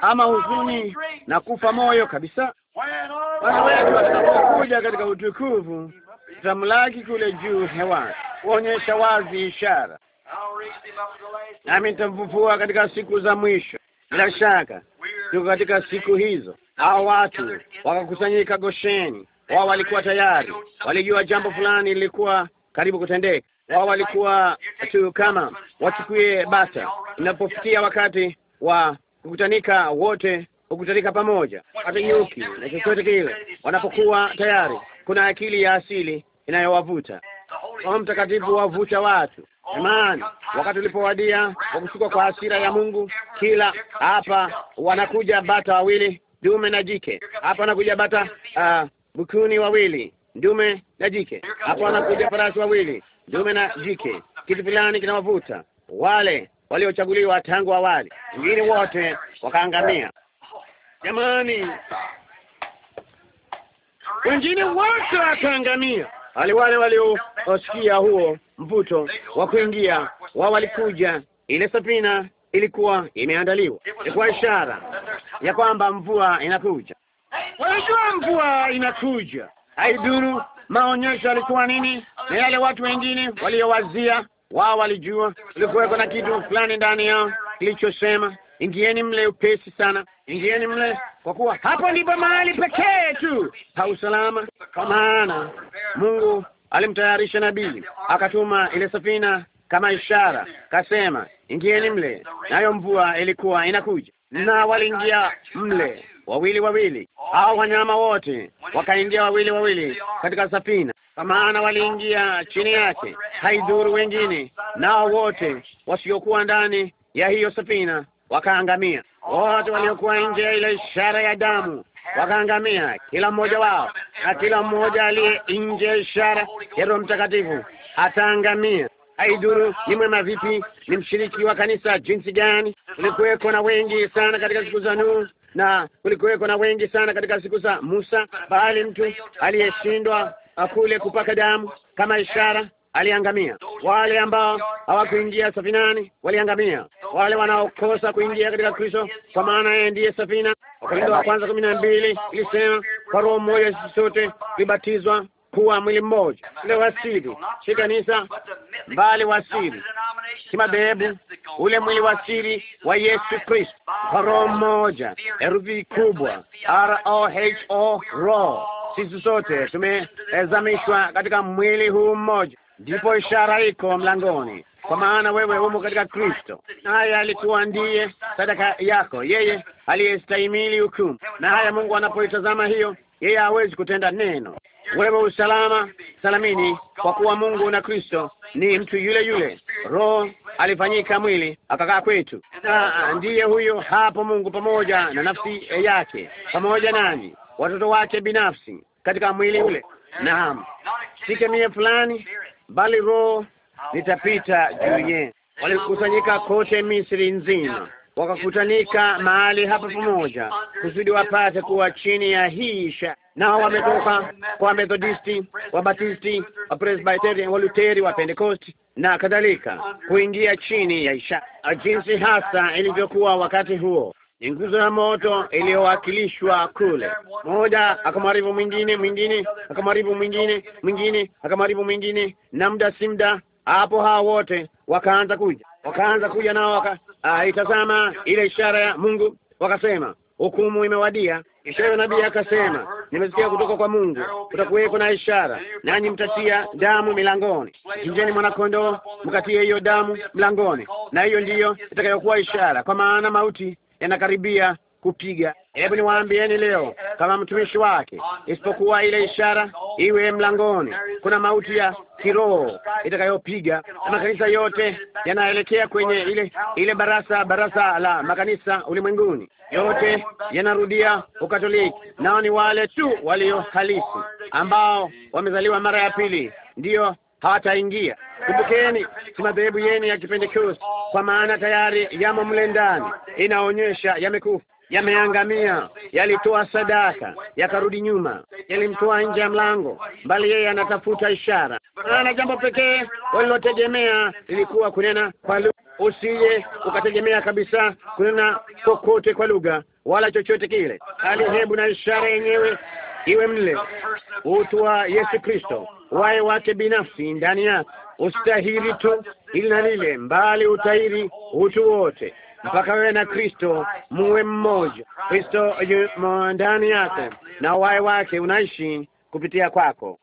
ama huzuni na kufa moyo kabisa? Bwana wetu atakapokuja katika utukufu, tutamlaki kule juu hewani, kuonyesha wazi ishara, nami nitamfufua katika siku za mwisho. Bila shaka tuko katika siku hizo. Hao watu wakakusanyika Gosheni, wao walikuwa tayari, walijua jambo fulani lilikuwa karibu kutendeka wao walikuwa tu kama wachukue bata, inapofikia wakati wa kukutanika wote hukutanika pamoja, nyuki na chochote kile. Wanapokuwa tayari, kuna akili ya asili inayowavuta Roho Mtakatifu wavuta watu. Jamani, wakati ulipowadia wa kushuka kwa hasira ya Mungu, kila hapa wanakuja bata wawili, dume na jike. Hapa wanakuja bata uh, ah, bukuni wawili, dume na jike. Hapa wanakuja farasi wawili, dume na jike, kitu fulani kinawavuta wale waliochaguliwa tangu awali, wengine wote wakaangamia. Jamani, wengine wote wakaangamia. Wale wale waliosikia huo mvuto wa kuingia, wao walikuja. Ile safina ilikuwa imeandaliwa, ilikuwa ishara ya kwamba mvua inakuja. Walijua mvua inakuja haidhuru maonyesho yalikuwa nini, na yale watu wengine waliowazia wao walijua, kulikuweko na kitu fulani ndani yao kilichosema ingieni mle upesi sana, ingieni mle, kwa kuwa hapo ndipo mahali pekee tu pa usalama, kwa maana Mungu alimtayarisha nabii, akatuma ile safina kama ishara, kasema ingieni mle, nayo mvua ilikuwa inakuja, na waliingia mle wawili wawili, hao wanyama wote wakaingia wawili wawili katika safina, kwa maana waliingia chini yake, haidhuru wengine, nao wote wasiokuwa ndani ya hiyo safina wakaangamia. Wote waliokuwa nje ya ile ishara ya damu wakaangamia, kila mmoja wao, na kila mmoja aliye nje ya ishara ya Roho Mtakatifu ataangamia. Haidhuru ni mwema vipi, ni mshiriki wa kanisa jinsi gani. Kulikuweko na wengi sana katika siku za Nuhu na kulikuweko na wengi sana katika siku za Musa, bali mtu aliyeshindwa kule kupaka damu kama ishara aliangamia. Wale ambao hawakuingia safinani waliangamia, wale wanaokosa kuingia katika Kristo, kwa maana yeye ndiye safina. Wakorintho wa kwanza kumi na mbili ilisema kwa roho moja sisi sote tulibatizwa kuwa mwili mmoja, ule wasili si kanisa, mbali wasili si ule mwili wasili wa Yesu Kristo, kwa roho mmoja, herufi kubwa R O H O roho. Sisi sote tumezamishwa katika mwili huu mmoja, ndipo ishara iko mlangoni kwa maana wewe umo katika Kristo, naye alikuwa ndiye sadaka yako, yeye aliyestahimili hukumu. Na haya Mungu anapoitazama hiyo, yeye hawezi kutenda neno. Wewe usalama salamini, kwa kuwa Mungu na Kristo ni mtu yule yule. Roho alifanyika mwili akakaa kwetu, na ndiye huyo hapo Mungu pamoja na nafsi yake, pamoja nani, watoto wake binafsi katika mwili ule. Naam, si kemia fulani, bali roho nitapita juu yenu. Walikusanyika kote Misri nzima wakakutanika mahali hapa pamoja kusudi wapate kuwa chini ya hii isha. Nao wametoka kwa Wamethodisti, Wabatisti, Wapresbiteri, Waluteri, wa Pentekosti na kadhalika, kuingia chini ya isha. Jinsi hasa ilivyokuwa wakati huo ni nguzo ya moto iliyowakilishwa kule. Mmoja akamwaribu mwingine, mwingine akamwaribu mwingine, mwingine akamwaribu mwingine, na muda si muda hapo hao wote wakaanza kuja wakaanza kuja nao wakaitazama ah, uh, ile ishara ya Mungu, wakasema hukumu imewadia. Kisha nabii akasema, nimesikia kutoka kwa Mungu kutakuweko na ishara, nanyi mtatia damu milangoni. Chinjeni mwanakondoo, mkatie hiyo damu mlangoni, na hiyo ndiyo itakayokuwa ishara, kwa maana mauti yanakaribia kupiga. Hebu niwaambieni leo, kama mtumishi wake, isipokuwa ile ishara iwe mlangoni, kuna mauti ya kiroho itakayopiga, na makanisa yote yanaelekea kwenye ile ile barasa barasa la makanisa ulimwenguni, yote yanarudia Ukatoliki, nao ni wale tu walio halisi ambao wamezaliwa mara ya pili ndiyo hawataingia. Kumbukeni, si madhehebu yenu ya Kipentekoste, kwa maana tayari yamo mle ndani, inaonyesha yamekufa yameangamia, yalitoa sadaka, yakarudi nyuma, yalimtoa nje ya mlango, bali yeye anatafuta ishara. ana jambo pekee walilotegemea lilikuwa kunena kwa lugha. Usije ukategemea kabisa kunena kokote kwa lugha wala chochote kile, bali hebu na ishara yenyewe iwe mle utu wa Yesu Kristo, waye wake binafsi ndani yako, ustahili tu ili na lile, mbali utahiri utu wote mpaka wewe na Kristo muwe mmoja. Kristo yumo ndani yako na uhai wake unaishi kupitia kwako.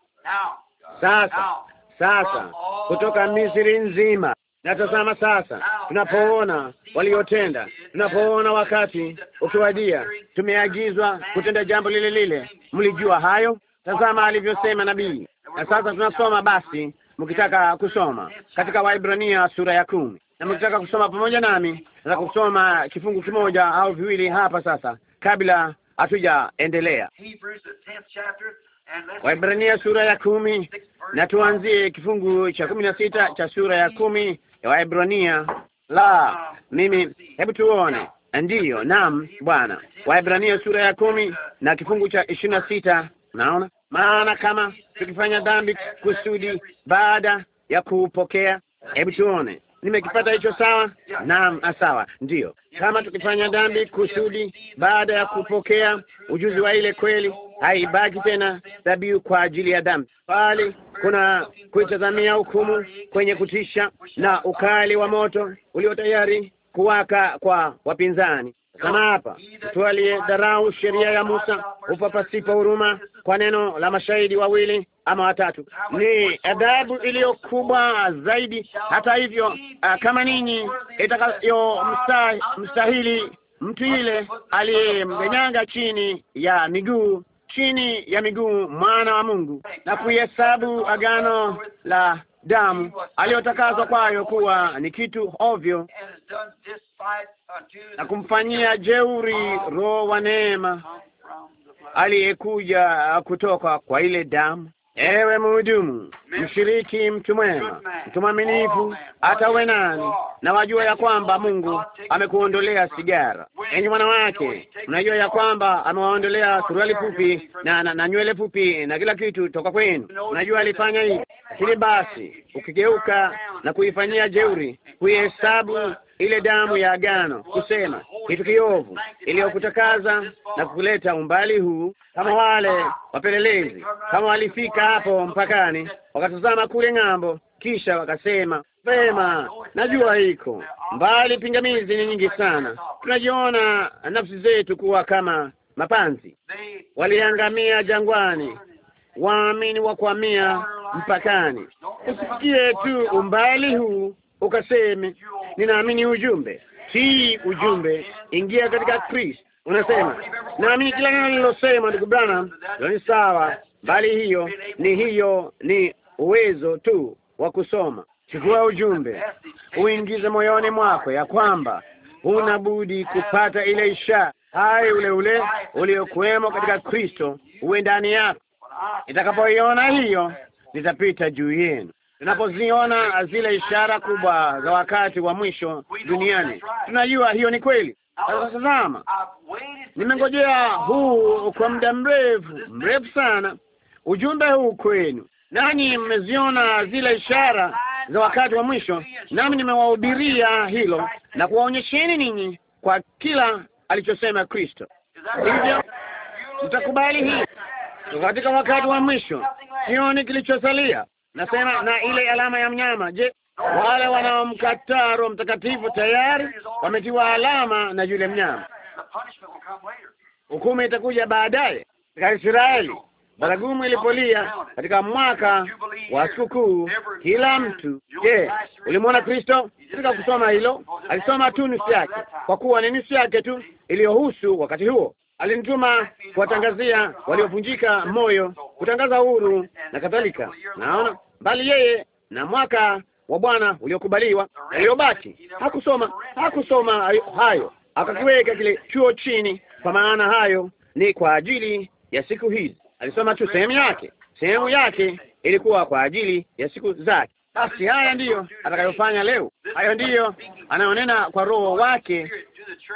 Sasa sasa, kutoka Misri nzima na tazama sasa, tunapoona waliotenda, tunapoona wakati ukiwadia, tumeagizwa kutenda jambo lile lile. Mlijua hayo, tazama alivyosema nabii. Na sasa tunasoma basi, mkitaka kusoma katika Waibrania sura ya kumi na mkitaka kusoma pamoja nami, na kusoma kifungu kimoja au viwili hapa sasa, kabla hatujaendelea. Waibrania sura ya kumi, na tuanzie kifungu cha kumi na sita cha sura ya kumi ya Waibrania. La, um, mimi hebu tuone. Ndiyo, naam Bwana. Waibrania sura ya kumi na kifungu cha ishirini na sita. Naona maana kama tukifanya dhambi kusudi baada ya kuupokea, hebu tuone nimekipata hicho. Sawa, naam, ah, sawa, ndiyo. Kama tukifanya dhambi kusudi, baada ya kupokea ujuzi wa ile kweli, haibaki tena dhabihu kwa ajili ya dhambi, bali kuna kuitazamia hukumu kwenye kutisha na ukali wa moto ulio tayari kuwaka kwa wapinzani kama hapa, mtu aliyedharau sheria ya Musa upo pasipo huruma kwa neno la mashahidi wawili ama watatu. Ni adhabu iliyo kubwa zaidi. Hata hivyo, ah, kama ninyi itakayomstahili mtu yule aliyemganyanga chini ya miguu chini ya miguu mwana wa Mungu na kuhesabu agano la damu aliyotakazwa kwayo kuwa ni kitu ovyo na kumfanyia jeuri Roho wa neema aliyekuja kutoka kwa ile damu Ewe mhudumu, mshiriki, mtu mwema, mtu mwaminifu, oh, hata uwe nani, na wajua ya kwamba Mungu amekuondolea sigara. Enyi wanawake, mnajua ya kwamba amewaondolea suruali fupi na, na, na nywele fupi na kila kitu toka kwenu. Unajua alifanya hivi, lakini basi ukigeuka na kuifanyia jeuri, kuihesabu ile damu ya agano, kusema kitu kiovu iliyokutakaza na kukuleta umbali huu, kama wale wapelelezi, kama walifika hapo mpakani, wakatazama kule ng'ambo, kisha wakasema Vema, najua iko mbali, pingamizi ni nyingi sana, tunajiona nafsi zetu kuwa kama mapanzi. Waliangamia jangwani, waamini wa kuamia mpakani. Usifikie tu umbali huu ukaseme, ninaamini ujumbe, si ujumbe, ingia katika Kristo. Unasema, naamini kila neno nililosema, ndugu Branham, ni sawa, bali hiyo ni hiyo ni uwezo tu wa kusoma. Chukua ujumbe, uingize moyoni mwako ya kwamba huna budi kupata ile ishara hai ule ule uliokuwemo katika Kristo uwe ndani yako. Nitakapoiona hiyo, nitapita juu yenu tunapoziona zile ishara kubwa za wakati wa mwisho duniani, tunajua hiyo ni kweli. Tazama, nimengojea huu kwa muda mrefu mrefu sana, ujumbe huu kwenu, nanyi mmeziona zile ishara za wakati wa mwisho, nami nimewahubiria hilo na kuwaonyesheni ninyi kwa kila alichosema Kristo. Hivyo mtakubali hii katika wakati wa mwisho, sioni kilichosalia nasema na ile alama ya mnyama. Je, wale wanaomkataa Roho Mtakatifu tayari wametiwa alama na yule mnyama? Hukumu itakuja baadaye katika Israeli. Baragumu ilipolia katika mwaka wa sikukuu, kila mtu. Je, ulimwona Kristo katika kusoma hilo? Alisoma tu nusu yake, kwa kuwa ni nusu yake tu iliyohusu wakati huo alimtuma kuwatangazia waliovunjika moyo, kutangaza uhuru na kadhalika. Naona bali yeye na mwaka wa Bwana uliokubaliwa yaliyobaki, hakusoma hakusoma hayo, akakiweka kile chuo chini, kwa maana hayo ni kwa ajili ya siku hizi. Alisoma tu sehemu yake, sehemu yake ilikuwa kwa ajili ya siku zake. Basi haya ndiyo atakayofanya leo, hayo ndiyo anayonena kwa Roho wake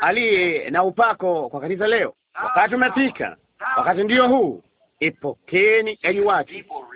aliye na upako kwa kanisa leo wakati umefika, wakati ndio huu. Ipokeeni enyi watu,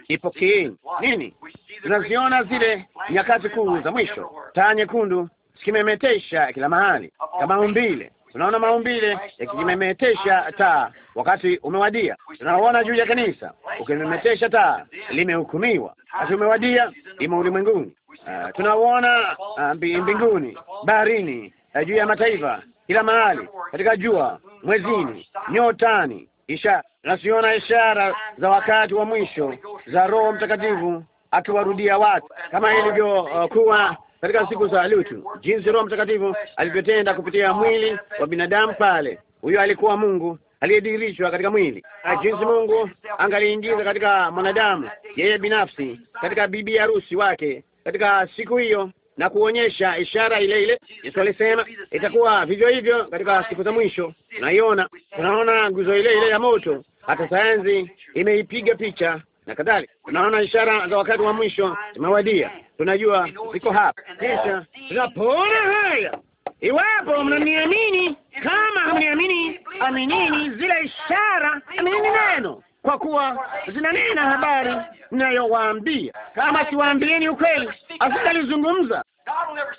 ipokeeni nini? Tunaziona zile nyakati kuu za mwisho, taa nyekundu zikimemetesha kila mahali, kama umbile. Tunaona maumbile yakimemetesha taa, wakati umewadia. Tunaona juu ya kanisa ukimemetesha taa, limehukumiwa, wakati umewadia, limo ulimwenguni. Uh, ah, tunaona uh, ah, mbinguni, baharini, ah, juu ya mataifa kila mahali, katika jua, mwezini, nyotani, isha nasiona ishara za wakati wa mwisho za Roho Mtakatifu akiwarudia watu kama ilivyokuwa uh, katika siku za Lutu, jinsi Roho Mtakatifu alivyotenda kupitia mwili wa binadamu pale. Huyo alikuwa Mungu aliyedhihirishwa katika mwili, na jinsi Mungu angaliingiza katika mwanadamu yeye binafsi, katika bibi harusi wake katika siku hiyo na kuonyesha ishara ile ile. Yesu alisema itakuwa vivyo hivyo katika siku za mwisho. Naiona, tunaona nguzo ile ile ya moto, hata sayansi imeipiga picha na kadhalika. Tunaona ishara za wakati wa mwisho zimewadia, tunajua ziko hapa. Kisha tunapoona haya, iwapo mnaniamini, kama hamniamini, aminini zile ishara, aminini neno kwa kuwa zinanena habari ninayowaambia. Kama siwaambieni ukweli, asitalizungumza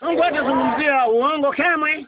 Mungu. atazungumzia uongo kamwe.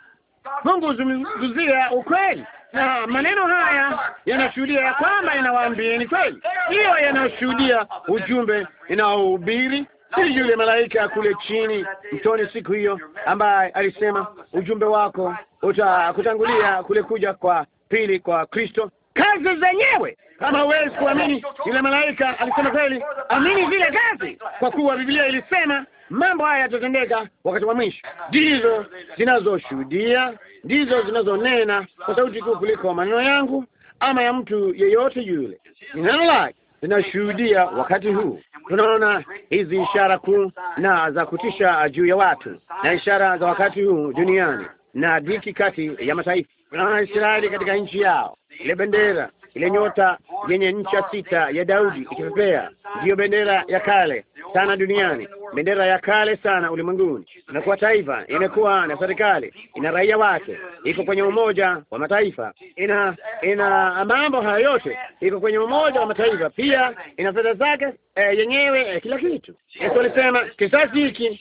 Mungu huzungumzia ukweli, na maneno haya yanashuhudia ya kwamba inawaambieni kweli. Hiyo yanashuhudia ujumbe inaohubiri si yule malaika kule chini mtoni siku hiyo ambaye alisema ujumbe wako utakutangulia kule kuja kwa pili kwa Kristo, kazi zenyewe. Kama huwezi kuamini, yule malaika alisema kweli, amini zile kazi, kwa kuwa Biblia ilisema mambo haya yatatendeka wakati wa mwisho. Ndizo zinazoshuhudia, ndizo zinazonena kwa sauti kuu kuliko maneno yangu ama ya mtu yeyote yule. Ni neno lake linashuhudia wakati huu. Tunaona hizi ishara kuu na za kutisha juu ya watu na ishara za wakati huu duniani na dhiki kati ya mataifa. Israeli katika nchi yao, ile bendera ile nyota yenye ncha sita ya Daudi ikipepea, ndiyo bendera ya kale sana duniani, bendera ya kale sana ulimwenguni. imekuwa taifa, imekuwa na serikali, ina raia wake, iko kwenye Umoja wa Mataifa, ina ina mambo hayo yote, iko kwenye Umoja wa Mataifa, pia ina fedha zake e, yenyewe e, kila kitu. Yesu alisema kizazi hiki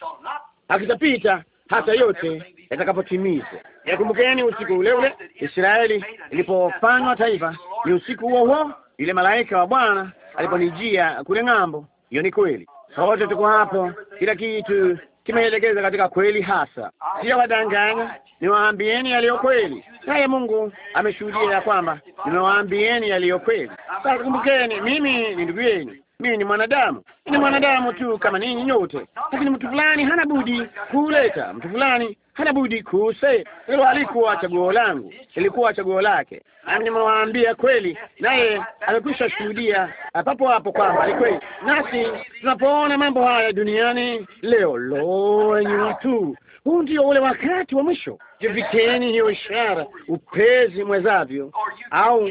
hakitapita hata yote yatakapotimizwa. Yakumbukeni usiku ule ule Israeli ilipofanywa taifa, ni usiku huo huo yule malaika wa Bwana aliponijia kule ng'ambo. Hiyo ni kweli, sote tuko hapo, kila kitu kimeelekeza katika kweli hasa. Sio wadanganya, niwaambieni yaliyo kweli, naye Mungu ameshuhudia ya kwamba nimewaambieni yaliyo kweli. Sasa kumbukeni, mimi ni ndugu yenu, mimi ni mwanadamu, ni mwanadamu tu kama ninyi nyote, lakini mtu fulani hana budi kuuleta, mtu fulani hana budi kuse. Hilo alikuwa chaguo langu, ilikuwa chaguo lake, nami nimewaambia kweli, naye amekwisha shuhudia papo hapo kwamba ni kweli. Nasi tunapoona mambo haya duniani leo, lo, enyi watu, huu ndio ule wakati wa mwisho. Jivikeni hiyo ishara upezi mwezavyo, au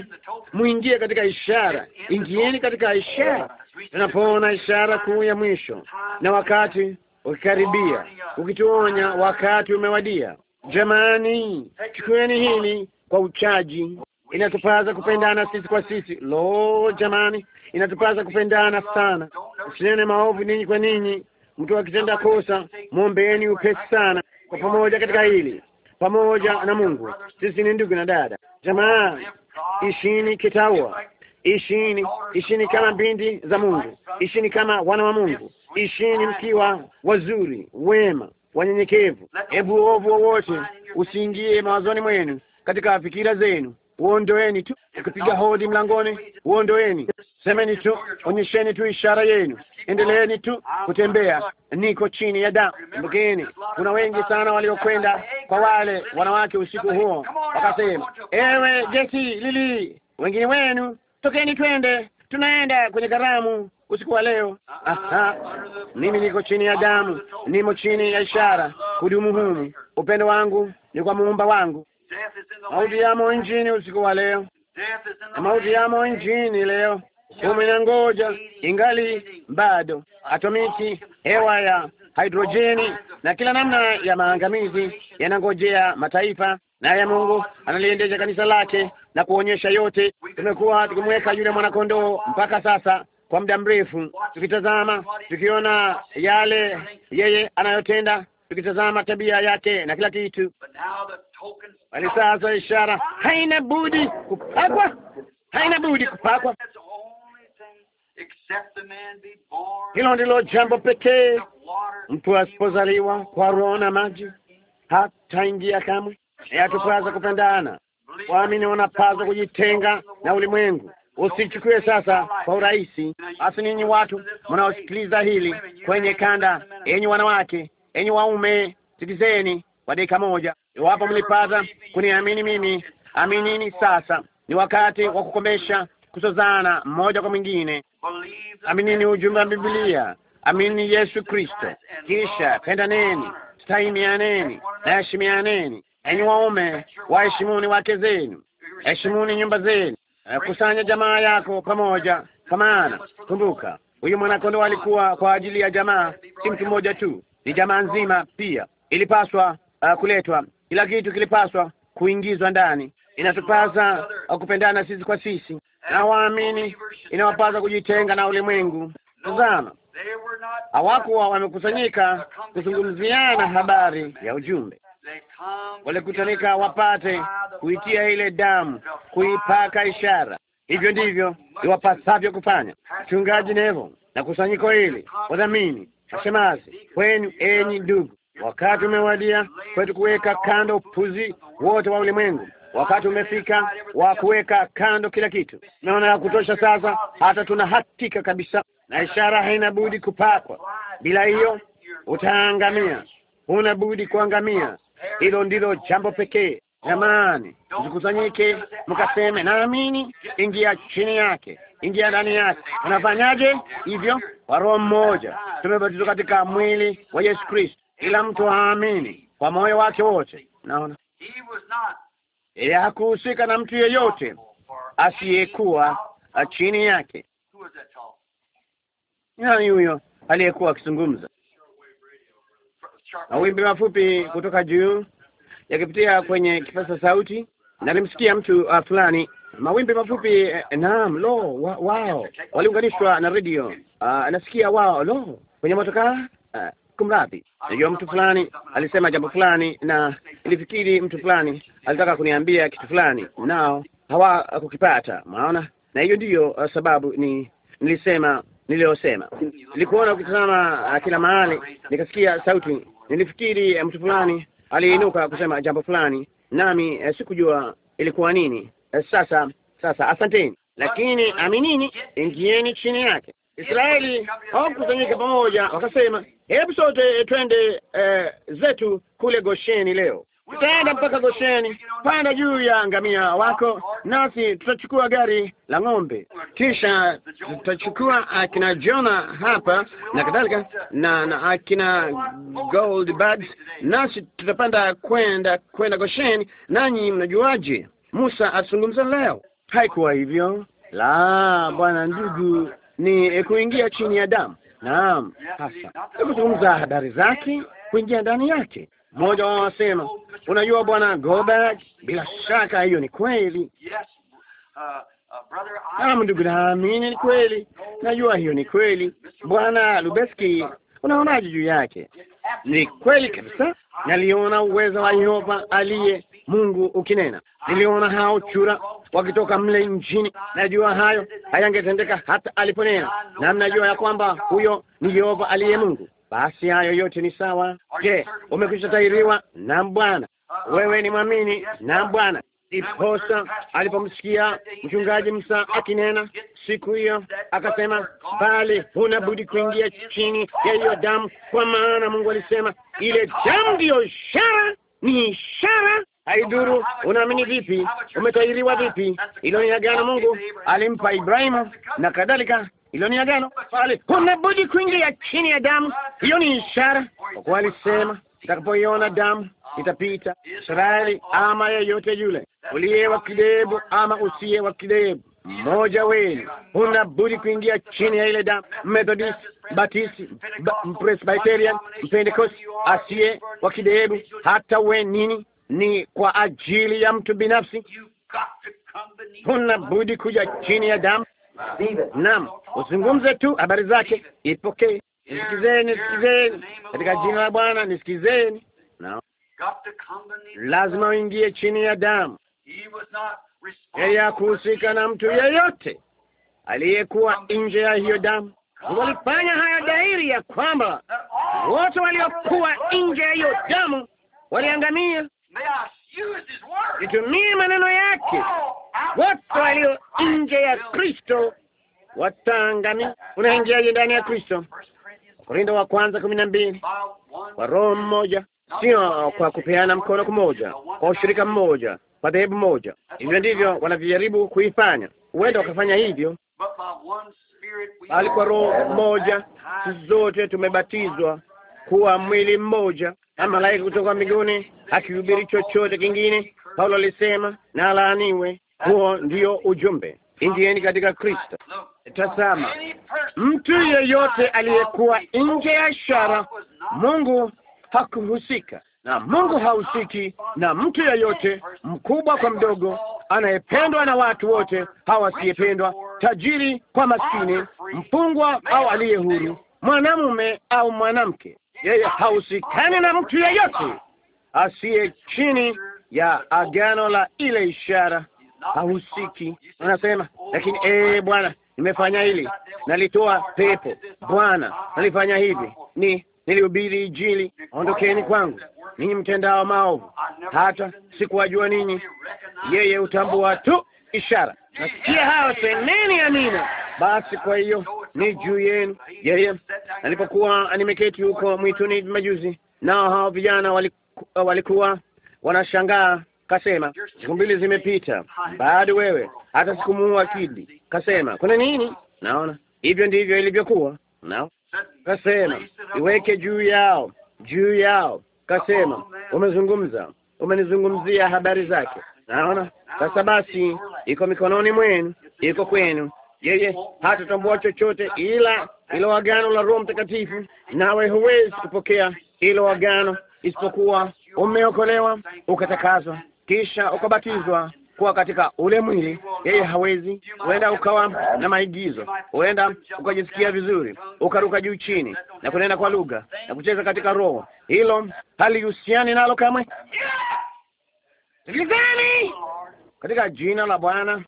mwingie katika ishara, ingieni katika ishara, tunapoona ishara kuu ya mwisho na wakati ukikaribia, ukituonya wakati umewadia. Jamani, chukueni hili kwa uchaji. Inatupasa kupendana sisi kwa sisi. Lo, jamani, inatupasa kupendana sana. Usinene maovu ninyi kwa ninyi. Mtu akitenda kosa, mwombeeni upesi sana kwa pamoja katika hili, pamoja na Mungu. Sisi ni ndugu na dada. Jamani, ishini kitaua ishini, ishini kama binti za Mungu, ishini kama wana wa Mungu, ishini mkiwa wazuri, wema, wanyenyekevu. Hebu uovu wowote usiingie mawazoni mwenu, katika fikira zenu uondoeni tu. Ukipiga hodi mlangoni, uondoeni. Semeni tu, onyesheni tu ishara yenu, endeleeni tu kutembea. Niko chini ya damu. Kumbukeni, kuna wengi sana waliokwenda kwa wale wanawake usiku huo, wakasema, ewe geti lili, wengine wenu tokeni twende, tunaenda kwenye karamu usiku wa leo. Aha, mimi niko chini ya damu, nimo chini ya ishara kudumu humu. Upendo wangu ni kwa muumba wangu. Mauti yamo injini usiku wa leo, mauti yamo injini leo na ngoja ingali bado atomiki, hewa ya hidrojeni na kila namna ya maangamizi yanangojea mataifa, naye Mungu analiendesha kanisa lake na kuonyesha yote. Tumekuwa tukimweka yule mwanakondoo mpaka sasa kwa muda mrefu, tukitazama, tukiona yale yeye anayotenda, tukitazama tabia yake na kila kitu, bali sasa ishara haina budi kupakwa, haina budi kupakwa. Hilo ndilo jambo pekee, mtu asipozaliwa kwa roho na maji hataingia kamwe. Yatupasa kupendana waamini wanapaswa kujitenga na ulimwengu. Usichukue sasa kwa urahisi. Basi ninyi watu mnaosikiliza hili kwenye kanda, enyi wanawake, enyi waume, sikizeni kwa dakika moja. Iwapo mlipata kuniamini mimi, aminini sasa. Ni wakati wa kukomesha kusozana mmoja kwa mwingine. Aminini ujumbe wa Biblia, aminini Yesu Kristo, kisha pendaneni, stahimianeni na heshimianeni. Enyi waume, waheshimuni wake zenu, heshimuni nyumba zenu, eh, kusanya jamaa yako pamoja, kwa maana kumbuka, huyu mwanakondoo alikuwa kwa ajili ya jamaa, si mtu mmoja tu, ni jamaa nzima. Pia ilipaswa uh, kuletwa, kila kitu kilipaswa kuingizwa ndani. Inatupasa eh, kupendana sisi kwa sisi, na waamini inawapasa kujitenga na ulimwengu. Tazama, hawakuwa wamekusanyika kuzungumziana habari ya ujumbe walikutanika wapate kuitia ile damu, kuipaka ishara. Hivyo ndivyo iwapasavyo kufanya. Mchungaji Nevo na kusanyiko hili, wadhamini, mashemazi kwenu enyi ndugu, wakati umewadia kwetu kuweka kando upuzi wote wa ulimwengu. Wakati umefika wa kuweka kando kila kitu. Naona ya kutosha sasa, hata tuna hakika kabisa, na ishara haina budi kupakwa. Bila hiyo utaangamia, huna budi kuangamia. Hilo ndilo jambo pekee. Jamani, msikusanyike mkaseme naamini. Ingia chini yake, ingia ndani yake. Unafanyaje hivyo? Kwa roho mmoja tumebatizwa katika mwili wa Yesu Kristo, ila mtu aamini kwa moyo wake wote. Naona yeye hakuhusika na mtu yeyote asiyekuwa chini yake. Nani huyo aliyekuwa akizungumza? mawimbi mafupi kutoka juu yakipitia kwenye kipasa sauti, na mtu uh, fulani mawimbi mafupi eh, naam, lo wa, wao waliunganishwa na redio uh, nasikia wao lo kwenye motokaa uh, kumradhi, najua mtu fulani alisema jambo fulani, na nilifikiri mtu fulani alitaka kuniambia kitu fulani, nao hawakukipata. Maona, na hiyo ndiyo uh, sababu ni nilisema niliyosema. Nilikuona ukitazama ah, kila mahali, nikasikia sauti. Nilifikiri eh, mtu fulani aliinuka kusema jambo fulani, nami eh, sikujua ilikuwa nini. Eh, sasa sasa, asanteni, lakini aminini, ingieni chini yake. Israeli hawakusanyika pamoja wakasema, hebu sote twende eh, zetu kule Gosheni leo tutaenda mpaka Gosheni, panda juu ya ngamia wako, nasi tutachukua gari la ng'ombe, kisha tutachukua akina Jona hapa na kadhalika na, na akina Bugs, nasi tutapanda kwenda kwenda Gosheni. Nanyi mnajuaje Musa azungumza leo? Haikuwa hivyo la bwana. Ndugu, ni eh, kuingia chini ya damu. Naam, hasa kuzungumza habari zake, kuingia ndani yake mmoja wao asema, unajua bwana Gobert, bila shaka hiyo ni kweli. Uh, uh, Naam ndugu, naamini ni kweli, najua hiyo ni kweli. Bwana Lubeski, unaonaje juu yake? Ni kweli kabisa, naliona uwezo wa Yehova aliye Mungu ukinena. Niliona hao chura wakitoka mle nchini, najua hayo hayangetendeka hata aliponena, na mnajua ya kwamba huyo ni Yehova aliye Mungu. Basi hayo yote ni sawa. Je, umekwisha tahiriwa? Naam Bwana. Wewe ni mwamini? Naam Bwana. Iposa alipomsikia mchungaji Musa akinena siku hiyo, akasema bali huna budi kuingia chini ya hiyo damu, kwa maana Mungu alisema ile damu ndiyo ishara, ni ishara Haiduru unaamini vipi, umetahiriwa vipi, hilo ni agano Mungu alimpa Ibrahimu na kadhalika hilo ni agano, bali huna budi kuingia chini ya damu. Hiyo ni ishara, kwa kuwa alisema nitakapoiona damu itapita. Israeli ama yeyote yule uliye wa kidebu ama usiye wa kidebu, mmoja wenu huna budi kuingia chini ya ile damu. Methodist, Batisti, Presbyterian, Pentecost, asiye wa kidebu, hata we nini, ni kwa ajili ya mtu binafsi, huna budi kuja chini ya damu. Naam, uzungumze tu habari zake, ipokee. Nisikizeni, nisikizeni katika jina la Bwana, nisikizeni. lazima uingie chini ya damu. Yeye hakuhusika na mtu yeyote aliyekuwa nje ya hiyo damu. Walifanya haya dairi ya kwamba wote waliokuwa nje ya hiyo damu waliangamia nitumie maneno yake. Oh, Wote walio nje ya Kristo watangami Unaingiaje ndani ya Kristo? Korintho wa kwanza kumi na mbili kwa roho mmoja, sio kwa kupeana mkono kumoja, kwa ushirika mmoja, kwa dhehebu moja. Hivyo ndivyo wanavyojaribu kuifanya. Huenda wakafanya hivyo, bali kwa roho mmoja sisi zote tumebatizwa kuwa mwili mmoja na malaika kutoka mbinguni akihubiri chochote kingine. Paulo alisema na alaaniwe. Huo ndio ujumbe, ingieni katika Kristo. Tazama, mtu yeyote aliyekuwa nje ya ishara, Mungu hakuhusika, na Mungu hahusiki na mtu yeyote, mkubwa kwa mdogo, anayependwa na watu wote, au asiyependwa, tajiri kwa maskini, mfungwa au aliye huru, mwanamume au mwanamke yeye hahusikani na mtu yeyote asiye chini ya agano la ile ishara, hahusiki. Anasema, lakini ee, Bwana, nimefanya hili, nalitoa pepo, Bwana, nalifanya hivi, ni nilihubiri Injili, ondokeni kwangu ninyi mtendao maovu, hata sikuwajua ninyi. Yeye hutambua tu ishara nasikia hao, semeni amina. Basi kwa hiyo ni juu yenu. Yeye alipokuwa nimeketi huko mwituni majuzi, nao hao vijana walikuwa, walikuwa wanashangaa Kasema siku mbili zimepita bado wewe hata sikumuua Kidi. Kasema kuna nini? Naona hivyo ndivyo ilivyokuwa nao. Kasema iweke juu yao, juu yao. Kasema umezungumza, umenizungumzia habari zake, Naona sasa basi, iko mikononi mwenu, iko kwenu. Yeye hatatambua chochote ila ilo agano la Roho Mtakatifu, nawe huwezi kupokea ilo agano isipokuwa umeokolewa ukatakazwa, kisha ukabatizwa kuwa katika ule mwili. Yeye hawezi. Huenda ukawa na maigizo, huenda ukajisikia vizuri, ukaruka juu chini na kunena kwa lugha na kucheza katika roho. Hilo halihusiani nalo kamwe sikilizeni katika jina la Bwana.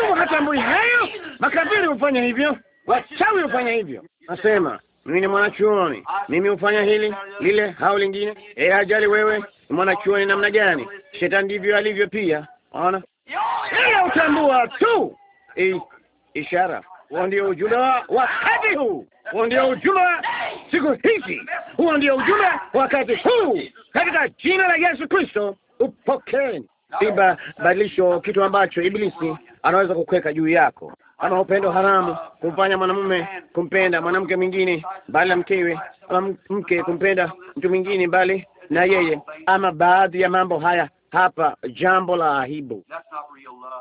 Mungu hatambui hayo. Makafiri hufanya hivyo, wachawi hufanya hivyo. Nasema mimi ni mwanachuoni, mimi hufanya hili lile hao lingine. E, ee, ajali wewe ni mwanachuoni namna gani, shetani ndivyo alivyo pia. Ona ila utambua tu I, ishara. Huo ndio ujumbe wa wakati huu, huo ndio ujumbe wa siku hizi, huo ndio ujumbe wakati huu, katika jina la Yesu Kristo upokeni iba badilisho, kitu ambacho Ibilisi anaweza kukweka juu yako, ama upendo haramu, kumfanya mwanamume kumpenda mwanamke mwingine bali na mkewe, ama mke kumpenda mtu mwingine bali na yeye, ama baadhi ya mambo haya hapa. Jambo la aibu,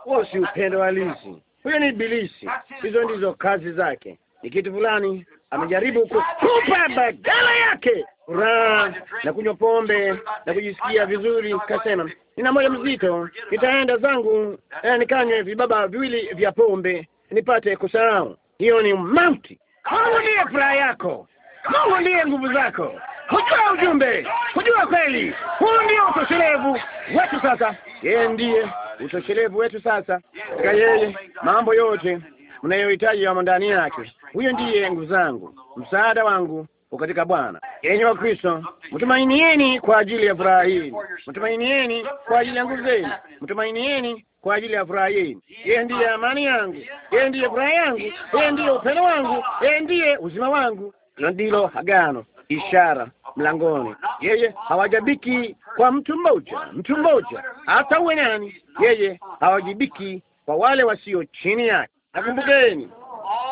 huo si upendo halisi, huyo ni Ibilisi. Hizo ndizo kazi zake ni kitu fulani amejaribu kukupa badala yake raha na kunywa pombe na kujisikia vizuri, kasema nina moyo mzito, nitaenda zangu eh, nikanywe vibaba viwili vya pombe nipate kusahau. Hiyo ni mauti. Mungu ndiye furaha yako, Mungu ndiye nguvu zako. Hujua ujumbe, hujua kweli. Huu ndio utoshelevu wetu sasa, yeye ndiye utoshelevu wetu sasa, katika yeye mambo yote mnayohitaji yamo ndani yake. Huyo ndiye nguvu zangu, msaada wangu katika Bwana. Enyi wa Kristo, mtumainieni kwa ajili ya furaha yenu, mtumainieni kwa ajili ya nguvu zenu, mtumainieni kwa ajili ya furaha yenu. Yeye ndiye amani yangu, yeye ndiye furaha yangu, yeye ndiye upendo wangu, yeye ndiye uzima wangu. Hilo ndilo agano, ishara mlangoni. Yeye hawajibiki kwa mtu mmoja, mtu mmoja, hata uwe nani. Yeye hawajibiki kwa wale wasio chini yake. Nakumbukeni,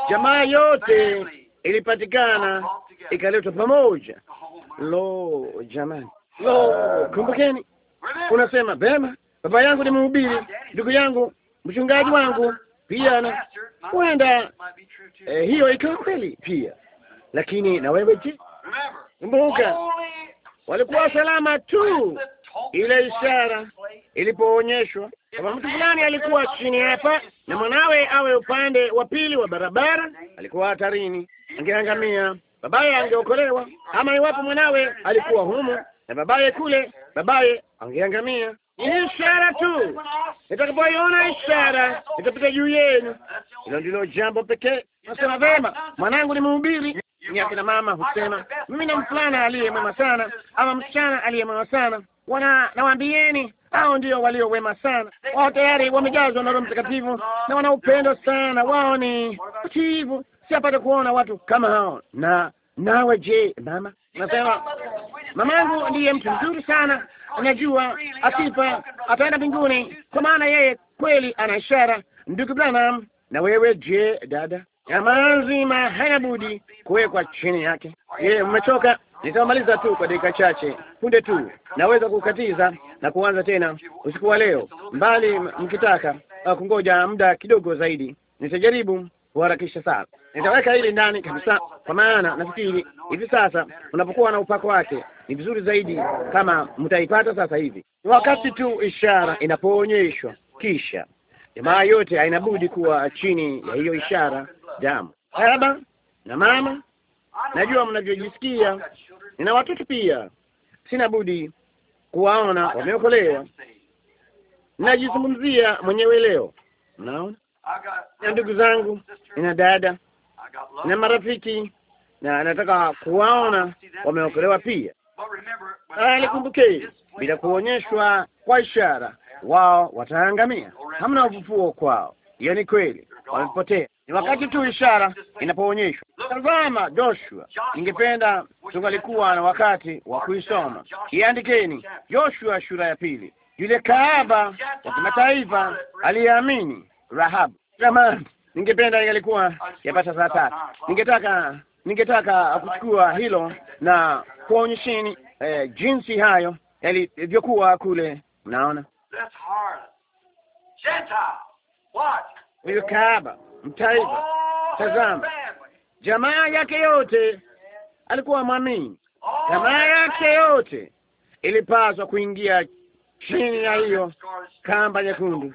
jamaa yote ilipatikana ikaletwa pamoja. Lo, jamani, lo, kumbukeni, unasema bema, baba yangu ni mhubiri, ndugu yangu mchungaji wangu pia, na huenda eh, hiyo ikawa kweli pia, lakini na wewe je? Kumbuka, walikuwa salama tu ile ishara ilipoonyeshwa kama mtu fulani alikuwa chini hapa na mwanawe awe upande wa pili wa barabara, alikuwa hatarini, angeangamia. Babaye angeokolewa, ama iwapo mwanawe alikuwa humu na babaye kule, babaye angeangamia. Ni ishara tu. Nitakapoiona ishara, nitapita juu yenu. Hilo ndilo jambo pekee. Nasema vema, mwanangu ni mhubiri ni akina mama husema mimi na mfulana aliye mwema sana ama msichana aliye mwema sana Wana nawaambieni, hao ndio walio wema sana, wao tayari wamejazwa na Roho Mtakatifu na wana upendo sana, wao ni si apate kuona watu kama hao. Na nawe je, mama? Nasema mamangu ndiye mtu mzuri sana, najua asifa ataenda mbinguni, kwa maana yeye kweli ana ishara. Ndugu Branham, na wewe je, dada? Yamaanzima hana budi kuwekwa chini yake. Yeye umechoka Nitamaliza tu kwa dakika chache, punde tu naweza kukatiza na kuanza tena usiku wa leo, mbali mkitaka ah, kungoja muda kidogo zaidi. Nitajaribu kuharakisha sana. Nitaweka hili ndani kabisa, kwa maana nafikiri hivi sasa unapokuwa na upako wake ni vizuri zaidi kama mtaipata sasa hivi. Ni wakati tu ishara inapoonyeshwa, kisha jamaa yote haina budi kuwa chini ya hiyo ishara. Damu, baba na mama, najua mnavyojisikia nina watoto pia, sina budi kuwaona wameokolewa. Najizungumzia mwenyewe leo, mnaona na ndugu zangu, nina dada na marafiki, na nataka kuwaona wameokolewa pia. Alikumbukeni, ah, bila kuonyeshwa kwa ishara, wao wataangamia, hamna ufufuo kwao. Hiyo ni kweli wamepotea. Ni wakati tu ishara inapoonyeshwa. Tazama Joshua, ningependa tungalikuwa na wakati wa kuisoma. Iandikeni Joshua sura ya pili. Yule kahaba wa kimataifa aliyeamini Rahabu. Jamani, ningependa ingalikuwa yapata saa tatu. Ningetaka ningetaka kuchukua hilo na kuonyesheni eh, jinsi hayo yalivyokuwa kule. Mnaona huyu kahaba mtaifa. Tazama, jamaa yake yote alikuwa mwamini, jamaa yake yote ilipaswa kuingia chini ya hiyo kamba nyekundu,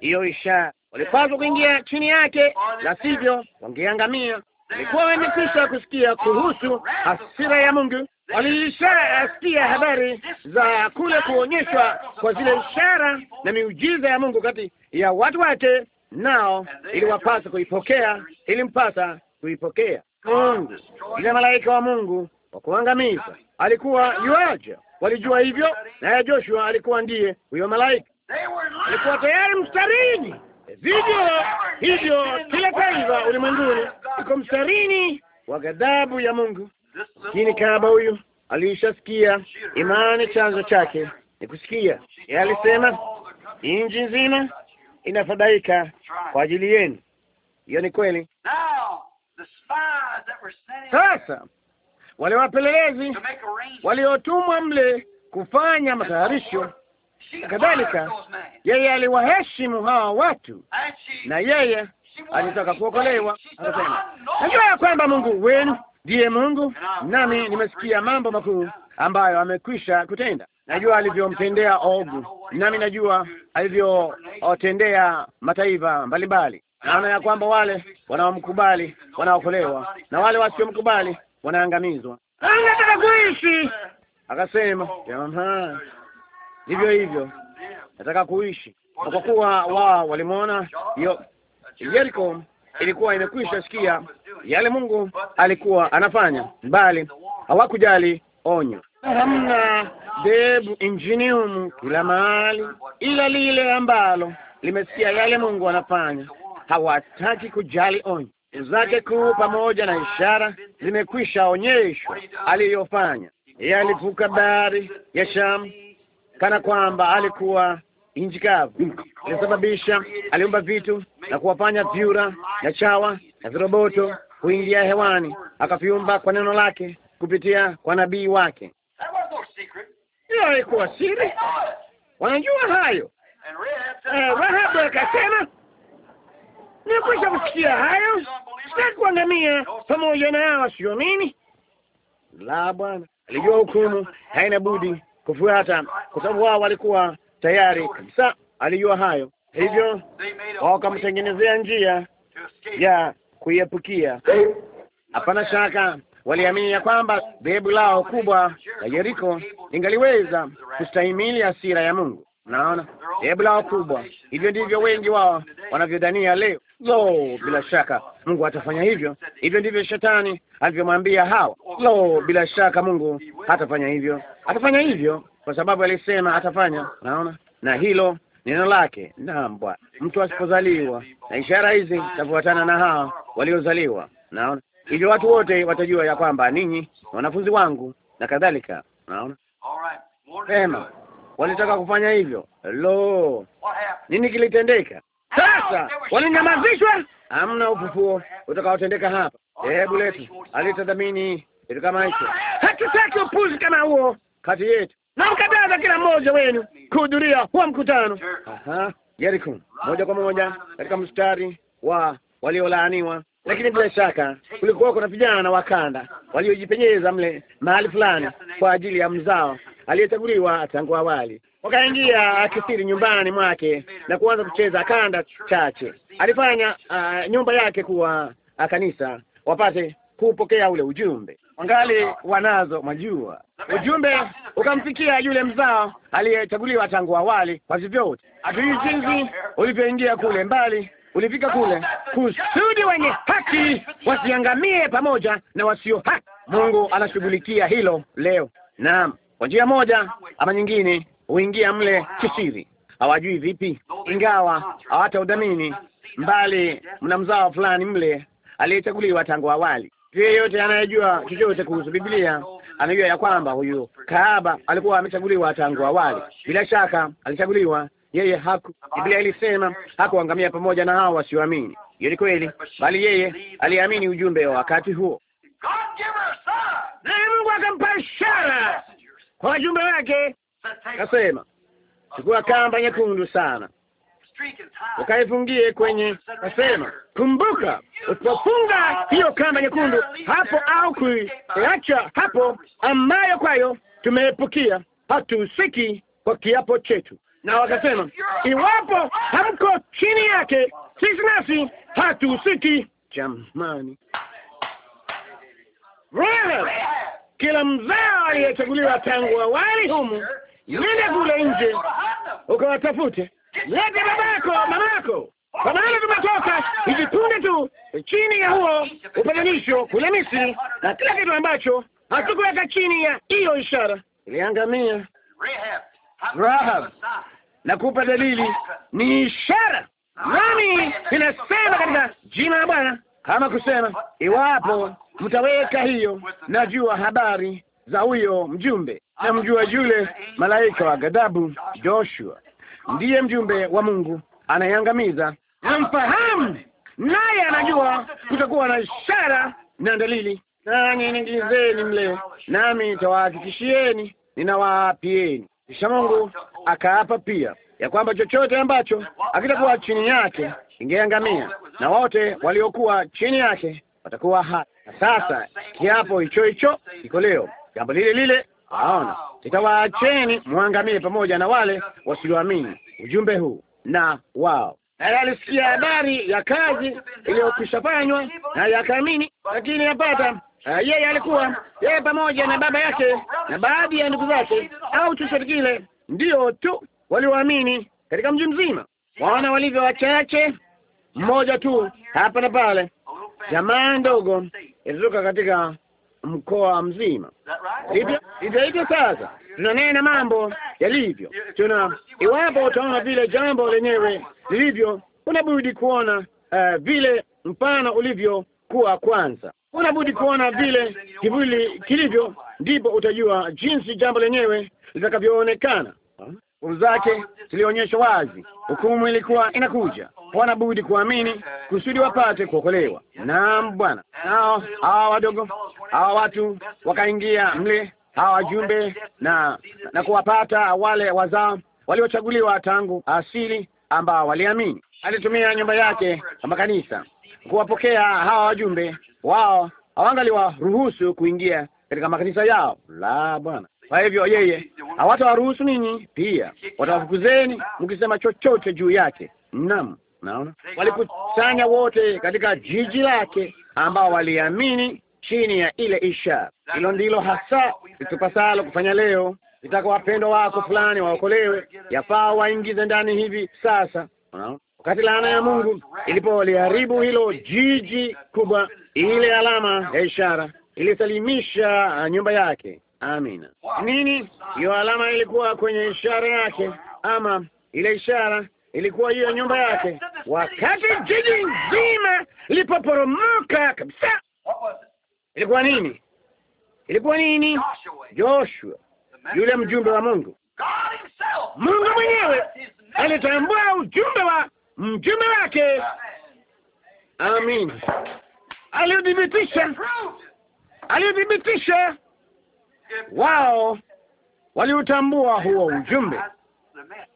hiyo ishara, walipaswa kuingia chini yake, la sivyo wangeangamia. Ilikuwa wamekwisha kusikia kuhusu hasira ya Mungu, waliishasikia habari za kule kuonyeshwa kwa zile ishara na miujiza ya Mungu kati ya watu wake nao iliwapasa kuipokea, ilimpasa kuipokea. Mungu ile malaika wa Mungu wa kuangamiza alikuwa yuaja, walijua hivyo, naye Joshua alikuwa ndiye huyo malaika, alikuwa tayari mstarini. Vivyo hivyo, kila taifa ulimwenguni iko mstarini wa ghadhabu ya Mungu. Lakini kaba huyu alishasikia imani, chanzo chake ni kusikia. Yeye alisema nchi nzima inafadhaika kwa ajili yenu. Hiyo ni kweli. Sasa wale wapelelezi waliotumwa mle kufanya matayarisho na kadhalika, yeye aliwaheshimu hawa watu na yeye alitaka kuokolewa. Akasema, najua ya kwamba Mungu wenu ndiye Mungu, nami nimesikia mambo makuu ambayo amekwisha kutenda najua alivyomtendea Ogu, nami najua alivyotendea mataifa mbalimbali. Naona ya kwamba wale wanaomkubali wanaokolewa na wale wasiomkubali wanaangamizwa. anataka kuishi, akasema hivyo hivyo, nataka kuishi, kwa kuwa wao walimwona Jericho ilikuwa imekwisha sikia yale Mungu alikuwa anafanya, bali hawakujali onyo hamna debu nchini humu, kila mahali, ila lile ambalo limesikia yale Mungu anafanya. Hawataki kujali onyo zake kuu pamoja na ishara zimekwisha onyeshwa aliyofanya. Yeye alivuka bahari ya Shamu kana kwamba alikuwa nchi kavu, ilisababisha aliumba vitu na kuwafanya vyura na chawa na viroboto kuingia hewani, akaviumba kwa neno lake kupitia kwa nabii wake hiyo haikuwa siri, wanajua hayo. Rahabu eh, akasema nimekwisha kusikia hayo, sitaki kuangamia pamoja na hao wasioamini. La, Bwana alijua hukumu haina budi kufuata, kwa sababu wao walikuwa tayari kabisa. Alijua hayo, hivyo wakamtengenezea njia ya kuiepukia. Hapana shaka waliamini ya kwamba dhehebu lao kubwa la Yeriko lingaliweza kustahimili hasira ya Mungu. Naona dhehebu lao kubwa, hivyo ndivyo wengi wao wanavyodhania leo. Lo, bila shaka Mungu atafanya hivyo. Hivyo ndivyo shetani alivyomwambia Hawa. Lo, bila shaka Mungu hatafanya hivyo, atafanya hivyo kwa sababu alisema atafanya. Naona na hilo neno lake. Naam, mtu asipozaliwa na ishara hizi tafuatana na hao waliozaliwa. Naona ili watu wote watajua ya kwamba ninyi wanafunzi wangu na kadhalika. Unaona sema walitaka kufanya hivyo. Lo, nini kilitendeka? Sasa walinyamazishwa. Hamna ufufuo utakaotendeka hapa. Hebu letu alitadhamini kitu kama hicho. Hatutaki upuzi kama huo kati yetu, na kila mmoja wenu kuhudhuria huwa mkutano. Aha, moja kwa moja katika mstari wa waliolaaniwa lakini bila shaka kulikuwa kuna vijana wa kanda waliojipenyeza mle mahali fulani kwa ajili ya mzao aliyechaguliwa tangu awali. Wakaingia akisiri nyumbani mwake na kuanza kucheza kanda chache. Alifanya uh, nyumba yake kuwa uh, kanisa, wapate kupokea ule ujumbe. Wangali wanazo majua, ujumbe ukamfikia yule mzao aliyechaguliwa tangu awali. Kwa vyovyote, hatujui jinsi ulivyoingia kule mbali ulifika kule kusudi wenye haki wasiangamie pamoja na wasio haki. Mungu anashughulikia hilo leo. Naam, kwa njia moja ama nyingine huingia mle kisiri, hawajui vipi, ingawa hawata udhamini mbali, mna mzao fulani mle aliyechaguliwa tangu awali. Yeyote anayejua chochote kuhusu Biblia anajua ya kwamba huyu kahaba alikuwa amechaguliwa tangu awali. Bila shaka alichaguliwa yeye haku, Biblia ilisema hakuangamia pamoja na hao wasioamini. Hiyo ni kweli, bali yeye aliamini ujumbe wa wakati huo, Mungu akampa ishara kwa wajumbe wake, akasema chukua kamba nyekundu sana ukaifungie kwenye, akasema kumbuka, usipofunga hiyo kamba nyekundu hapo au kuacha hapo, ambayo kwayo tumeepukia, hatuhusiki kwa kiapo chetu na wakasema, iwapo hamko chini yake, sisi nasi hatuhusiki. Jamani, kila mzao aliyechaguliwa tangu awali humu, nenda kule nje ukawatafute, lete babako, mamako, kwa maana tumetoka hivi punde tu chini ya huo upatanisho kule Misri, na kila kitu ambacho hatukuweka chini ya hiyo ishara iliangamia. Rahab nakupa dalili, ni ishara, nami inasema katika jina la Bwana, kama kusema, iwapo mtaweka hiyo, najua habari za huyo mjumbe. Namjua yule malaika wa ghadhabu, Joshua ndiye mjumbe wa Mungu anayeangamiza. Namfahamu naye anajua kutakuwa na ishara na dalili. nani ningizeni mle, nami nitawahakikishieni, ninawaapieni kisha Mungu akaapa pia ya kwamba chochote ambacho akitakuwa chini yake kingeangamia na wote waliokuwa chini yake watakuwa hai. Na sasa kiapo hicho hicho iko leo, jambo lile lile aona, itawaacheni mwangamie pamoja na wale wasioamini ujumbe huu na wao naye alisikia habari ya kazi fanywa na yakaamini, lakini yapata Uh, yeye alikuwa yeye pamoja na baba yake na baadhi ya ndugu zake au chochote kile, ndio tu waliwaamini katika mji mzima. Waona walivyo wachache, mmoja tu hapa na pale, jamaa ndogo ilitoka katika mkoa mzima. Hivyo hivyo sasa tunanena mambo yalivyo, tuna iwapo utaona vile jambo lenyewe lilivyo, unabudi kuona uh, vile mfano ulivyokuwa kwanza unabudi kuona vile kivuli kilivyo, ndipo utajua jinsi jambo lenyewe litakavyoonekana. Nguvu zake zilionyeshwa wazi, hukumu ilikuwa inakuja. wanabudi budi kuamini kusudi wapate kuokolewa. Naam Bwana. Nao hawa wadogo hawa watu wakaingia mle, hawa wajumbe na, na kuwapata wale wazao waliochaguliwa tangu asili ambao waliamini. Alitumia nyumba yake kama kanisa kuwapokea hawa wajumbe wao hawangaliwaruhusu kuingia katika makanisa yao. La, Bwana. Kwa hivyo yeye hawatawaruhusu ninyi pia, watawafukuzeni mkisema chochote juu yake. Naam, naona walikusanya wote katika jiji lake, ambao waliamini chini ya ile ishara. Hilo ndilo hasa litupasalo kufanya leo. Itaka wapendwa wako fulani waokolewe, yafaa waingize ndani hivi sasa. Unaona, wakati laana ya Mungu ilipoliharibu hilo jiji kubwa, ile alama ya ishara ilisalimisha uh, nyumba yake. Amina. Nini hiyo alama? Ilikuwa kwenye ishara yake, ama ile ishara ilikuwa hiyo nyumba yake. Wakati jiji nzima lipoporomoka kabisa, ilikuwa nini? Ilikuwa nini? Joshua, yule mjumbe wa Mungu, Mungu mwenyewe alitambua ujumbe wa mjumbe wake. Amin, aliuthibitisha, aliuthibitisha. Wao waliutambua huo ujumbe,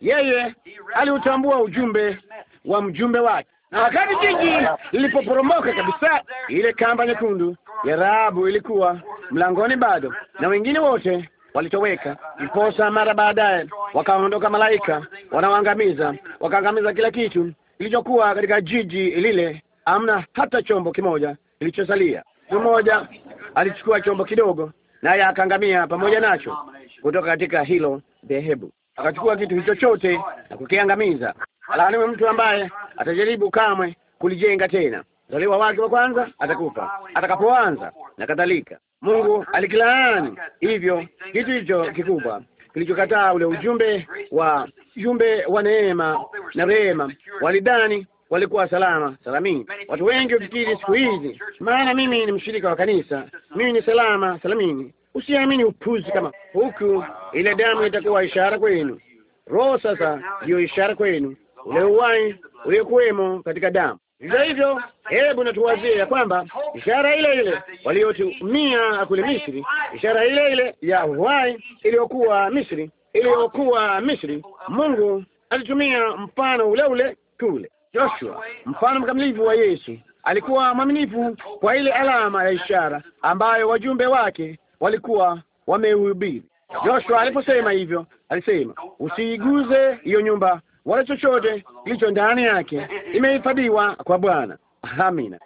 yeye aliutambua ujumbe wa mjumbe wake. Na wakati jiji lilipoporomoka kabisa, ile kamba nyekundu ya Rahabu ilikuwa mlangoni bado, na wengine wote walitoweka, ndiposa mara baadaye wakaondoka malaika wanaoangamiza, wakaangamiza kila kitu kilichokuwa katika jiji lile. amna hata chombo kimoja kilichosalia. Mmoja alichukua chombo kidogo, naye akaangamia pamoja nacho kutoka katika hilo dhehebu, akachukua kitu hicho chote na kukiangamiza. Alaaniwe mtu ambaye atajaribu kamwe kulijenga tena. Mzaliwa wake wa kwanza atakufa atakapoanza na kadhalika. Mungu alikilaani hivyo kitu hicho kikubwa kilichokataa ule ujumbe wa jumbe wa neema na rehema. Walidani walikuwa salama salamini. Watu wengi hufikiri siku hizi, maana mimi ni mshirika wa kanisa, mimi ni salama salamini. Usiamini upuzi kama huku, ile damu itakuwa ishara kwenu. Roho sasa ndiyo ishara kwenu, ule uwai uliokuwemo katika damu Hivyo hivyo, hebu natuwazie ya kwamba ishara ile ile waliotumia kule Misri, ishara ile ile ya uhai iliyokuwa Misri, iliyokuwa Misri, Mungu alitumia mfano ule ule kule. Joshua, mfano mkamilifu wa Yesu, alikuwa mwaminifu kwa ile alama ya ishara ambayo wajumbe wake walikuwa wamehubiri. Joshua aliposema hivyo, alisema usiiguze hiyo nyumba wala chochote kilicho ndani yake imehifadhiwa kwa Bwana. Amina.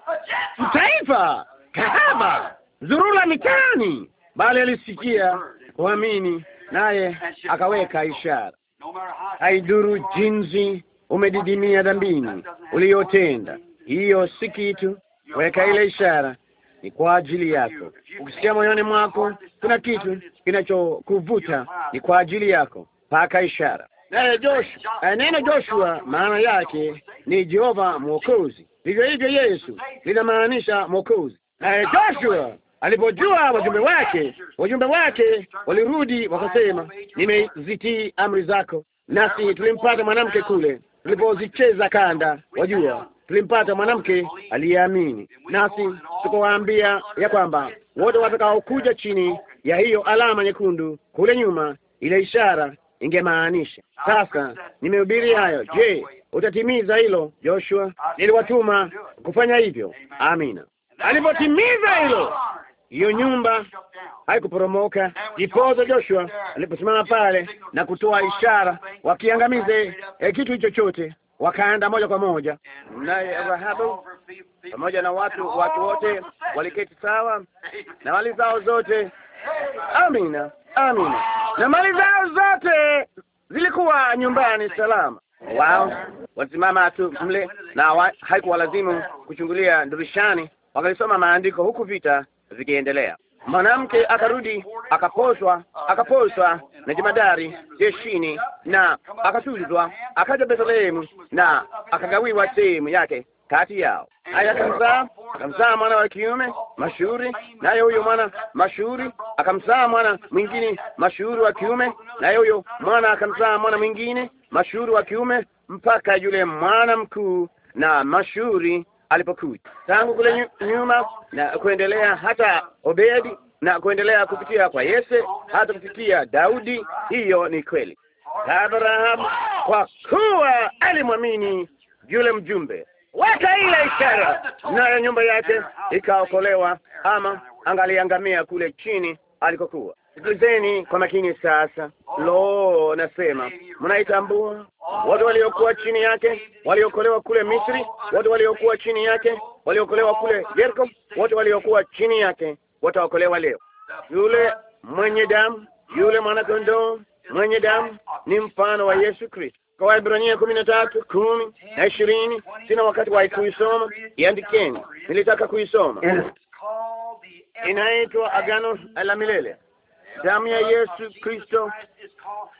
Mtaifa kahaba zurula mitani, bali alisikia kuamini, naye akaweka ishara. Haidhuru jinsi umedidimia dhambini uliyotenda, hiyo si kitu. Weka ile ishara, ni kwa ajili yako. Ukisikia moyoni mwako kuna kitu kinachokuvuta, ni kwa ajili yako. Paka ishara naye eh, eh, Joshua, eh, neno Joshua maana yake ni Jehova Mwokozi. Vivyo hivyo Yesu linamaanisha Mwokozi. Naye Joshua alipojua wajumbe wake, wajumbe wake walirudi wakasema, nimezitii amri zako. Nasi tulimpata mwanamke kule tulipozicheza kanda, wajua, tulimpata mwanamke aliyeamini. Nasi tukawaambia ya kwamba wote watakaokuja chini ya hiyo alama nyekundu kule nyuma, ile ishara ingemaanisha. Ah, Sasa nimehubiri ah, hayo. Je, utatimiza hilo Joshua? Niliwatuma kufanya hivyo. Amina. Alipotimiza hilo, hiyo nyumba haikuporomoka. Ipoza Joshua aliposimama pale na kutoa ishara wakiangamize eh, kitu hicho chote, wakaenda moja kwa moja, naye Rahabu pamoja na watu watu wote waliketi sawa na wali zao zote Amina, amina. Na mali zao zote zilikuwa nyumbani salama. Wao wasimama tu mle na wa, haikuwalazimu kuchungulia dirishani. Wakalisoma maandiko huku vita vikiendelea. Mwanamke akarudi akaposwa, akaposwa na jemadari jeshini na akatuzwa, akaja Bethlehemu na akagawiwa sehemu yake kati yao akamzaa akamzaa mwana wa kiume mashuhuri, naye huyo mwana mashuhuri akamzaa mwana mwingine mashuhuri wa kiume, naye huyo mwana akamzaa mwana mwingine mashuhuri wa kiume, mpaka yule mwana mkuu na mashuhuri alipokuja. Tangu kule nyuma na kuendelea hata Obedi na kuendelea kupitia kwa Yese hata kufikia Daudi, hiyo ni kweli Abrahamu, kwa kuwa alimwamini yule mjumbe weka ile ishara, nayo nyumba yake ikaokolewa, ama angaliangamia kule chini alikokuwa. Sikilizeni kwa makini sasa. Lo, nasema mnaitambua, watu waliokuwa chini yake waliokolewa kule Misri, watu waliokuwa chini yake waliokolewa kule Yeriko, watu waliokuwa chini yake wataokolewa leo. Yule mwenye damu, yule mwanakondoo mwenye damu ni mfano wa Yesu Kristo kwa Waebrania kumi na tatu kumi na ishirini. Sina wakati wa kuisoma, iandikeni. Nilitaka kuisoma. Inaitwa agano la milele. Damu ya Yesu Kristo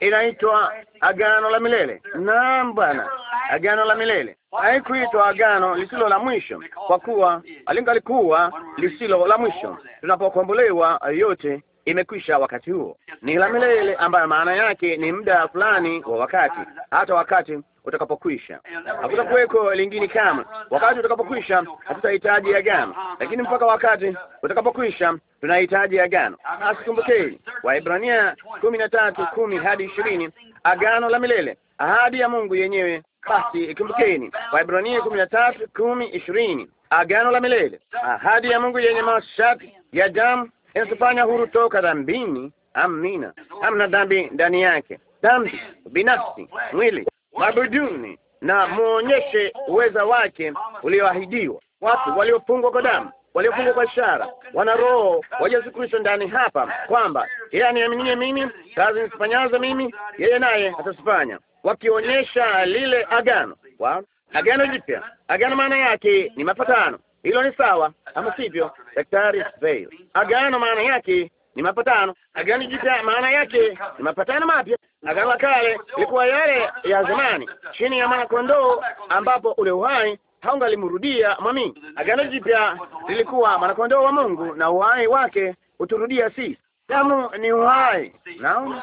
inaitwa agano la milele. Naam Bwana, agano la milele. Haikuitwa agano lisilo la mwisho, kwa kuwa alingalikuwa lisilo la mwisho. Tunapokombolewa yote imekwisha wakati huo, ni la milele, ambayo maana yake ni muda fulani wa wakati. Hata wakati utakapokwisha hakutakuweko lingine kama wakati utakapokwisha, hatutahitaji agano, lakini mpaka wakati utakapokwisha tunahitaji agano. Asikumbukeni Waibrania kumi na tatu kumi hadi ishirini agano la milele, ahadi ya Mungu yenyewe. Basi ikumbukeni Waibrania kumi na tatu kumi ishirini agano la milele, ahadi ya Mungu yenye masharti ya damu inatufanya huru toka dhambini. Amina, hamna dhambi ndani yake, dhambi binafsi, mwili, mabuduni na muonyeshe uweza wake ulioahidiwa. Watu waliofungwa kwa damu, waliofungwa kwa ishara, wana roho wa Yesu Kristo ndani hapa, kwamba yeye aniaminie mimi, kazi nisifanyazo mimi, yeye naye atazifanya, wakionyesha lile agano wa agano jipya. Agano maana yake ni mapatano hilo ni sawa, ama sivyo, Daktari Veil, Agano maana yake ni mapatano. Agano Jipya maana yake ni mapatano mapya. Agano la Kale ilikuwa yale ya zamani chini ya mwanakondoo, ambapo ule uhai haungalimrudia mwamini. Agano Jipya lilikuwa mwanakondoo wa Mungu na uhai wake uturudia sisi. Damu ni uhai, naona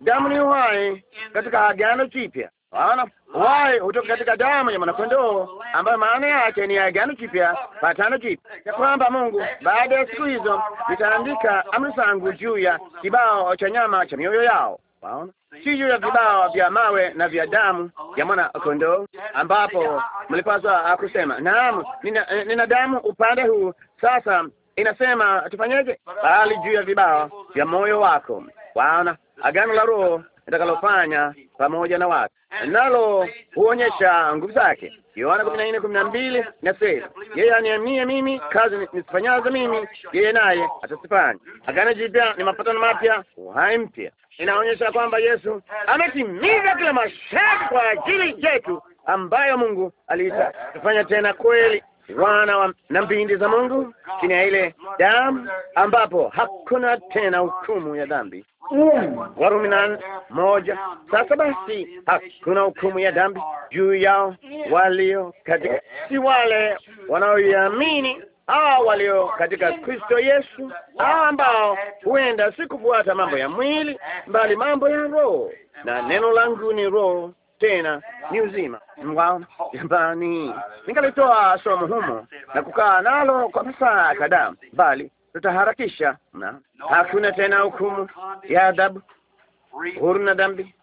damu ni uhai katika Agano Jipya. Waona, uhai hutoka katika damu ya mwanakondoo, ambayo maana yake ni agano jipya, patano jipya, ya kwamba Mungu baada ya siku hizo nitaandika amri zangu juu ya kibao cha nyama cha mioyo yao. Waona, si juu ya vibao vya mawe na vya damu ya mwana kondoo, ambapo mlipaswa kusema naam, nina, nina damu upande huu sasa inasema tufanyeje? Bali juu ya vibao vya moyo wako. Waona, agano la Roho nitakalofanya pamoja na watu, nalo huonyesha nguvu zake. Yohana kumi na nne kumi na mbili inasema yeye aniamie mimi, kazi nisifanyazo mimi yeye naye atazifanya. Agano Jipya ni mapatano mapya, uhai mpya. Inaonyesha kwamba Yesu ametimiza kila masharti kwa ajili yetu ambayo Mungu aliita tufanya tena kweli wana na mbindi za Mungu chini ya ile damu ambapo hakuna tena hukumu ya dhambi. Mungu. Warumi nane moja. Sasa basi, hakuna hukumu ya dhambi juu yao walio katika, si wale wanaoiamini au walio katika Kristo Yesu, au ambao huenda si kufuata mambo ya mwili, bali mambo ya roho, na neno langu ni roho tena ni uzima. Mwaona jamani, ningalitoa somo humo na kukaa nalo kwa masaa kadhaa, bali tutaharakisha, na hakuna tena hukumu ya adhabu, huru na dhambi,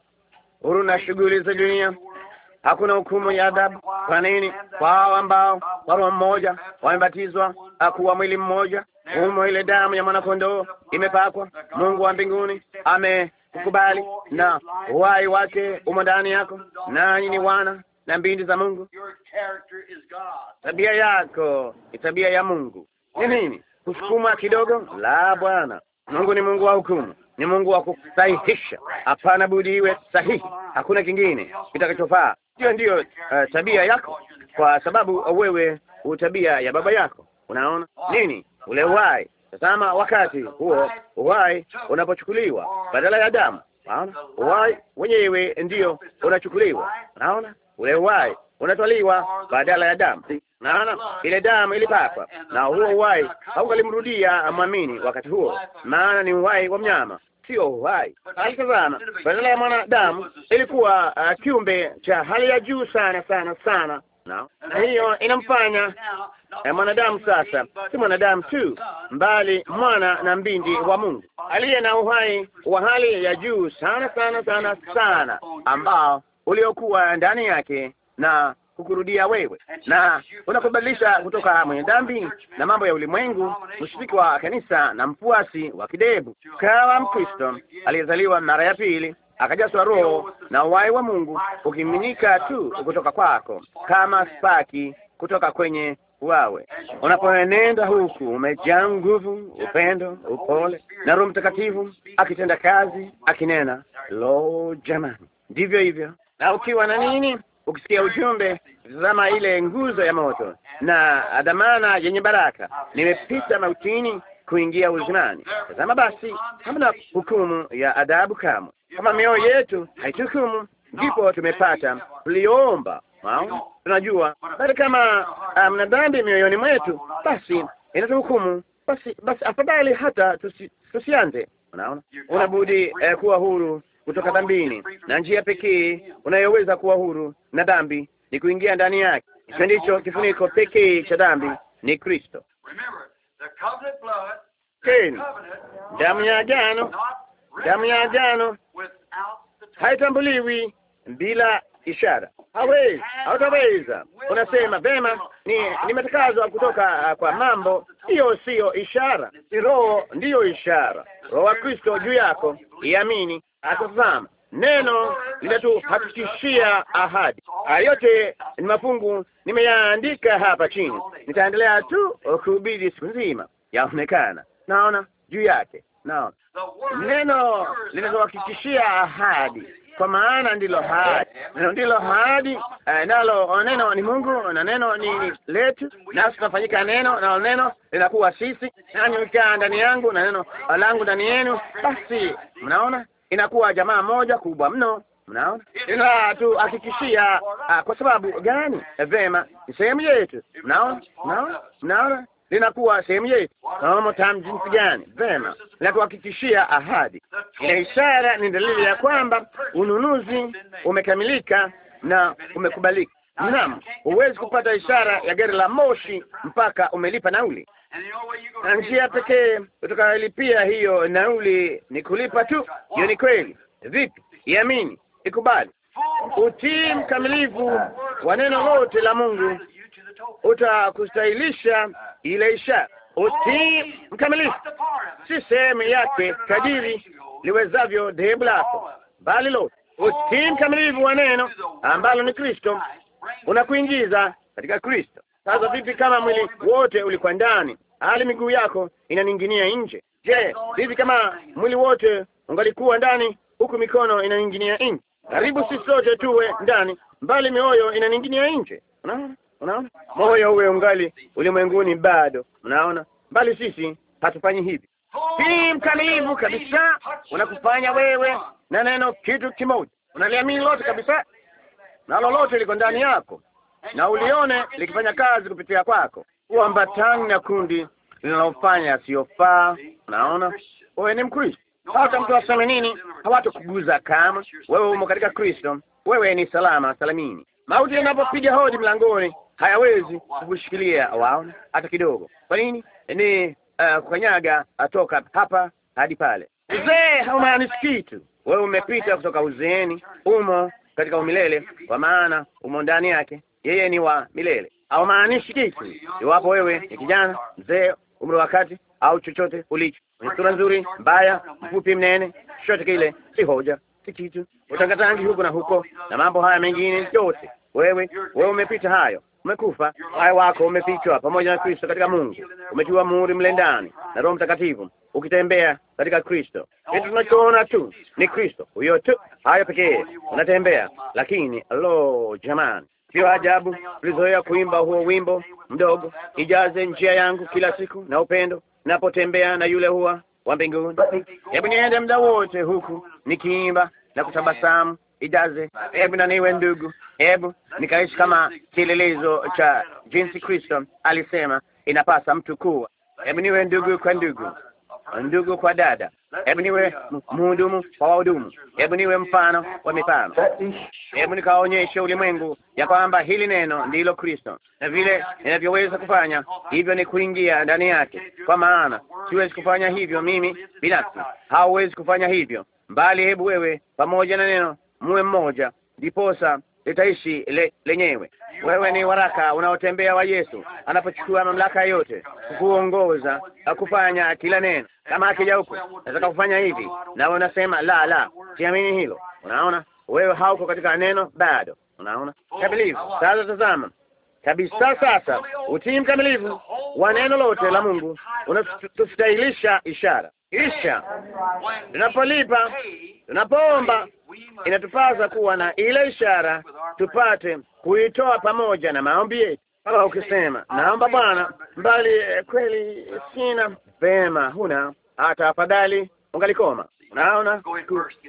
huru na shughuli za dunia. Hakuna hukumu ya adhabu. Kwa nini? Kwa hao ambao kwa roho mmoja wamebatizwa akuwa mwili mmoja, humo ile damu ya mwanakondoo imepakwa. Mungu wa mbinguni amekukubali na uhai wake umo ndani yako, nanyi ni wana na mbindi za Mungu. Tabia yako ni tabia ya Mungu. Ni nini? kusukuma kidogo. La, Bwana Mungu ni Mungu wa hukumu, ni Mungu wa kusahihisha. Hapana budi iwe sahihi, hakuna kingine kitakachofaa. Hiyo ndiyo uh, tabia yako, kwa sababu wewe utabia ya baba yako. Unaona nini? Ule uhai tazama, wakati huo uhai unapochukuliwa badala ya damu, unaona uhai wenyewe ndio unachukuliwa. Unaona ule uhai unatwaliwa badala ya damu. Naona ile damu ilipakwa, na huo uhai haungalimrudia amwamini wakati huo, maana ni uhai wa mnyama, sio uhai alitazama. Badala ya mwanadamu ilikuwa uh, kiumbe cha hali ya juu sana sana sana na hiyo inamfanya eh, mwanadamu sasa si mwanadamu tu, mbali mwana na mbindi wa Mungu aliye na uhai wa hali ya juu sana sana sana sana, ambao uliokuwa ndani yake na kukurudia wewe, na unapobadilisha kutoka mwenye dhambi na mambo ya ulimwengu, mshiriki wa kanisa na mfuasi wa kidebu, kawa Mkristo aliyezaliwa mara ya pili akajaswa Roho na uhai wa Mungu ukiminika tu kutoka kwako kama spaki kutoka kwenye wawe. Unapoenenda huku umejaa nguvu, upendo, upole na Roho Mtakatifu akitenda kazi, akinena lo, jamani, ndivyo hivyo. Na ukiwa na nini ukisikia ujumbe, tazama ile nguzo ya moto na dhamana yenye baraka, nimepita mautini kuingia uzimani. Tazama basi, hamna hukumu ya adhabu kamwe. Kama mioyo yetu haituhukumu, ndipo tumepata tuliomba. Tunajua bali kama ah, mna um, dhambi mioyoni mwetu, basi inatuhukumu. Basi basi afadhali hata tusianze. Unaona, unabudi eh, kuwa huru kutoka dhambini, na njia pekee unayoweza kuwa huru na dhambi ni kuingia ndani yake. Hicho ndicho kifuniko pekee cha dhambi, ni Kristo. Tena damu ya agano, damu ya agano haitambuliwi bila ishara, hawezi, hautaweza. Unasema vema, ni nimetakazwa kutoka ah, kwa mambo hiyo. Siyo ishara, si roho ndiyo ishara, roho wa Kristo juu yako, iamini atazama neno hakikishia ahadi yote. Ni mafungu nimeyaandika hapa chini, nitaendelea tu kuhubiri siku nzima. Yaonekana naona juu yake, naona neno linazohakikishia ahadi, kwa maana ndilo ahadi, neno ndilo ahadi, eh, nalo neno ni Mungu na neno ni letu, nasi tunafanyika neno, nalo neno linakuwa sisi, nani ukaa ndani yangu na neno langu ndani yenu. Basi mnaona inakuwa jamaa moja kubwa mno. Mnaona, inatuhakikishia ah, kwa sababu gani? Eh, vema, ni sehemu yetu. Mnaona, mnaona, mnaona linakuwa sehemu yetu somo tam jinsi gani! Vema, linatuhakikishia ahadi. Ile ishara ni dalili ya kwamba ununuzi umekamilika na umekubalika. Naam, huwezi kupata ishara ya gari la moshi mpaka umelipa nauli na njia pekee utakayolipia hiyo nauli ni kulipa tu. Hiyo ni kweli. Vipi? Iamini, ikubali, utii mkamilifu wa neno lote la Mungu utakustahilisha ile ishara. Utii mkamilifu, si sehemu yake, kadiri liwezavyo dhehebu lako, bali lote. Utii mkamilifu wa neno ambalo ni Kristo unakuingiza katika Kristo. Sasa vipi kama mwili wote ulikuwa ndani, hali miguu yako inaninginia nje? Je, vipi kama mwili wote ungalikuwa ndani, huku mikono inaninginia nje? Karibu sisi sote tuwe ndani, mbali mioyo inaninginia nje. Unaona, unaona, moyo uwe ungali ulimwenguni bado, unaona, mbali sisi hatufanyi hivi. Hii mkamilivu kabisa, unakufanya wewe na neno kitu kimoja, unaliamini lote kabisa, na lolote liko ndani yako na ulione likifanya kazi kupitia kwako. uambatani na kundi linalofanya yasiyofaa. Unaona, wewe ni Mkristo, hata mtu aseme nini, hawatakuguza kama wewe umo katika Kristo. Wewe ni salama salamini. Mauti inapopiga hodi mlangoni, hayawezi kukushikilia waona hata kidogo. Kwa nini? Ni uh, kukanyaga atoka eh, hapa hadi pale. Uzee haumaanishi kitu. Wewe umepita kutoka uzeeni, umo katika umilele, kwa maana umo ndani yake yeye ni wa milele. maanishi kitu iwapo wewe ni kijana, mzee, umri wa kati au chochote ulicho, ni sura nzuri, mbaya, mfupi, mnene, chochote kile, si hoja, si kitu, utangatangi huko na huko na mambo haya mengine yote. Wewe wewe umepita hayo, umekufa hayo, wako umefichwa pamoja na Kristo katika Mungu, umetiwa muhuri mle ndani na Roho Mtakatifu, ukitembea katika Kristo. Kitu tunachoona tu ni Kristo huyo tu, hayo pekee unatembea. Lakini lo, jamani, Sio ajabu tulizoea kuimba huo wimbo mdogo, ijaze njia yangu kila siku na upendo, napotembea na yule huwa wa mbinguni. Hebu niende muda wote huku nikiimba na kutabasamu, ijaze, hebu na niwe ndugu, hebu nikaishi kama kielelezo cha jinsi Kristo alisema inapasa mtu kuwa. Hebu niwe ndugu kwa ndugu, ndugu kwa dada, Hebu niwe mhudumu kwa wahudumu, hebu niwe mfano wa mifano, hebu nikaonyeshe ulimwengu ya kwamba hili neno ndilo Kristo, na vile ninavyoweza kufanya hivyo ni kuingia ndani yake, kwa maana siwezi kufanya hivyo mimi binafsi, hauwezi kufanya hivyo, mbali hebu wewe pamoja na neno muwe mmoja, ndiposa litaishi le, lenyewe. Wewe ni waraka unaotembea wa Yesu anapochukua mamlaka yote kukuongoza akufanya kila neno. Kama akija huko nataka kufanya hivi, nawe unasema la la, siamini hilo. Unaona, wewe hauko katika neno bado. Unaona kabilivu Sasa tazama kabisa, sasa utii mkamilifu wa neno lote la Mungu unatustahilisha ishara kisha tunapolipa, tunapoomba, inatupasa kuwa na ile ishara tupate kuitoa pamoja na maombi yetu. Kama ukisema naomba Bwana, mbali eh, kweli sina pema, huna hata, afadhali ungalikoma. Unaona,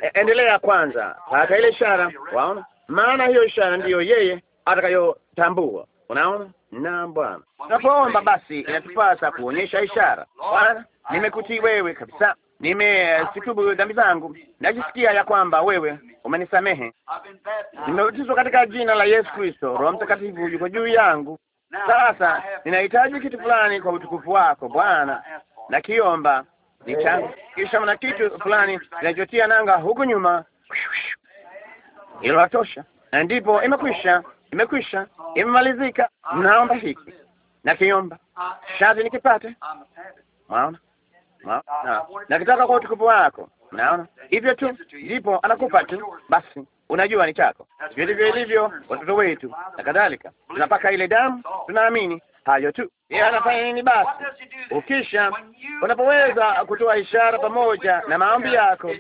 e, endelea kwanza, hata ile ishara. Waona, maana hiyo ishara ndiyo yeye atakayotambua. Unaona, na Bwana, tunapoomba basi inatupasa kuonyesha ishara. Bwana, nimekutii wewe kabisa, nimesitubu eh, dhambi zangu, najisikia ya kwamba wewe umenisamehe. Nimebatizwa katika jina la Yesu Kristo, Roho Mtakatifu yuko juu yangu. Sasa ninahitaji kitu fulani kwa utukufu wako Bwana, nakiomba ni changu. Kisha mna kitu fulani kinachotia nanga huku nyuma, hilo latosha, na ndipo imekwisha, imekwisha, imemalizika. Naomba hiki nakiomba shati nikipate, mwaona Uh, uh, nakitaka kwa utukufu wako. Naona hivyo tu, ndipo anakupa tu, basi unajua ni chako. Vilivyo ilivyo watoto wetu na kadhalika, tunapaka ile damu, tunaamini hayo tu. Yeye anafanya nini basi? Ukisha unapoweza kutoa ishara pamoja na maombi yako,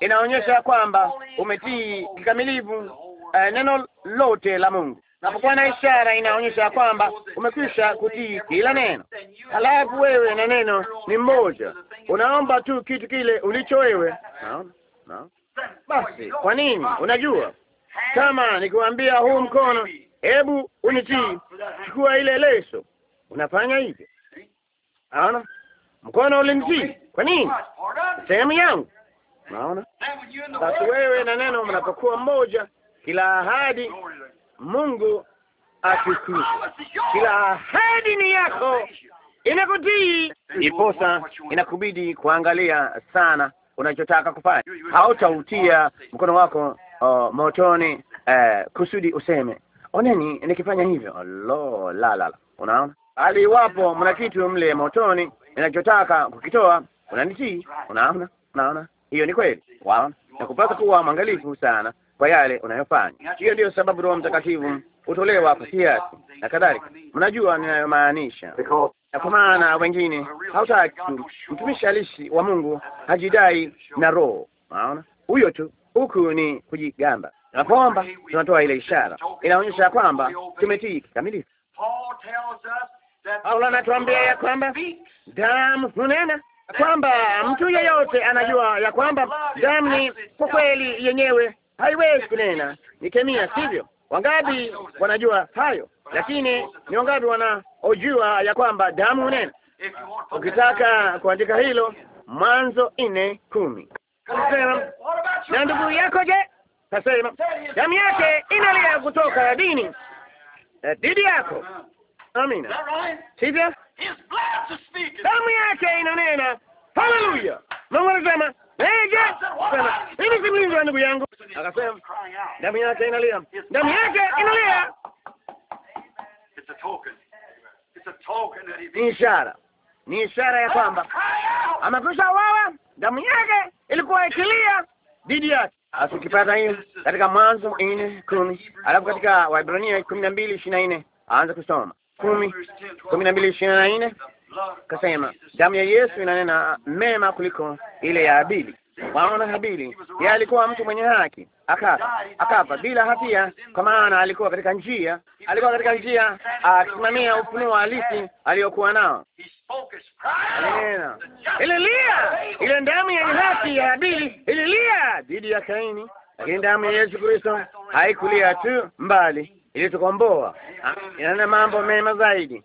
inaonyesha kwamba umetii kikamilifu uh, neno lote la Mungu napokuwa na ishara inaonyesha kwamba umekwisha kutii kila neno, halafu wewe na neno ni mmoja, unaomba tu kitu kile ulicho wewe. Naona no. Basi kwa nini? Unajua, kama nikuambia huu mkono, hebu unitii, chukua ile leso, unafanya hivyo. Naona mkono ulinitii. Kwa nini? sehemu yangu. Naona basi, wewe na neno mnapokuwa mmoja, kila ahadi Mungu atukuze. Kila ahadi ni yako, inakutii, iposa inakubidi kuangalia sana unachotaka kufanya. Hautautia mkono wako oh, motoni eh, kusudi useme oneni nikifanya hivyo lo la la. Unaona, hali iwapo mna kitu mle motoni ninachotaka kukitoa, unanitii. Unaona, unaona hiyo ni kweli. Waona, nakupasa kuwa mwangalifu sana kwa yale unayofanya. Hiyo ndiyo sababu Roho Mtakatifu hutolewa kwa kiasi na kadhalika. Mnajua ninayomaanisha, na kwa maana wengine hautaki. Mtumishi halisi wa Mungu hajidai na roho, unaona huyo tu, huku ni kujigamba na kwamba tunatoa ile ishara inaonyesha kwamba tumetii kikamilifu. Paulo anatuambia ya kwamba damu hunena, kwamba mtu yeyote anajua ya kwamba damu ni kwa kweli yenyewe haiwezi kunena, ni kemia, sivyo? Wangapi wanajua hayo? Lakini ni wangapi wanaojua ya kwamba damu hunena? Ukitaka kuandika hilo, Mwanzo nne kumi kasema na ndugu yako je, kasema damu yake inalia kutoka dini eh, dhidi yako. Amina, sivyo? Damu yake inanena. Haleluya! Mungu anasema Ndege sema hivi, si mwingi wa ndugu yangu akasema, damu yake inalia, damu yake inalia. Ni ishara, ni ishara ya kwamba amekwisha wawa. Damu yake ilikuwa ikilia dhidi yake. Asikipata hiyo katika Mwanzo nne kumi alafu katika Waibrania kumi na mbili ishirini na nne aanza kusoma kumi kumi na mbili ishirini na nne kasema damu ya Yesu inanena mema kuliko ile ya Habili. Waona, Habili yeye alikuwa mtu mwenye haki, akafa akafa bila hatia, kwa maana alikuwa katika njia, alikuwa katika njia ah, akisimamia ufunuo halisi aliyokuwa nao. Alinena, ililia ile damu ya haki ya Habili ililia dhidi ya Kaini, lakini damu ya Yesu Kristo haikulia tu mbali, ilitukomboa. Inanena mambo mema zaidi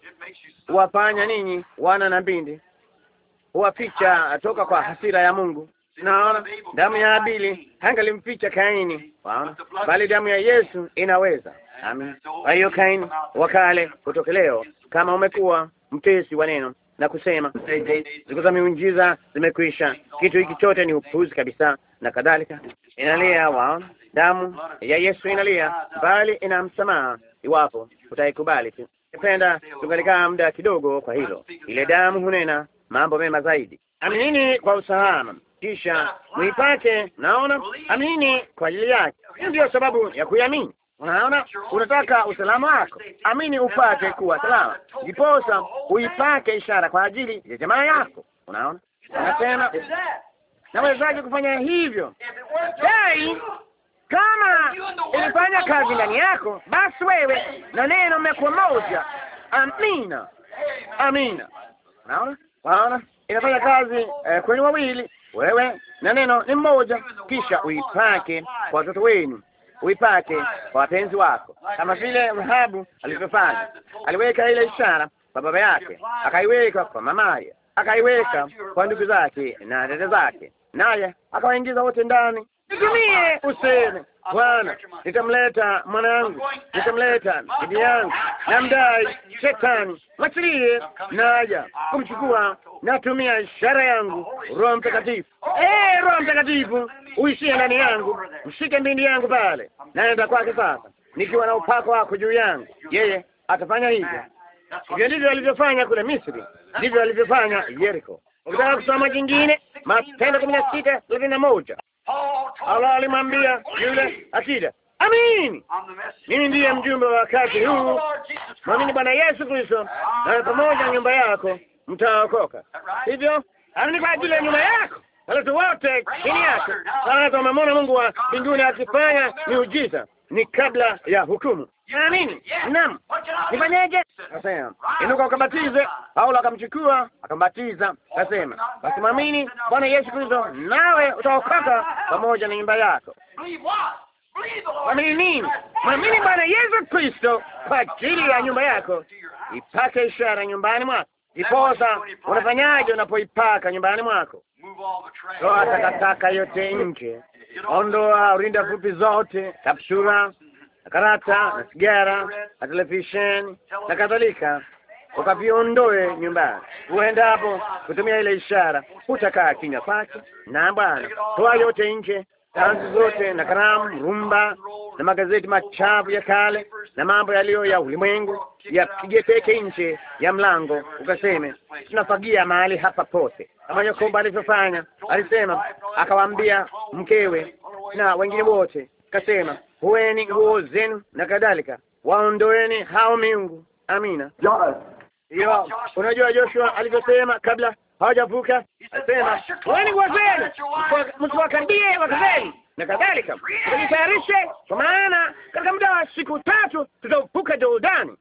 huwafanya ninyi wana na mbindi, huwaficha toka kwa hasira ya Mungu. Naona damu ya abili hangalimficha Kaini, waona, bali damu ya Yesu inaweza. Amen. Kwa hiyo Kaini wakale kutoka leo, kama umekuwa mtesi wa neno na kusema siku za miujiza zimekwisha, kitu hiki chote ni upuzi kabisa na kadhalika. Inalia, waona, damu ya Yesu inalia, bali inamsamaha iwapo utaikubali tu ningependa tungalikaa muda kidogo kwa hilo. Ile damu hunena mambo mema zaidi. Aminini kwa usalama, kisha muipate. Naona amini kwa ajili yake. Hiyo ndiyo sababu ya kuiamini. Unaona, unataka usalama wako, amini upate kuwa salama, ndiposa uipake ishara kwa ajili ya jamaa yako. Unaona, unasema nawezaje kufanya hivyo? Hey! Kama ulifanya kazi ndani yako, basi wewe na neno mmekuwa moja. Amina, amina. Naona naona inafanya kazi eh, kwenye wawili, wewe na neno ni mmoja. Kisha uipake kwa watoto wenu, uipake kwa wapenzi wako, kama vile Rahabu alivyofanya. Aliweka ile ishara kwa baba yake, akaiweka kwa mamaye, akaiweka kwa ndugu zake na dada zake, naye akawaingiza wote ndani nitumie useme, Bwana, nitamleta mwanangu, nitamleta bibi yangu, namdai Shetani, mwachilie, naja kumchukua, natumia ishara yangu, Roho Mtakatifu. Eh, Roho Mtakatifu, uishie ndani yangu, mshike mbindi yangu pale, naenda kwake sasa, nikiwa na upako wako juu yangu. Yeye atafanya hivyo. Hivyo ndivyo alivyofanya kule Misri, ndivyo alivyofanya Yeriko. Ukitaka kusoma jingine, Matendo kumi na sita thelathini na moja. Allah alimwambia yule akida, amini, mimi ndiye mjumbe wa wakati huu, mwamini Bwana Yesu Kristo, na pamoja na nyumba yako mtaokoka. Hivyo amini kwa ajili ya nyumba yako watoto wote chini yake. Sasa tumemwona Mungu wa mbinguni akifanya miujiza, ni kabla ya hukumu naamini. Naam, nifanyeje? Kasema inuka ukabatize. Paulo akamchukua akambatiza, kasema basi mwamini Bwana Yesu Kristo nawe utaokoka pamoja na nyumba yako. Mwamini nini? Mwamini Bwana Yesu Kristo kwa ajili ya nyumba yako, ipake ishara nyumbani mwako. Iposa unafanyaje? Unapoipaka nyumbani mwako, toa takataka yote nje, ondoa rinda fupi zote, kapsula na karata na sigara na televisheni na kadhalika, ukaviondoe nyumbani. hapo kutumia ile ishara, hutakaa kinywa kwake. Na Bwana, toa yote nje, tanzu zote na karamu, rumba na magazeti machafu ya kale na mambo yaliyo ya ulimwengu, yapige teke nje ya mlango, ukaseme tunafagia mahali hapa pote, kama Yakobo alivyofanya. Alisema, akawaambia mkewe na wengine wote, kasema hueni nguo zenu na kadhalika, waondoeni hao miungu. Amina. Yo, unajua Joshua alivyosema kabla hawajavuka, asema hueni nguo zenu, msiwakaribie wakazeni na kadhalika, mkajitayarishe kwa maana katika muda wa siku tatu tutavuka Jordani.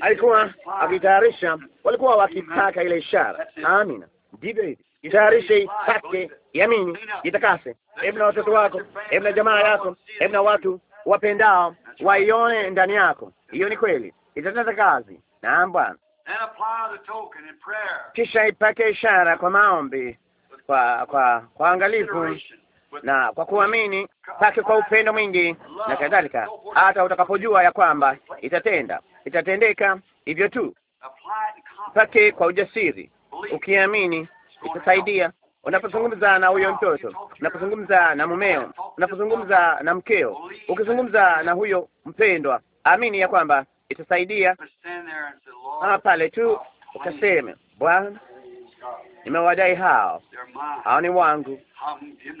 Alikuwa akitayarisha, walikuwa wakitaka ile ishara. Amina, ndivyo hivi, jitayarishe, ipake, yamini, itakase. hebu na watoto wako, hebu na jamaa yako, hebu na watu wapendao waione ndani yako. Hiyo ni kweli, itatenda kazi. Naam Bwana. Kisha ipake ishara kwa maombi, kwa kwa kwa angalifu na kwa kuamini, pake kwa upendo mwingi na kadhalika, hata utakapojua ya kwamba itatenda, itatendeka hivyo tu. Pake kwa ujasiri, ukiamini itasaidia unapozungumza na huyo mtoto, unapozungumza na mumeo, unapozungumza na mkeo, ukizungumza na huyo mpendwa, amini ya kwamba itasaidia. Ah, pale tu ukaseme, Bwana, nimewadai hao, hao ni wangu,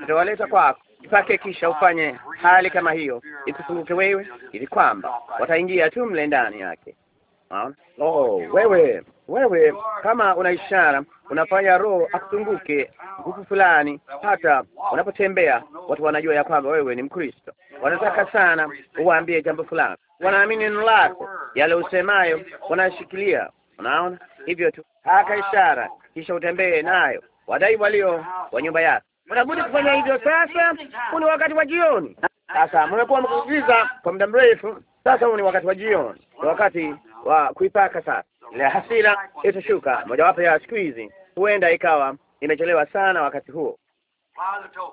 nitawaleta kwako ipake kisha ufanye hali kama hiyo ikufunguke wewe, ili kwamba wataingia tu mle ndani yake. Oh, wewe wewe kama una ishara, unafanya roho akutunguke nguvu fulani. Hata unapotembea watu wanajua ya kwamba wewe ni Mkristo. Wanataka sana uwaambie jambo fulani, wanaamini neno lako, yale usemayo wanashikilia. Unaona hivyo tu, haka ishara, kisha utembee nayo. Wadai walio wa nyumba yako unabudi kufanya hivyo. Sasa huu ni wakati wa jioni. Sasa mmekuwa mkiujiza kwa muda mrefu, sasa huu ni wakati wa jioni, ni wakati wa kuipaka sasa na hasira itashuka. Mojawapo ya siku hizi huenda ikawa imechelewa sana wakati huo.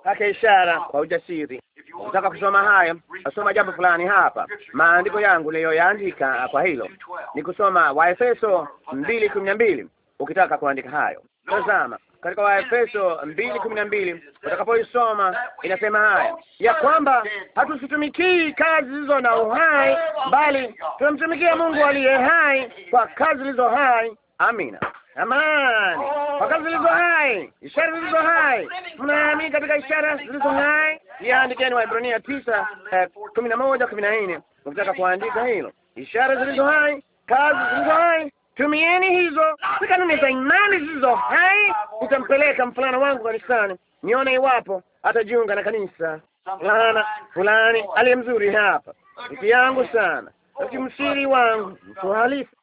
Pata ishara kwa ujasiri. Nataka kusoma haya, nasoma jambo fulani hapa. Maandiko yangu leo yaandika kwa hilo ni kusoma Waefeso mbili kumi na mbili ukitaka kuandika hayo. Tazama, katika Waefeso mbili kumi na mbili utakapoisoma inasema haya ya kwamba hatusitumikii kazi zilizo na uhai, bali tunamtumikia Mungu aliye hai kwa kazi zilizo hai. Amina. Amani kwa kazi zilizo hai, ishara zilizo hai. Mnaamini katika ishara zilizo hai? Iandikeni Waebrania tisa eh, kumi na moja kumi na nne ukitaka kuandika hilo, ishara zilizo hai, kazi zilizo hai tumieni hizo kanuni za imani zilizo hai. Utampeleka mfulana wangu kanisani, nione iwapo atajiunga na kanisa. Mfulana fulani aliye mzuri hapa, rafiki yangu sana, kimsiri wangu, mtu halifu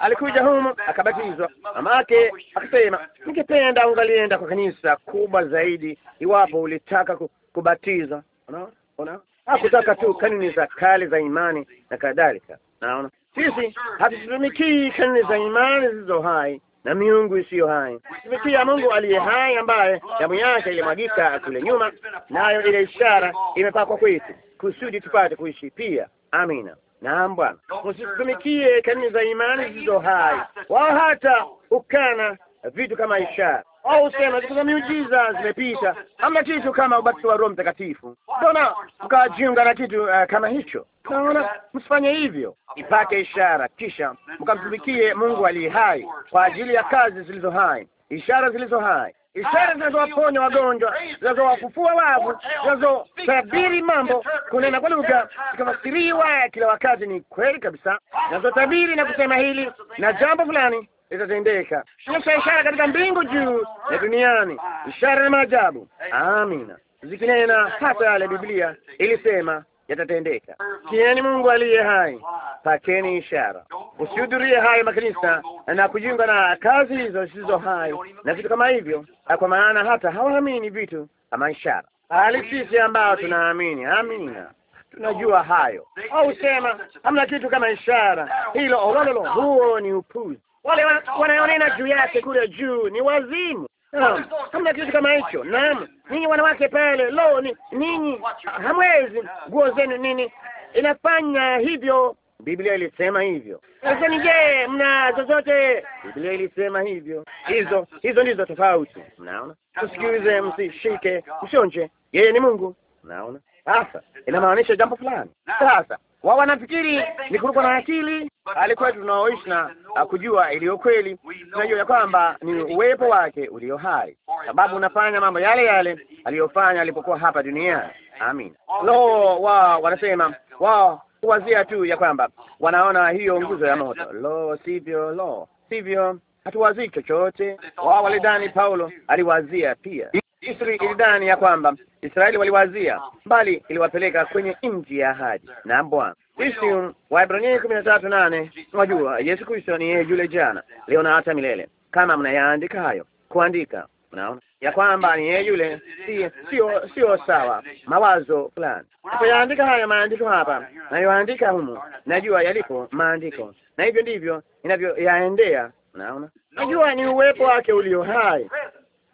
alikuja humo akabatizwa. Mamake akasema, ningependa ungalienda kwa kanisa kubwa zaidi iwapo ulitaka kubatizwa. Unaona, hakutaka tu kanuni za kale za imani na kadhalika. Naona sisi hatutumikii kanuni za imani zilizo hai na miungu isiyo hai. Tumikia Mungu aliye hai ambaye damu yake ilimwagika kule nyuma, nayo ile ishara imepakwa kwetu kusudi tupate kuishi pia. Amina. Naam, Bwana, msitumikie kanuni za imani zilizo hai, wao hata ukana vitu kama ishara au oh, usema siku za miujiza zimepita, ama kitu kama ubatizo wa Roho Mtakatifu. Mbona mkajiunga na kitu uh, kama hicho? Naona msifanye hivyo, ipate ishara, kisha mkamtumikie Mungu aliye hai kwa ajili ya kazi zilizo hai, ishara zilizo hai ishara zinazowaponya wagonjwa, zinazowafufua wavu, zinazotabiri mambo, kunena kwa lugha, zikafasiriwa kila wakati, ni kweli kabisa, zinazotabiri na kusema hili na jambo fulani litatendeka, Sasa ishara katika mbingu juu na duniani, ishara na maajabu. Amina, zikinena hata yale Biblia ilisema yatatendeka. Kieni Mungu aliye hai, pakeni ishara. Usihudhurie hayo makanisa na kujiunga na kazi hizo zisizo hai na vitu kama hivyo, kwa maana hata hawaamini vitu kama ishara, bali sisi ambao tunaamini. Amina, tunajua hayo. Au sema hamna kitu kama ishara, hilo ololo, oh, huo ni upuzi wale wanaonena juu yake kule juu ni wazimu. Naam, hamna kitu kama hicho. Naam, ninyi wanawake pale, lo, ninyi hamwezi nguo zenu nini inafanya hivyo. Biblia ilisema hivyo. Sasa ni je, mna zozote? Biblia ilisema hivyo. Hizo hizo ndizo tofauti. Mnaona, msikilize, msishike, msionje. Yeye ni Mungu. Mnaona, sasa inamaanisha jambo fulani. Sasa wao wanafikiri ni kuruka na akili. Alikuwa tunaoishi na kujua iliyo kweli, tunajua ya kwamba ni uwepo wake ulio hai, sababu unafanya mambo yale yale aliyofanya alipokuwa hapa duniani. Amina. Lo, wao wanasema wao kuwazia tu ya kwamba wanaona hiyo nguzo ya moto. Lo, sivyo, lo, sivyo, hatuwazii chochote. Wao walidhani Paulo aliwazia pia Misri ilidani ya kwamba Israeli waliwazia, bali iliwapeleka kwenye nchi ya ahadi. na Bwana Kristo, Waebrania kumi na tatu nane. Unajua Yesu Kristo ni yeye yule jana, leo na hata milele, kama mnayaandika hayo kuandika Unaona ya kwamba ni yeye yule, si sio sio sawa mawazo fulani. Napoyaandika haya maandiko hapa, nayoandika humu, najua yalipo maandiko, na hivyo ndivyo inavyoyaendea. Unaona, najua ni uwepo wake ulio hai,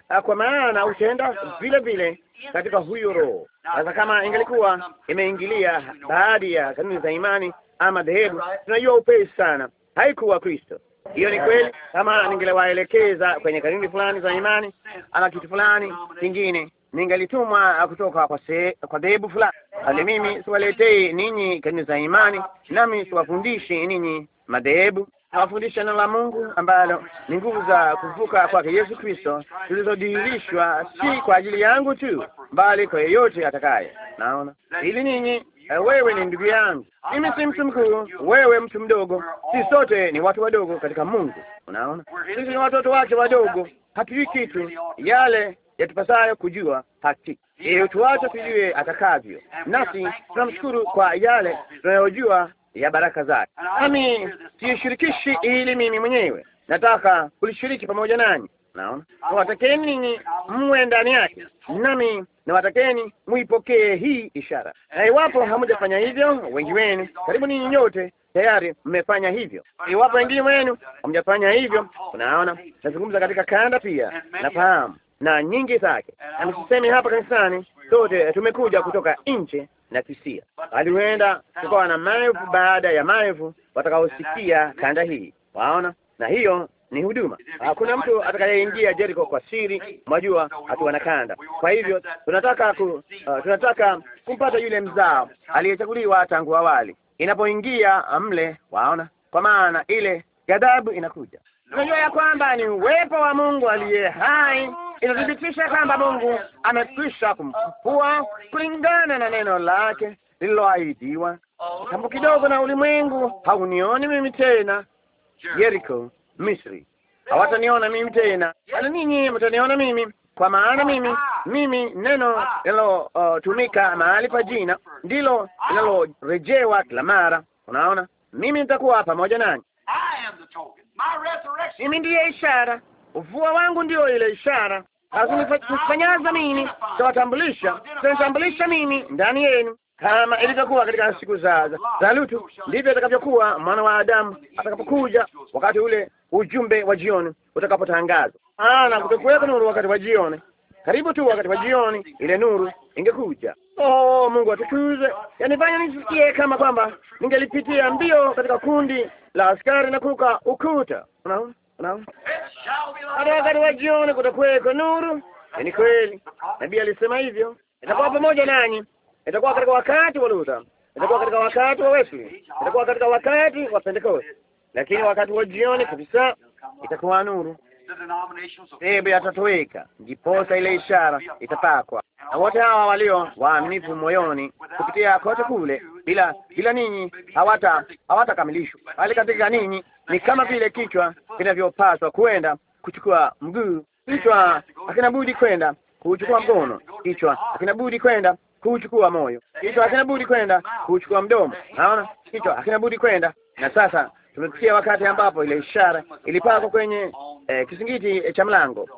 Ah, kwa maana utenda vile vile katika huyo roho. Sasa kama ingelikuwa imeingilia baadhi ya kanuni za imani ama dhehebu, tunajua upesi sana haikuwa Kristo. Hiyo ni kweli. Kama ningelewaelekeza kwenye kanuni fulani za imani ama kitu fulani kingine, ningelitumwa kutoka kwa se, kwa dhehebu fulani. Bali mimi siwaletei ninyi kanuni za imani, nami siwafundishi ninyi madhehebu hawafundisha neno la Mungu ambalo ni nguvu za kuvuka kwake Yesu Kristo zilizodhihirishwa si kwa ajili yangu tu, bali kwa yeyote atakaye. Naona ili ninyi, eh, wewe ni ndugu yangu, mimi si mtu mkuu, wewe mtu mdogo, si sote ni watu wadogo katika Mungu. Unaona, sisi ni watoto wake wadogo, hatujui kitu yale yatupasayo kujua hakika yeyote wacho tujue atakavyo, nasi tunamshukuru kwa yale tunayojua ya baraka zake, nami siishirikishi ili mimi mwenyewe, nataka kulishiriki pamoja nanyi. Naona nawatakeni ninyi mwe ndani yake, nami nawatakeni muipokee hii ishara. Na iwapo hamujafanya hivyo, wengi wenu, karibu ninyi nyote, tayari mmefanya hivyo. Iwapo wengine wenu hamjafanya hivyo, unaona, nazungumza katika kanda pia, nafahamu na nyingi zake, na nisiseme hapa kanisani sote tumekuja kutoka nje na kisia, bali huenda tukawa na maevu baada ya maevu watakaosikia kanda hii, waona. Na hiyo ni huduma. Hakuna ah, mtu atakayeingia Jericho kwa siri, mwajua, akiwa na kanda. Kwa hivyo tunataka ku, uh, tunataka kumpata yule mzao aliyechaguliwa tangu awali inapoingia mle, waona, kwa maana ile ghadhabu inakuja. Tunajua ya kwamba ni uwepo wa Mungu aliye hai inathibitisha kwamba Mungu amekwisha kumfufua kulingana na neno lake lililoahidiwa tambo kidogo, na ulimwengu haunioni mimi tena, Jericho Misri hawataniona mimi tena, bali ninyi mtaniona mimi, kwa maana mimi mimi neno linalotumika uh, mahali pa jina ndilo linalorejewa kila mara. Unaona, mimi nitakuwa pamoja nanyi, mimi ndiye ishara uvua wangu ndio ile ishara azinifanyaza nini? tawatambulisha tanitambulisha mimi ndani yenu, kama ilivyokuwa katika siku za za Lutu, ndivyo atakavyokuwa mwana wa Adamu atakapokuja wakati ule ujumbe wa jioni utakapotangazwa. Ana kutokuweka nuru wakati wa jioni, karibu tu wakati wa jioni ile nuru ingekuja. Oh, Mungu atukuze. Yanifanya nisikie kama kwamba ningelipitia mbio katika kundi la askari na kuruka ukuta, unaona hata wakati wa jioni kutakuweko nuru. Ni kweli, nabii alisema hivyo. Itakuwa pamoja nanyi, itakuwa katika wakati wa Luther, itakuwa katika wakati wa Wesley, itakuwa katika wakati wa Pentecost, lakini wakati wa jioni kabisa itakuwa nuru dhehebu yatatoweka, ndiposa ile ishara itapakwa, na wote hawa walio waaminifu moyoni kupitia kote kule, bila bila ninyi hawata hawatakamilishwa, bali katika ninyi ni kama vile kichwa vinavyopaswa kwenda kuchukua mguu, kichwa hakinabudi budi kwenda kuchukua mkono, kichwa hakinabudi budi kwenda kuchukua moyo, kichwa hakinabudi budi kwenda kuchukua mdomo. Naona kichwa hakinabudi budi kwenda na sasa tumefikia wakati ambapo ile ishara ilipakwa kwenye eh, kisingiti eh, cha mlango,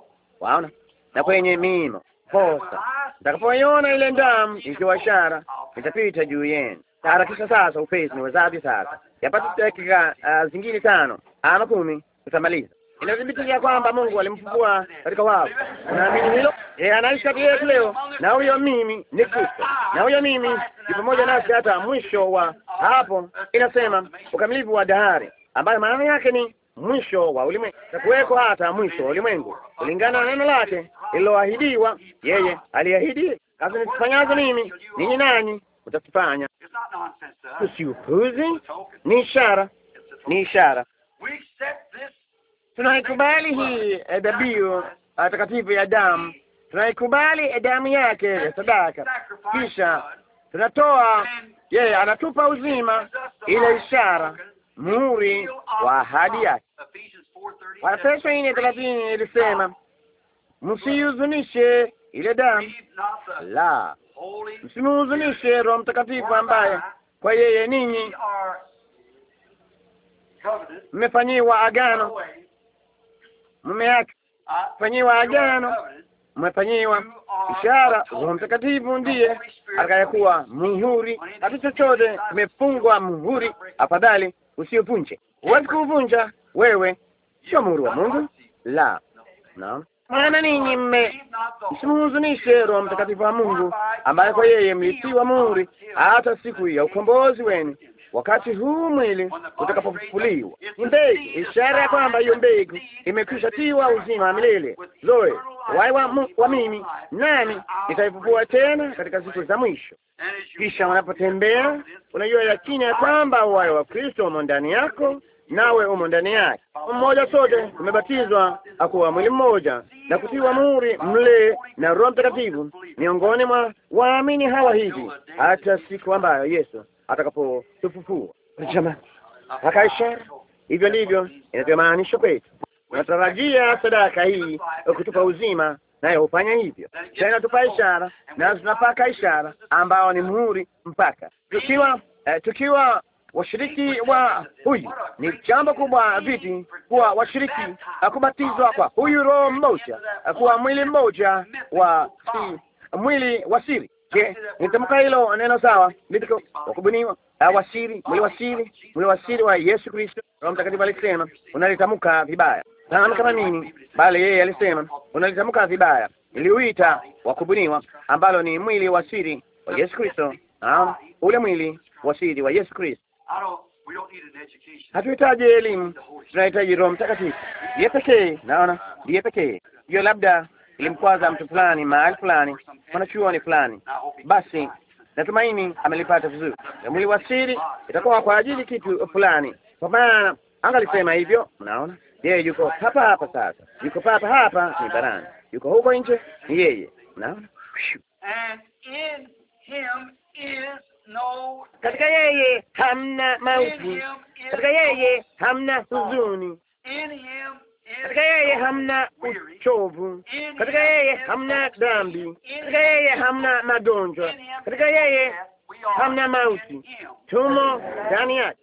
waona, na kwenye miimo posta. Nitakapoiona ile damu ikiwa ishara, nitapita juu yenu. Harakisha sasa, upesi niwezavyo. Sasa yapata dakika uh, zingine tano ama kumi, tutamaliza inathibitisha kwamba Mungu alimfufua katika wafu. Unaamini hilo? Yeye anaishi kati yetu leo, na huyo mimi ni Kristo, na huyo mimi ni pamoja nasi hata mwisho wa hapo. Inasema ukamilifu wa dahari, ambayo maana yake ni mwisho wa ulimwengu, takuweko hata mwisho wa ulimwengu kulingana na neno lake lililoahidiwa. Yeye aliahidi kazi nifanyazo mimi ninyi nanyi mtazifanya. ni ishara, ni ishara tunaikubali hii eh, dhabihu ah, takatifu ya damu, tunaikubali eh, damu yake ya sadaka, kisha tunatoa yeye, anatupa uzima, ile ishara muhuri wa ahadi yake. Waefeso nne thelathini ilisema msihuzunishe ile damu, la msimuhuzunishe Roho Mtakatifu ambaye kwa yeye ninyi mmefanyiwa agano mume mmefanyiwa agano, mmefanyiwa ishara. Roho Mtakatifu ndiye atakayekuwa muhuri, hata chochote kimefungwa muhuri, afadhali usiovunje. Huwezi kuvunja wewe, sio muhuri wa Mungu. La, naam maana ninyi mme msimhuzunishe Roho Mtakatifu wa Mungu ambaye kwa yeye mlitiwa muhuri hata siku ya ukombozi wenu wakati huu mwili utakapofufuliwa. Ni mbegu, ishara ya kwamba hiyo mbegu imekwisha tiwa uzima wa milele zoe wai wa, wa mimi nani nitaifufua tena katika siku za mwisho. Kisha wanapotembea, unajua yakini ya kwamba wai wa Kristo umo ndani yako nawe umo ndani yake. Mmoja sote tumebatizwa akuwa mwili mmoja na kutiwa muhuri mle na Roho Mtakatifu miongoni mwa waamini hawa hivi hata siku ambayo Yesu atakapotufufua. Jamaa ishara hivyo ndivyo inavyomaanisha kwetu. Tunatarajia sadaka hii kutupa uzima, nayo hufanya hivyo tena, inatupa ishara, nazo tunapaka ishara ambao ni muhuri mpaka tukiwa eh, tukiwa washiriki wa huyu ni jambo kubwa viti kuwa washiriki akubatizwa eh, kwa huyu roho mmoja, eh, kuwa mwili mmoja wa si, mwili wa siri Je, nitamka hilo neno sawa? Ndivyo wakubuniwa wasiri, mliwasiri, mliwasiri wa Yesu Kristo. Roho Mtakatifu alisema unalitamka vibaya. Naam, kama nini, bali yeye alisema unalitamka vibaya, niliuita wakubuniwa, ambalo ni mwili wa siri wa Yesu Kristo. Naam, ule mwili wa siri wa Yesu Kristo. Hatuhitaji elimu, tunahitaji Roho Mtakatifu. Ndiye pekee, naona ndiye pekee. Hiyo labda ilimkwaza mtu fulani mahali fulani, mwanachuoni fulani. Basi natumaini amelipata vizuri. Mwiliwasili itakuwa kwa ajili kitu fulani, kwa maana angalisema hivyo. Mnaona, yeye yuko hapa hapa sasa, yuko papa hapa, ni barani, yuko huko nje, ni yeye. Mnaona, katika yeye hamna mauti, katika yeye hamna huzuni katika yeye hamna uchovu, katika yeye hamna dhambi, katika yeye hamna magonjwa, katika yeye hamna mauti. Tumo ndani yake.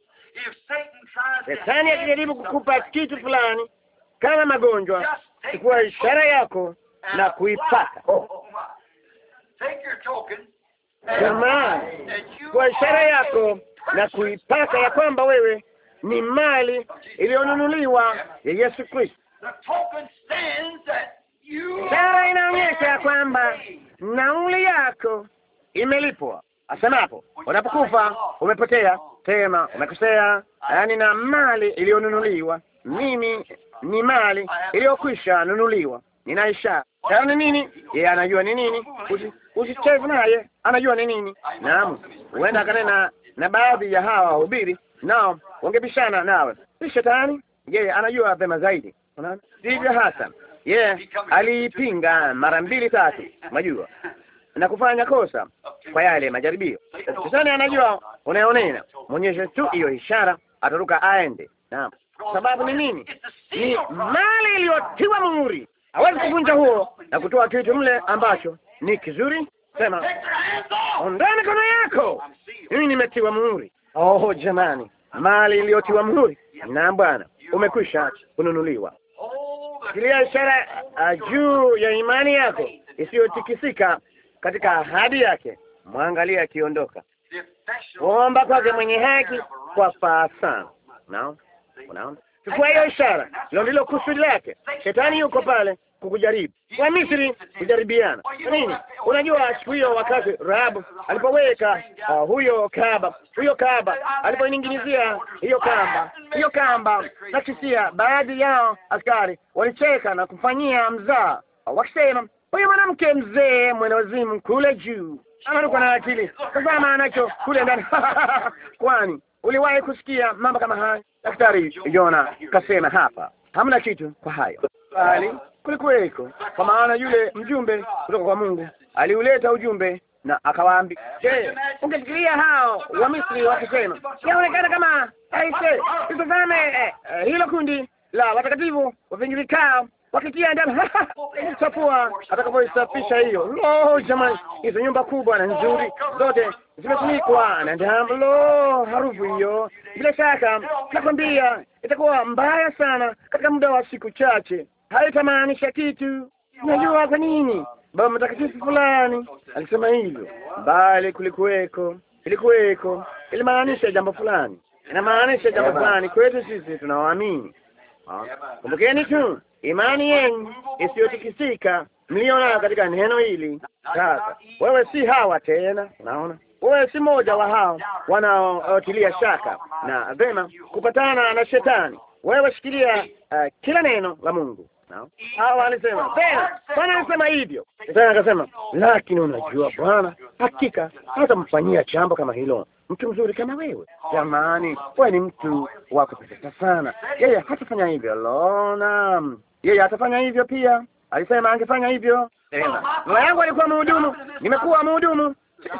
Shetani akijaribu kukupa kitu fulani kama magonjwa, chukua ishara yako na kuipata. Jamani, chukua ishara yako na kuipata ya kwamba wewe ni mali iliyonunuliwa ya Yesu Kristo. Sara inaonyesha ya kwamba nauli yako imelipwa, asemapo unapokufa umepotea tena, umekosea. Yani na mali iliyonunuliwa, mimi ni mali iliyokwisha nunuliwa, nina ishara tayari. Ni nini? Yeye anajua ni nini, usichevu naye anajua ni nini. Naam, huenda akanena na baadhi ya hawa wahubiri nao wangebishana nawe. Si shetani, yeye anajua vema zaidi, unaona? ndivyo hasa, yeye aliipinga mara mbili tatu, unajua na kufanya kosa kwa yale majaribio. Shetani anajua unayonena, mwonyeshe tu hiyo ishara, ataruka aende. Naam, sababu ni nini? Ni mali iliyotiwa muhuri. Hawezi kuvunja huo na kutoa kitu mle ambacho ni kizuri. Sema, ondoa mikono yako, mimi nimetiwa muhuri. Oh jamani, mali iliyotiwa mhuri. Na Bwana, umekwisha kununuliwa. Shikilia ishara ah, juu ya imani yako isiyotikisika katika ahadi yake. Mwangalie akiondoka, omba kwake mwenye haki kwa faa sana. Unaona, unaona, chukua hiyo ishara, hilo ndilo kusudi lake. Shetani yuko pale kukujaribu. Kwa Misri kujaribiana kwa nini? Unajua, siku hiyo wakati Rahabu alipoweka uh, huyo kaba huyo kaba alipoiningilizia hiyo kamba hiyo kamba na kisia, baadhi yao askari walicheka na kufanyia mzaa wakisema, huyo mwanamke mzee mwenye wazimu kule juu anaruka na akili, tazama anacho kule ndani kwani uliwahi kusikia mambo kama haya? Daktari jona kasema hapa hamna kitu kwa hayo bali kulikuweko, kwa maana yule mjumbe kutoka kwa Mungu aliuleta ujumbe na akawaambia. Je, ungefikiria hao wa Misri wakisema, yaonekana kama aise, eh, tutazame eh, eh, hilo kundi la watakatifu wavingivikao wakitia damu chafua atakapoisafisha hiyo. Lo, jamani, hizo nyumba kubwa na nzuri zote zimefunikwa na damu. Lo, harufu hiyo, bila shaka nakwambia itakuwa mbaya sana katika muda wa siku chache haitamaanisha kitu. Unajua kwa nini baba mtakatifu fulani alisema hivyo? Bali kulikuweko, ilikuweko, ilimaanisha jambo fulani, inamaanisha jambo fulani kwetu sisi tunaoamini. Ah, kumbukeni tu imani yenu isiyotikisika mlionayo katika neno hili. Sasa wewe si hawa tena, unaona wewe si mmoja wa hao wanaotilia shaka na vema kupatana na shetani. Wewe shikilia uh, kila neno la Mungu hawa ah, alisema tena, Bwana alisema hivyo. Tena akasema, lakini unajua Bwana, hakika hatamfanyia jambo kama hilo mtu mzuri kama wewe. Jamani, wewe ni mtu wa kupendeza sana. Yeye hatafanya hivyo. Lona yeye atafanya hivyo pia, alisema angefanya hivyo. Tena mama yangu alikuwa mhudumu, nimekuwa mhudumu,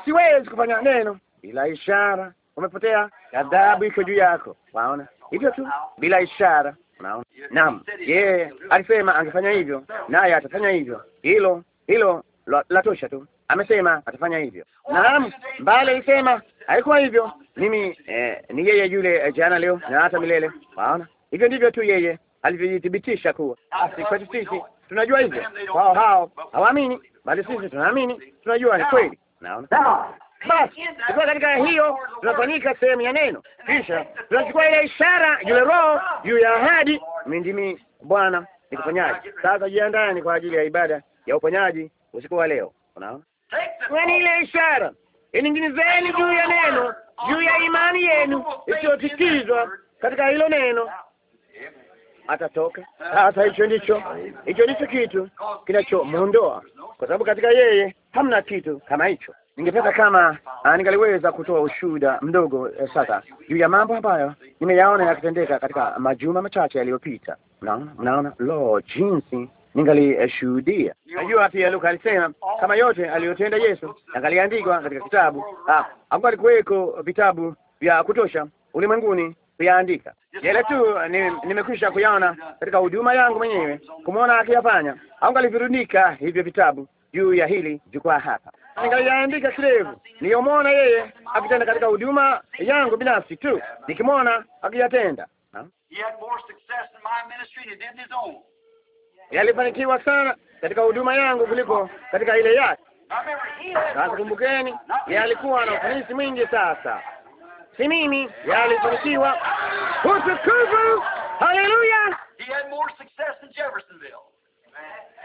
siwezi kufanya neno bila ishara. Umepotea, adhabu iko juu yako. Waona hivyo tu, bila ishara Unaona, naam, yeye alisema angefanya hivyo, naye atafanya hivyo. Hilo hilo la tosha tu, amesema atafanya hivyo. Naam, mbali alisema haikuwa hivyo. Mimi eh, ni yeye yule eh, jana, leo na hata milele. Unaona, hivyo ndivyo tu yeye alivyojithibitisha kuwa. Basi kwetu sisi tunajua hivyo, wao hao hawaamini, bali sisi tunaamini, tunajua ni kweli. Naona. Basi tukiwa katika hiyo, tunafanyika sehemu ya neno, kisha tunachukua ile ishara, yule roho juu ya ahadi. Mimi ndimi Bwana nikufanyaje? Sasa jiandani kwa ajili ya ibada ya uponyaji usiku wa leo. Unaona, ni ile ishara iningilizeni juu ya neno, juu ya imani yenu isiyotikizwa katika hilo neno atatoka sasa. Hicho ndicho hicho ndicho kitu kinachomwondoa, kwa sababu katika yeye hamna kitu kama hicho ningependa kama ah, ningaliweza kutoa ushuhuda mdogo eh, sasa juu ya mambo ambayo nimeyaona yakitendeka katika majuma machache yaliyopita. Mnaona, mnaona lo, jinsi ningalishuhudia. Eh, najua pia Luka alisema kama yote aliyotenda Yesu angaliandikwa katika kitabu, ah, hakuwa alikuweko vitabu vya kutosha ulimwenguni kuyaandika yale tu eh, nimekwisha ni kuyaona katika huduma yangu mwenyewe, kumwona akiyafanya, au hivyo vitabu juu ya hili jukwaa hapa ningaliandika kirevu niliyomwona yeye akitenda katika huduma yangu binafsi tu, nikimwona akiyatenda. Yalifanikiwa sana katika huduma yangu kuliko katika ile yake. Sasa kumbukeni, yeye alikuwa na ufanisi mwingi. Sasa si mimi, yeye alifanikiwa. Utukufu, haleluya!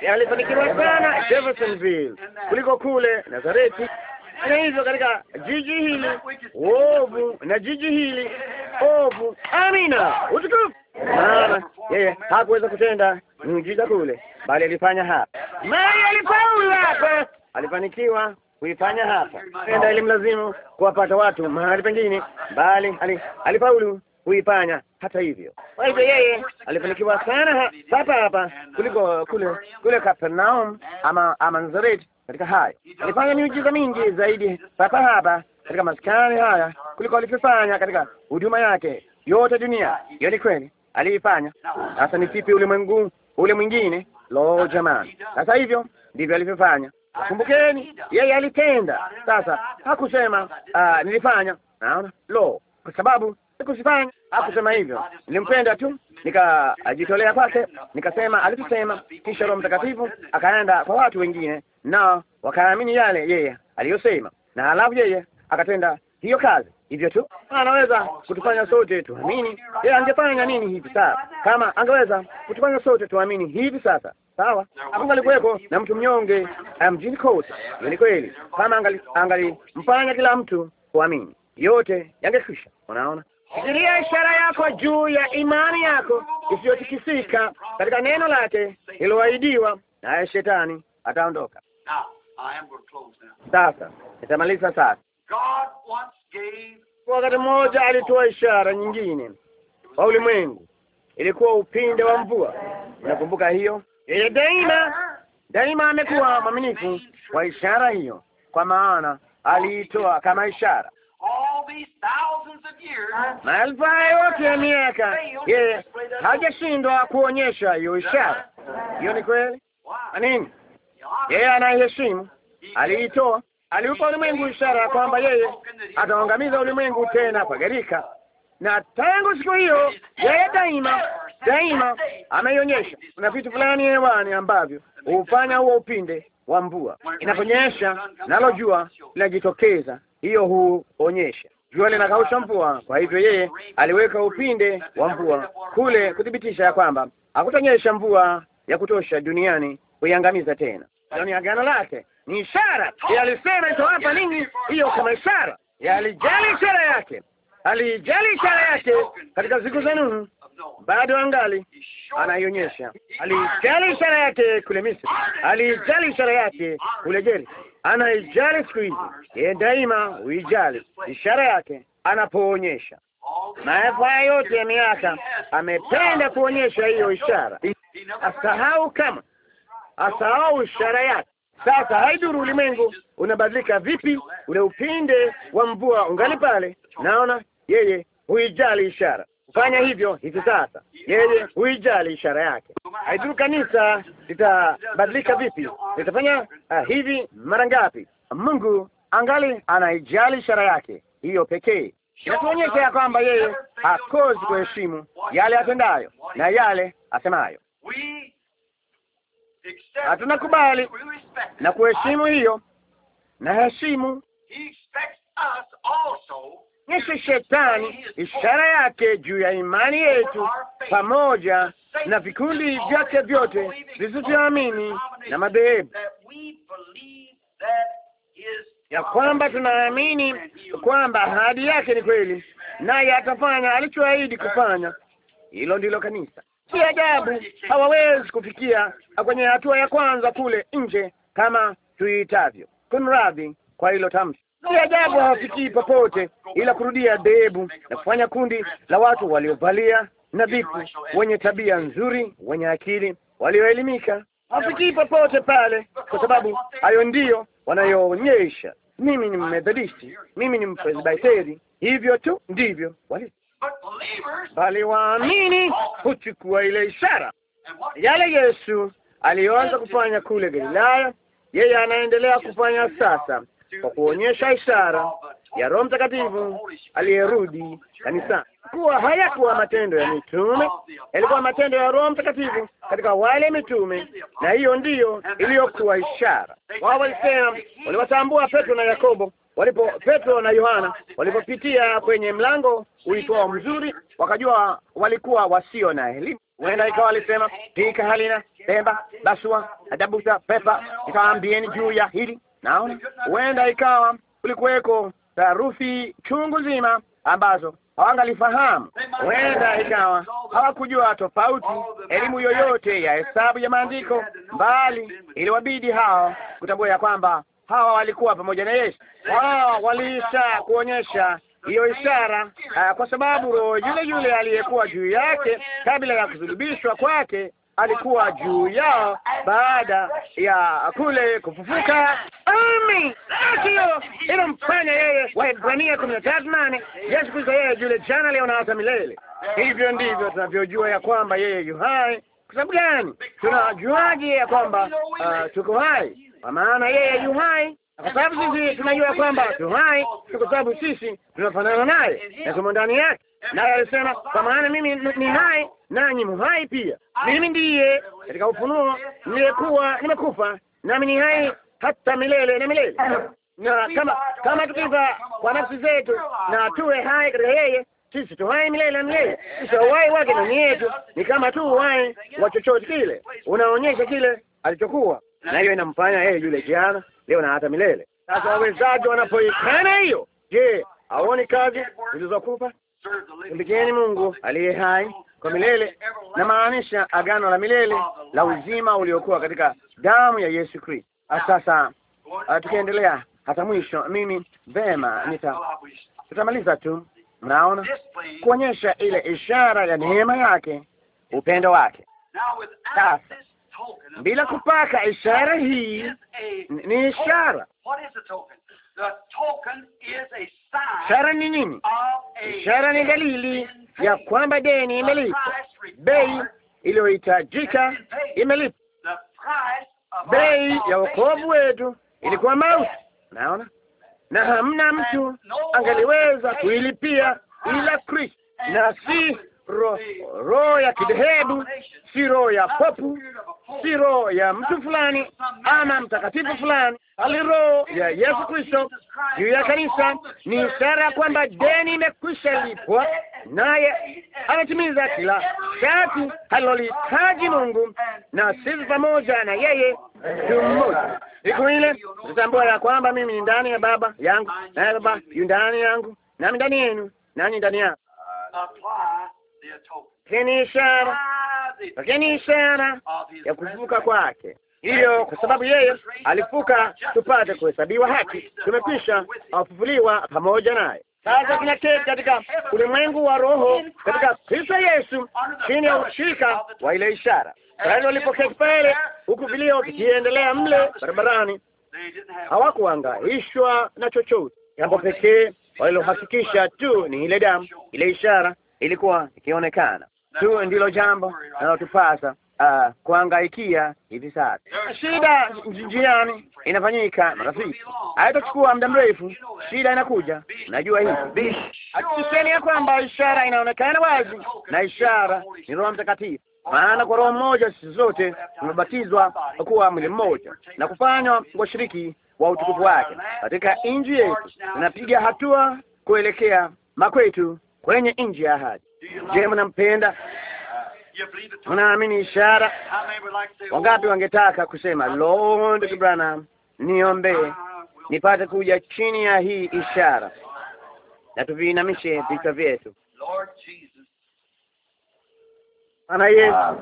alifanikiwa sana Jeffersonville kuliko kule Nazareti. Na hivyo katika jiji hili ovu na jiji hili ovu, amina, utukufu. Maana yeye hakuweza kutenda miujiza kule, bali alifanya hapa. Mali alifaulu hapa, alifanikiwa kuifanya hapa, enda ilimlazimu kuwapata watu mahali pengine, bali alifaulu huifanya hata hivyo. Kwa hivyo yeye alifanikiwa sana hapa hapa kuliko kule kule Kapernaum ama ama Nazareth. Katika hayo alifanya miujiza mingi zaidi hapa hapa katika maskani haya kuliko alivyofanya katika huduma yake yote dunia. Hiyo ni kweli, aliifanya. Sasa ni vipi ulimwengu ule mwingine? Lo, jamani! Sasa hivyo ndivyo alivyofanya. Kumbukeni, yeye alitenda. Sasa hakusema uh, nilifanya. Naona lo, kwa sababu Sikufanya, hakusema hivyo, nilimpenda tu, nikajitolea kwake, nikasema alitusema. Kisha Roho Mtakatifu akaenda kwa watu wengine, nao wakaamini yale yeye aliyosema, na alafu yeye akatenda hiyo kazi. Hivyo tu anaweza kutufanya sote tuamini. Yeye angefanya nini hivi sasa? Kama angeweza kutufanya sote tuamini hivi sasa, sawa, akungalikuweko na mtu mnyonge mjini kote. Ni kweli, kama angali angalimfanya kila mtu kuamini, yote yangekwisha. Unaona, Fikiria ishara yako juu ya imani yako isiyotikisika katika neno lake lililoahidiwa, naye shetani ataondoka. Sasa nitamaliza sasa. Wakati mmoja alitoa ishara nyingine kwa ulimwengu, ilikuwa upinde wa mvua. Unakumbuka hiyo? Yeye daima daima amekuwa mwaminifu kwa ishara hiyo, kwa maana aliitoa kama ishara maelfu hayo yote ya miaka, yeye hajashindwa kuonyesha hiyo ishara. Hiyo ni kweli. Kwa nini? Yeye anaheshimu, aliitoa, aliupa ulimwengu ishara ya kwamba yeye ataangamiza ulimwengu tena pagarika, na tangu siku hiyo yeye daima daima ameionyesha. Kuna vitu fulani hewani ambavyo hufanya huo upinde wa mvua inaponyesha, nalo jua linajitokeza, hiyo huonyesha jua linakausha mvua. Kwa hivyo yeye aliweka upinde wa mvua kule kuthibitisha ya kwamba hakutanyesha mvua ya kutosha duniani kuiangamiza tena. Hilo ni yaani agano lake, ni ishara. Yeye alisema itawapa ninyi hiyo kama ishara. Yeye alijali ishara yake, alijali ishara yake katika siku za Nuhu, bado angali anaionyesha. Alijali ishara yake kule Misri, alijali ishara yake kule Jeriko anaijali siku hizi, yeye daima huijali ishara yake anapoonyesha maelfu haya yote ya miaka amependa kuonyesha hiyo ishara, asahau kama asahau ishara yake. Sasa haidhuru ulimwengu unabadilika vipi, ule upinde wa mvua ungali pale. Naona yeye huijali ishara fanya hivyo hivi sasa. Yeye huijali ishara yake, haidhuru kanisa litabadilika vipi, litafanya uh, ah, hivi mara ngapi. Mungu angali anaijali ishara yake hiyo pekee. Inatuonyesha ya kwamba yeye hakosi kuheshimu yale atendayo na yale asemayo. Hatunakubali na kuheshimu hiyo na heshimu Mwishe shetani ishara yake juu ya imani yetu pamoja na vikundi vyake vyote visivyoamini na madhehebu, ya kwamba tunaamini kwamba ahadi yake ni kweli, naye atafanya alichoahidi kufanya. Hilo ndilo kanisa. Si ajabu hawawezi kufikia kwenye hatua ya kwanza kule nje, kama tuitavyo. Kunradhi kwa hilo tamsi. Si ajabu hawafikii popote ila kurudia dhehebu na kufanya kundi la watu waliovalia nadhifu, wenye tabia nzuri, wenye akili, walioelimika. Hawafikii popote pale, kwa sababu hayo ndiyo wanayoonyesha. Mimi ni Mmethodisti, mimi ni Mpresbiteri, hivyo tu ndivyo wali bali waamini huchukua ile ishara yale Yesu aliyoanza kufanya kule Galilaya, yeye anaendelea kufanya sasa kwa kuonyesha ishara ya Roho Mtakatifu aliyerudi kanisa kuwa hayakuwa matendo ya mitume, yalikuwa matendo ya Roho Mtakatifu katika wale mitume, na hiyo ndiyo iliyokuwa ishara. Wao walisema waliwatambua Petro na Yakobo walipo Petro na Yohana walipopitia kwenye mlango ulikuwa mzuri, wakajua walikuwa wasio na elimu. Huenda ikawa walisema pika halina pemba basua adabuta pepa, ikawaambieni juu ya hili Naona huenda ikawa kulikuweko taarufi chungu zima ambazo hawangalifahamu. Huenda ikawa hawakujua tofauti elimu yoyote ya hesabu ya maandiko, bali iliwabidi hao kutambua ya kwamba hawa walikuwa pamoja na Yesu. Wao waliisha kuonyesha hiyo ishara, uh, kwa sababu roho yule yule aliyekuwa juu yake kabla ya kusulubishwa kwake alikuwa juu yao baada ya kule kufufuka. Ami hiyo inamfanya yeye, Waebrania kumi na tatu nane Yesu Kristo yeye yule jana, leo na hata milele. Hivyo ndivyo tunavyojua ya kwamba yeye yu hai. Kwa sababu gani? Tunajuaje ya kwamba uh, tuko hai? Kwa maana yeye yu hai kwa sababu sisi tunajua kwamba tuhai kwa sababu sisi tunafanana naye na tumo ndani yake. Naye alisema kwa maana mimi ni hai nanyi mhai pia, mimi ndiye katika ufunuo niliyekuwa nimekufa, nami ni hai hata milele na milele. Na kama kama tukiva kwa nafsi zetu na tuwe hai katika yeye, sisi tu hai milele na milele. Kisha uhai wake ndani yetu ni kama tu uhai wa chochote kile, unaonyesha kile alichokuwa, na hiyo inamfanya yeye yule jana leo na hata milele. Sasa ah, wawezaji wanapoikana hiyo, je, haoni kazi zilizokupa? Tumbikeni Mungu aliye hai kwa milele, na maanisha agano la milele la uzima uliokuwa katika damu ya Yesu Kristo. Ah, sasa ah, tukiendelea hata mwisho, mimi vema, nita tutamaliza tu. Mnaona, kuonyesha ile ishara ya neema yake, upendo wake. Sasa bila kupaka. Ishara hii ni ishara. Ishara ni nini? Ishara ni dalili ya kwamba deni imelipwa, bei iliyohitajika imelipwa. Bei ya wokovu wetu ilikuwa mauti, naona, na hamna mtu angaliweza kuilipia ila Kristo, na si roho roho ya kidhehebu, si roho ya popu, si roho ya mtu fulani ama mtakatifu fulani, bali roho ya Yesu Kristo juu ya kanisa. Ni ishara ya kwamba deni imekwisha lipwa, naye anatimiza kila shati alilolihitaji Mungu, na sisi pamoja na yeye tu mmoja. Siku ile tutambua ya kwamba mimi ni ndani ya Baba yangu, naye Baba yu ndani yangu, nami ndani yenu, nanyi ndani yangu lakini ishara, lakini ishara ya kufufuka kwake. Hiyo kwa sababu yeye alifuka tupate kuhesabiwa haki, tumekwisha afufuliwa pamoja naye. Sasa tunaketi katika ulimwengu wa roho katika Kristo Yesu, chini ya ushirika wa ile ishara. Israeli walipoketi pale, huku vilio vikiendelea mle barabarani, hawakuangaishwa na chochote. Jambo pekee walilohakikisha tu ni ile damu, ile ishara ilikuwa ikionekana tu ndilo jambo linalotupasa uh, kuangaikia hivi sasa. Shida njiani inafanyika, marafiki, haitachukua muda mrefu, shida inakuja. Najua hivi, hakikisheni ya kwamba ishara inaonekana wazi, na ishara ni Roho Mtakatifu, maana kwa roho mmoja sisi zote tumebatizwa kuwa mwili mmoja na kufanywa washiriki wa utukufu wake. Katika inji yetu inapiga hatua kuelekea makwetu kwenye inji ya ahadi. Je, mnampenda? Unaamini ishara? Wangapi wangetaka kusema lo, ndugu Branham, niombee nipate kuja chini ya hii ishara? Na tuviinamishe vichwa vyetu. Bwana Yesu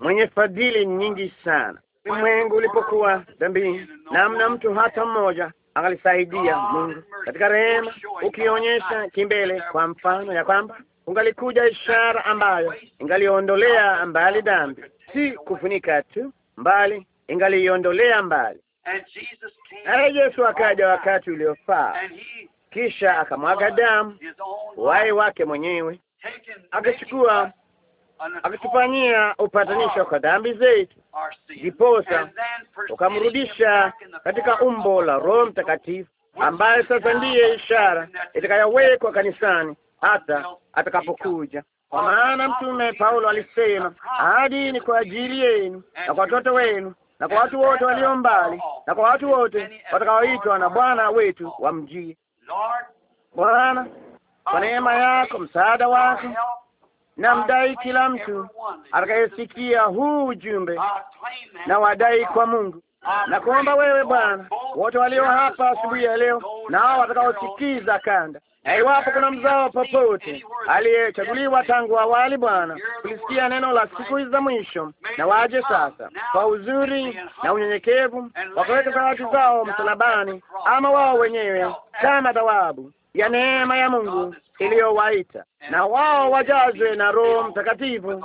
mwenye fadhili nyingi sana, ulimwengu ulipokuwa dhambini, namna mtu hata mmoja angalisaidia Mungu katika rehema, ukionyesha kimbele kwa mfano ya kwamba ungalikuja ishara ambayo ingaliondolea mbali dhambi, si kufunika tu, mbali ingaliondolea mbali. Naye Yesu akaja wakati uliofaa, kisha akamwaga damu uhai wake mwenyewe, akachukua akatufanyia upatanisho kwa dhambi zetu, ndiposa ukamrudisha katika umbo la Roho Mtakatifu, ambaye sasa ndiye ishara itakayowekwa kanisani hata atakapokuja. Kwa maana Mtume Paulo alisema, ahadi ni kwa ajili yenu na kwa watoto wenu na kwa watu wote walio mbali na kwa watu wote watakaoitwa na Bwana wetu wa mjii. Bwana, kwa neema yako, msaada wako, na mdai kila mtu atakayesikia huu ujumbe na wadai kwa Mungu na kuomba wewe Bwana, wote walio hapa asubuhi ya leo, hao watakaosikiza kanda na iwapo kuna mzao popote aliyechaguliwa tangu awali, Bwana, kulisikia neno la siku za mwisho, na waje sasa kwa uzuri na unyenyekevu, wakaweka sawati zao msalabani, ama wao wenyewe kama thawabu ya neema ya Mungu iliyowaita, na wao wajazwe na Roho Mtakatifu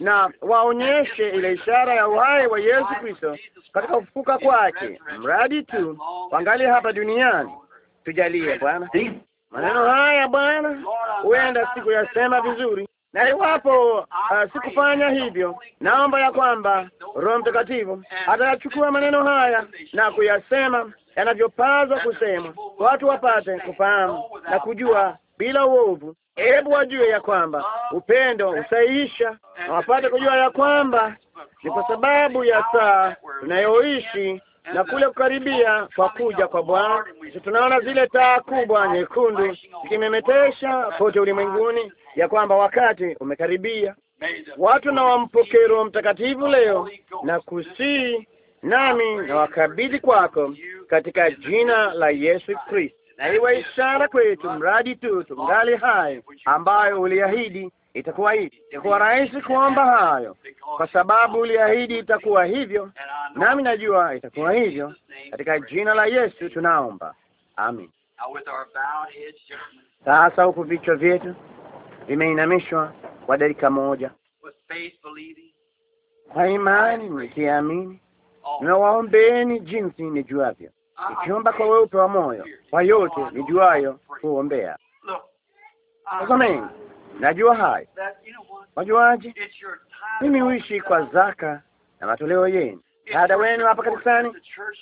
na waonyeshe ile ishara ya uhai wa Yesu Kristo katika kufuka kwake, mradi tu wangali hapa duniani. Tujalie Bwana maneno haya Bwana, huenda sikuyasema vizuri, na iwapo uh, sikufanya hivyo, naomba ya kwamba Roho Mtakatifu atayachukua maneno haya na kuyasema yanavyopaswa kusema watu wapate kufahamu na kujua bila uovu. Hebu wajue ya kwamba upendo usaiisha, na wapate kujua ya kwamba ni kwa sababu ya saa tunayoishi na kule kukaribia kwa kuja kwa Bwana, tunaona zile taa kubwa nyekundu zikimemetesha kote ulimwenguni, ya kwamba wakati umekaribia. Watu na wampokee Roho Mtakatifu leo na kusii nami na wakabidhi kwako katika jina la Yesu Kristo, na iwe ishara kwetu, mradi tu tungali hai, ambayo uliahidi itakuwa hivi. Itakuwa rahisi kuomba hayo, kwa sababu uliahidi itakuwa hivyo, nami najua itakuwa hivyo. Katika jina la Yesu tunaomba, amin. Sasa huku vichwa vyetu vimeinamishwa kwa dakika moja, kwa imani nikiamini, nawaombeeni jinsi nijuavyo, nikiomba kwa weupe wa moyo, kwa yote nijuayo kuombea. Tazameni najua hayo. Wajuaje? Mimi huishi kwa zaka na matoleo yenu. Ada wenu hapa kanisani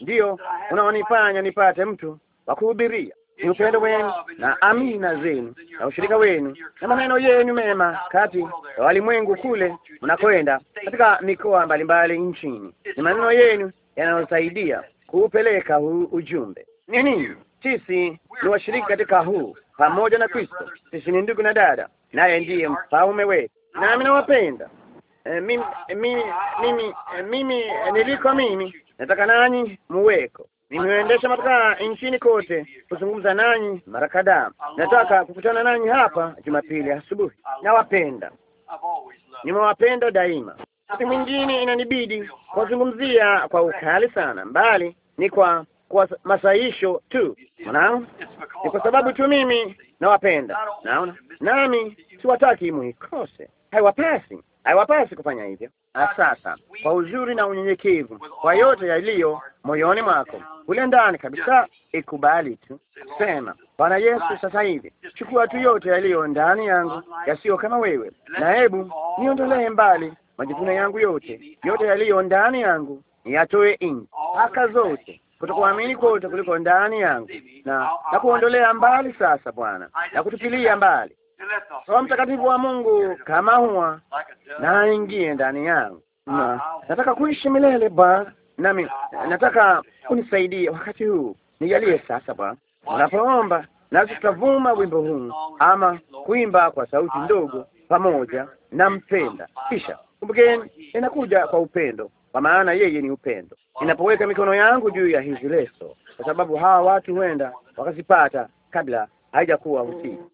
ndiyo unaonifanya nipate mtu wa kuhubiria. Ni upendo wenu na amina zenu na ushirika wenu na maneno yenu mema kati ya walimwengu kule mnakoenda katika mikoa mbalimbali nchini. Ni maneno yenu yanayosaidia kuupeleka huu ujumbe. Ni nini? Sisi ni washiriki katika huu pamoja na Kristo. Sisi ni ndugu na dada, naye ndiye mfalme wetu, nami nawapenda eh, mimi eh, mimi eh, niliko mimi, nataka nanyi muweko. Nimeendesha mataka nchini kote kuzungumza nanyi mara kadhaa. Nataka kukutana nanyi hapa Jumapili asubuhi. Nawapenda, nimewapenda daima. Wakati mwingine inanibidi kuwazungumzia kwa ukali sana, mbali ni kwa kwa masaisho tu, mwanangu, ni kwa sababu tu mimi nawapenda, naona nami siwataki muikose. Haiwapasi, haiwapasi kufanya hivyo. Sasa kwa uzuri na unyenyekevu, kwa yote yaliyo moyoni mwako kule ndani kabisa, ikubali tu, sema Bwana Yesu, sasa hivi chukua tu yote yaliyo ndani yangu yasiyo kama wewe, na hebu niondolee mbali majivuno yangu yote, yote yaliyo ndani yangu niyatoe nje, haka zote kutokuamini kote kuliko ndani yangu, na na kuondolea mbali sasa, Bwana, na kutupilia mbali Roho Mtakatifu wa Mungu kama huwa na ingie ndani yangu, na nataka kuishi milele Bwana, nami nataka unisaidie wakati huu, nijalie sasa Bwana, unapoomba nasi tutavuma wimbo huu ama kuimba kwa sauti ndogo pamoja na mpenda. Kisha kumbukeni, inakuja kwa upendo, kwa maana yeye ni upendo ninapoweka mikono yangu juu ya hizi leso, kwa sababu hawa watu huenda wakazipata kabla haijakuwa usiku.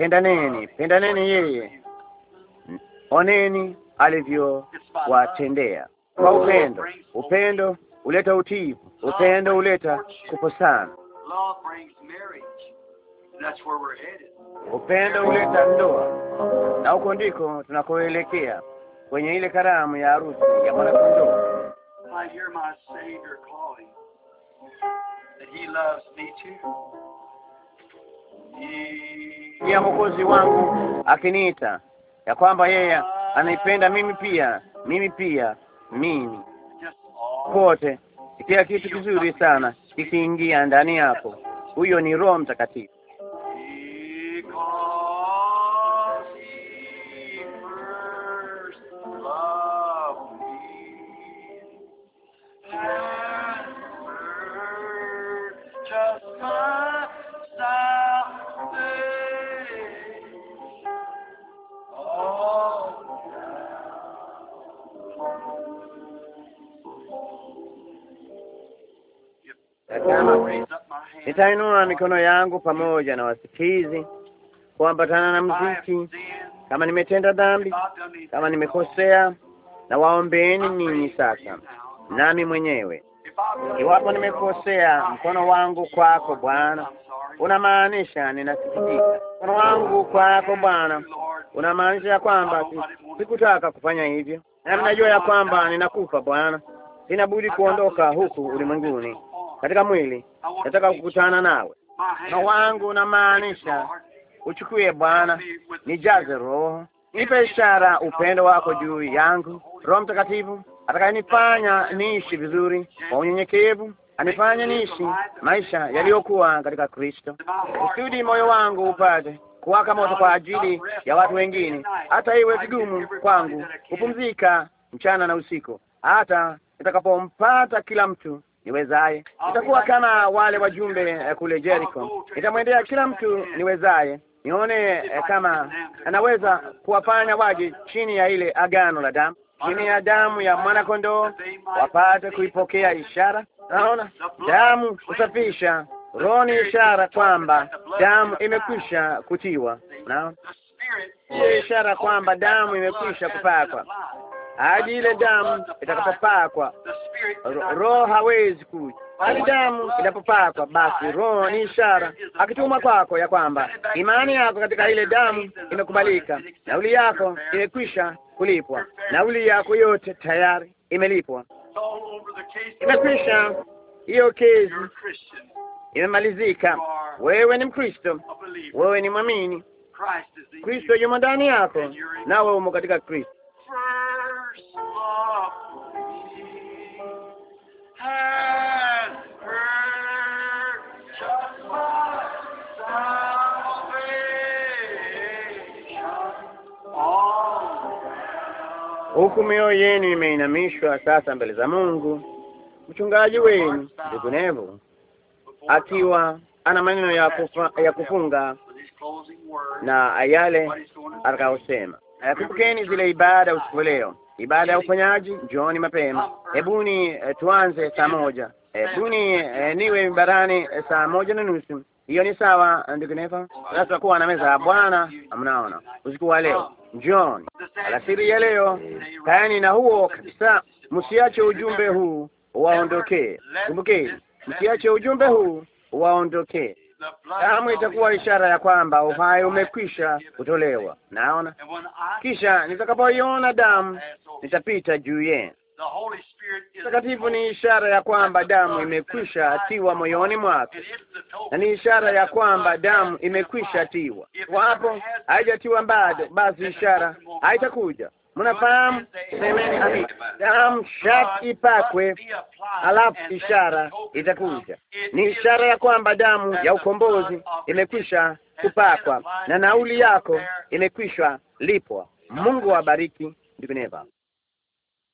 pendaneni, pendaneni yeye, oneni alivyowatendea kwa upendo. Upendo huleta utiifu, upendo huleta kuposana, upendo huleta ndoa, na huko ndiko tunakoelekea kwenye ile karamu ya harusi ya too. He ya Mwokozi wangu akiniita, ya kwamba yeye anaipenda mimi pia, mimi pia, mimi pote, kila kitu kizuri sana kikiingia ndani yako. Huyo ni Roho Mtakatifu. Nitainua mikono yangu pamoja na wasikizi kuambatana na mziki, kama nimetenda dhambi, kama nimekosea, na waombeeni ninyi sasa, nami mwenyewe iwapo nimekosea. Mkono wangu kwako Bwana unamaanisha ninasikitika. Mkono wangu kwako Bwana unamaanisha ya kwamba sikutaka kufanya hivyo, nami najua ya kwamba ninakufa Bwana, sina budi kuondoka huku ulimwenguni katika mwili, nataka kukutana nawe na wangu namaanisha, uchukue Bwana, nijaze Roho, nipe ishara upendo wako juu yangu. Roho Mtakatifu atakayenifanya niishi vizuri kwa unyenyekevu, anifanye niishi maisha yaliyokuwa katika Kristo, kusudi moyo wangu upate kuwaka moto kwa ajili ya watu wengine, hata iwe vigumu kwangu kupumzika mchana na usiku, hata nitakapompata kila mtu niwezaye. Itakuwa kama wale wajumbe eh, kule Jericho, nitamwendea kila mtu niwezaye, nione eh, kama anaweza kuwafanya waje chini ya ile agano la damu, chini ya damu ya mwanakondoo, wapate kuipokea ishara. Naona damu kusafisha roho ni ishara kwamba damu imekwisha kutiwa, naona ishara kwamba damu imekwisha kupakwa hadi ile damu itakapopakwa. Roho hawezi kuja hadi damu inapopakwa. Basi roho ni ishara akitumwa kwako ya kwamba imani yako katika ile damu imekubalika, nauli yako imekwisha kulipwa, nauli yako yote tayari imelipwa, imekwisha. Hiyo kesi imemalizika. Wewe ni Mkristo, wewe ni mwamini. Kristo yumo ndani yako, nawe umo katika Kristo. Huku mioyo yenu imeinamishwa sasa mbele za Mungu, mchungaji wenu ndugu akiwa ana maneno ya, kufa, ya kufunga na yale atakayosema. Kumbukeni zile ibada usiku leo ibada ya uponyaji, njooni mapema. Hebuni eh, tuanze saa moja. Eh, Hebuni e, eh, niwe mibarani saa moja na nusu. Hiyo ni sawa, ndugu Neva? Sasa tutakuwa na meza ya Bwana, mnaona, usiku wa leo, njooni alasiri ya leo. Kayani na huo kabisa, msiache ujumbe huu waondokee. Kumbukeni, msiache ujumbe huu waondokee damu itakuwa ishara ya kwamba uhai umekwisha kutolewa. Naona kisha nitakapoiona damu nitapita juu yenu. Takatifu ni ishara ya kwamba damu imekwisha atiwa moyoni mwako, na ni ishara ya kwamba damu imekwisha atiwa wapo haijatiwa bado, basi ishara haitakuja mnafahamu, semeni amina. Yaani, damu shati ipakwe, alafu ishara itakuja. Ni ishara ya kwamba damu ya ukombozi imekwisha kupakwa na nauli yako imekwishwa lipwa. Mungu awabariki ndugu Neva.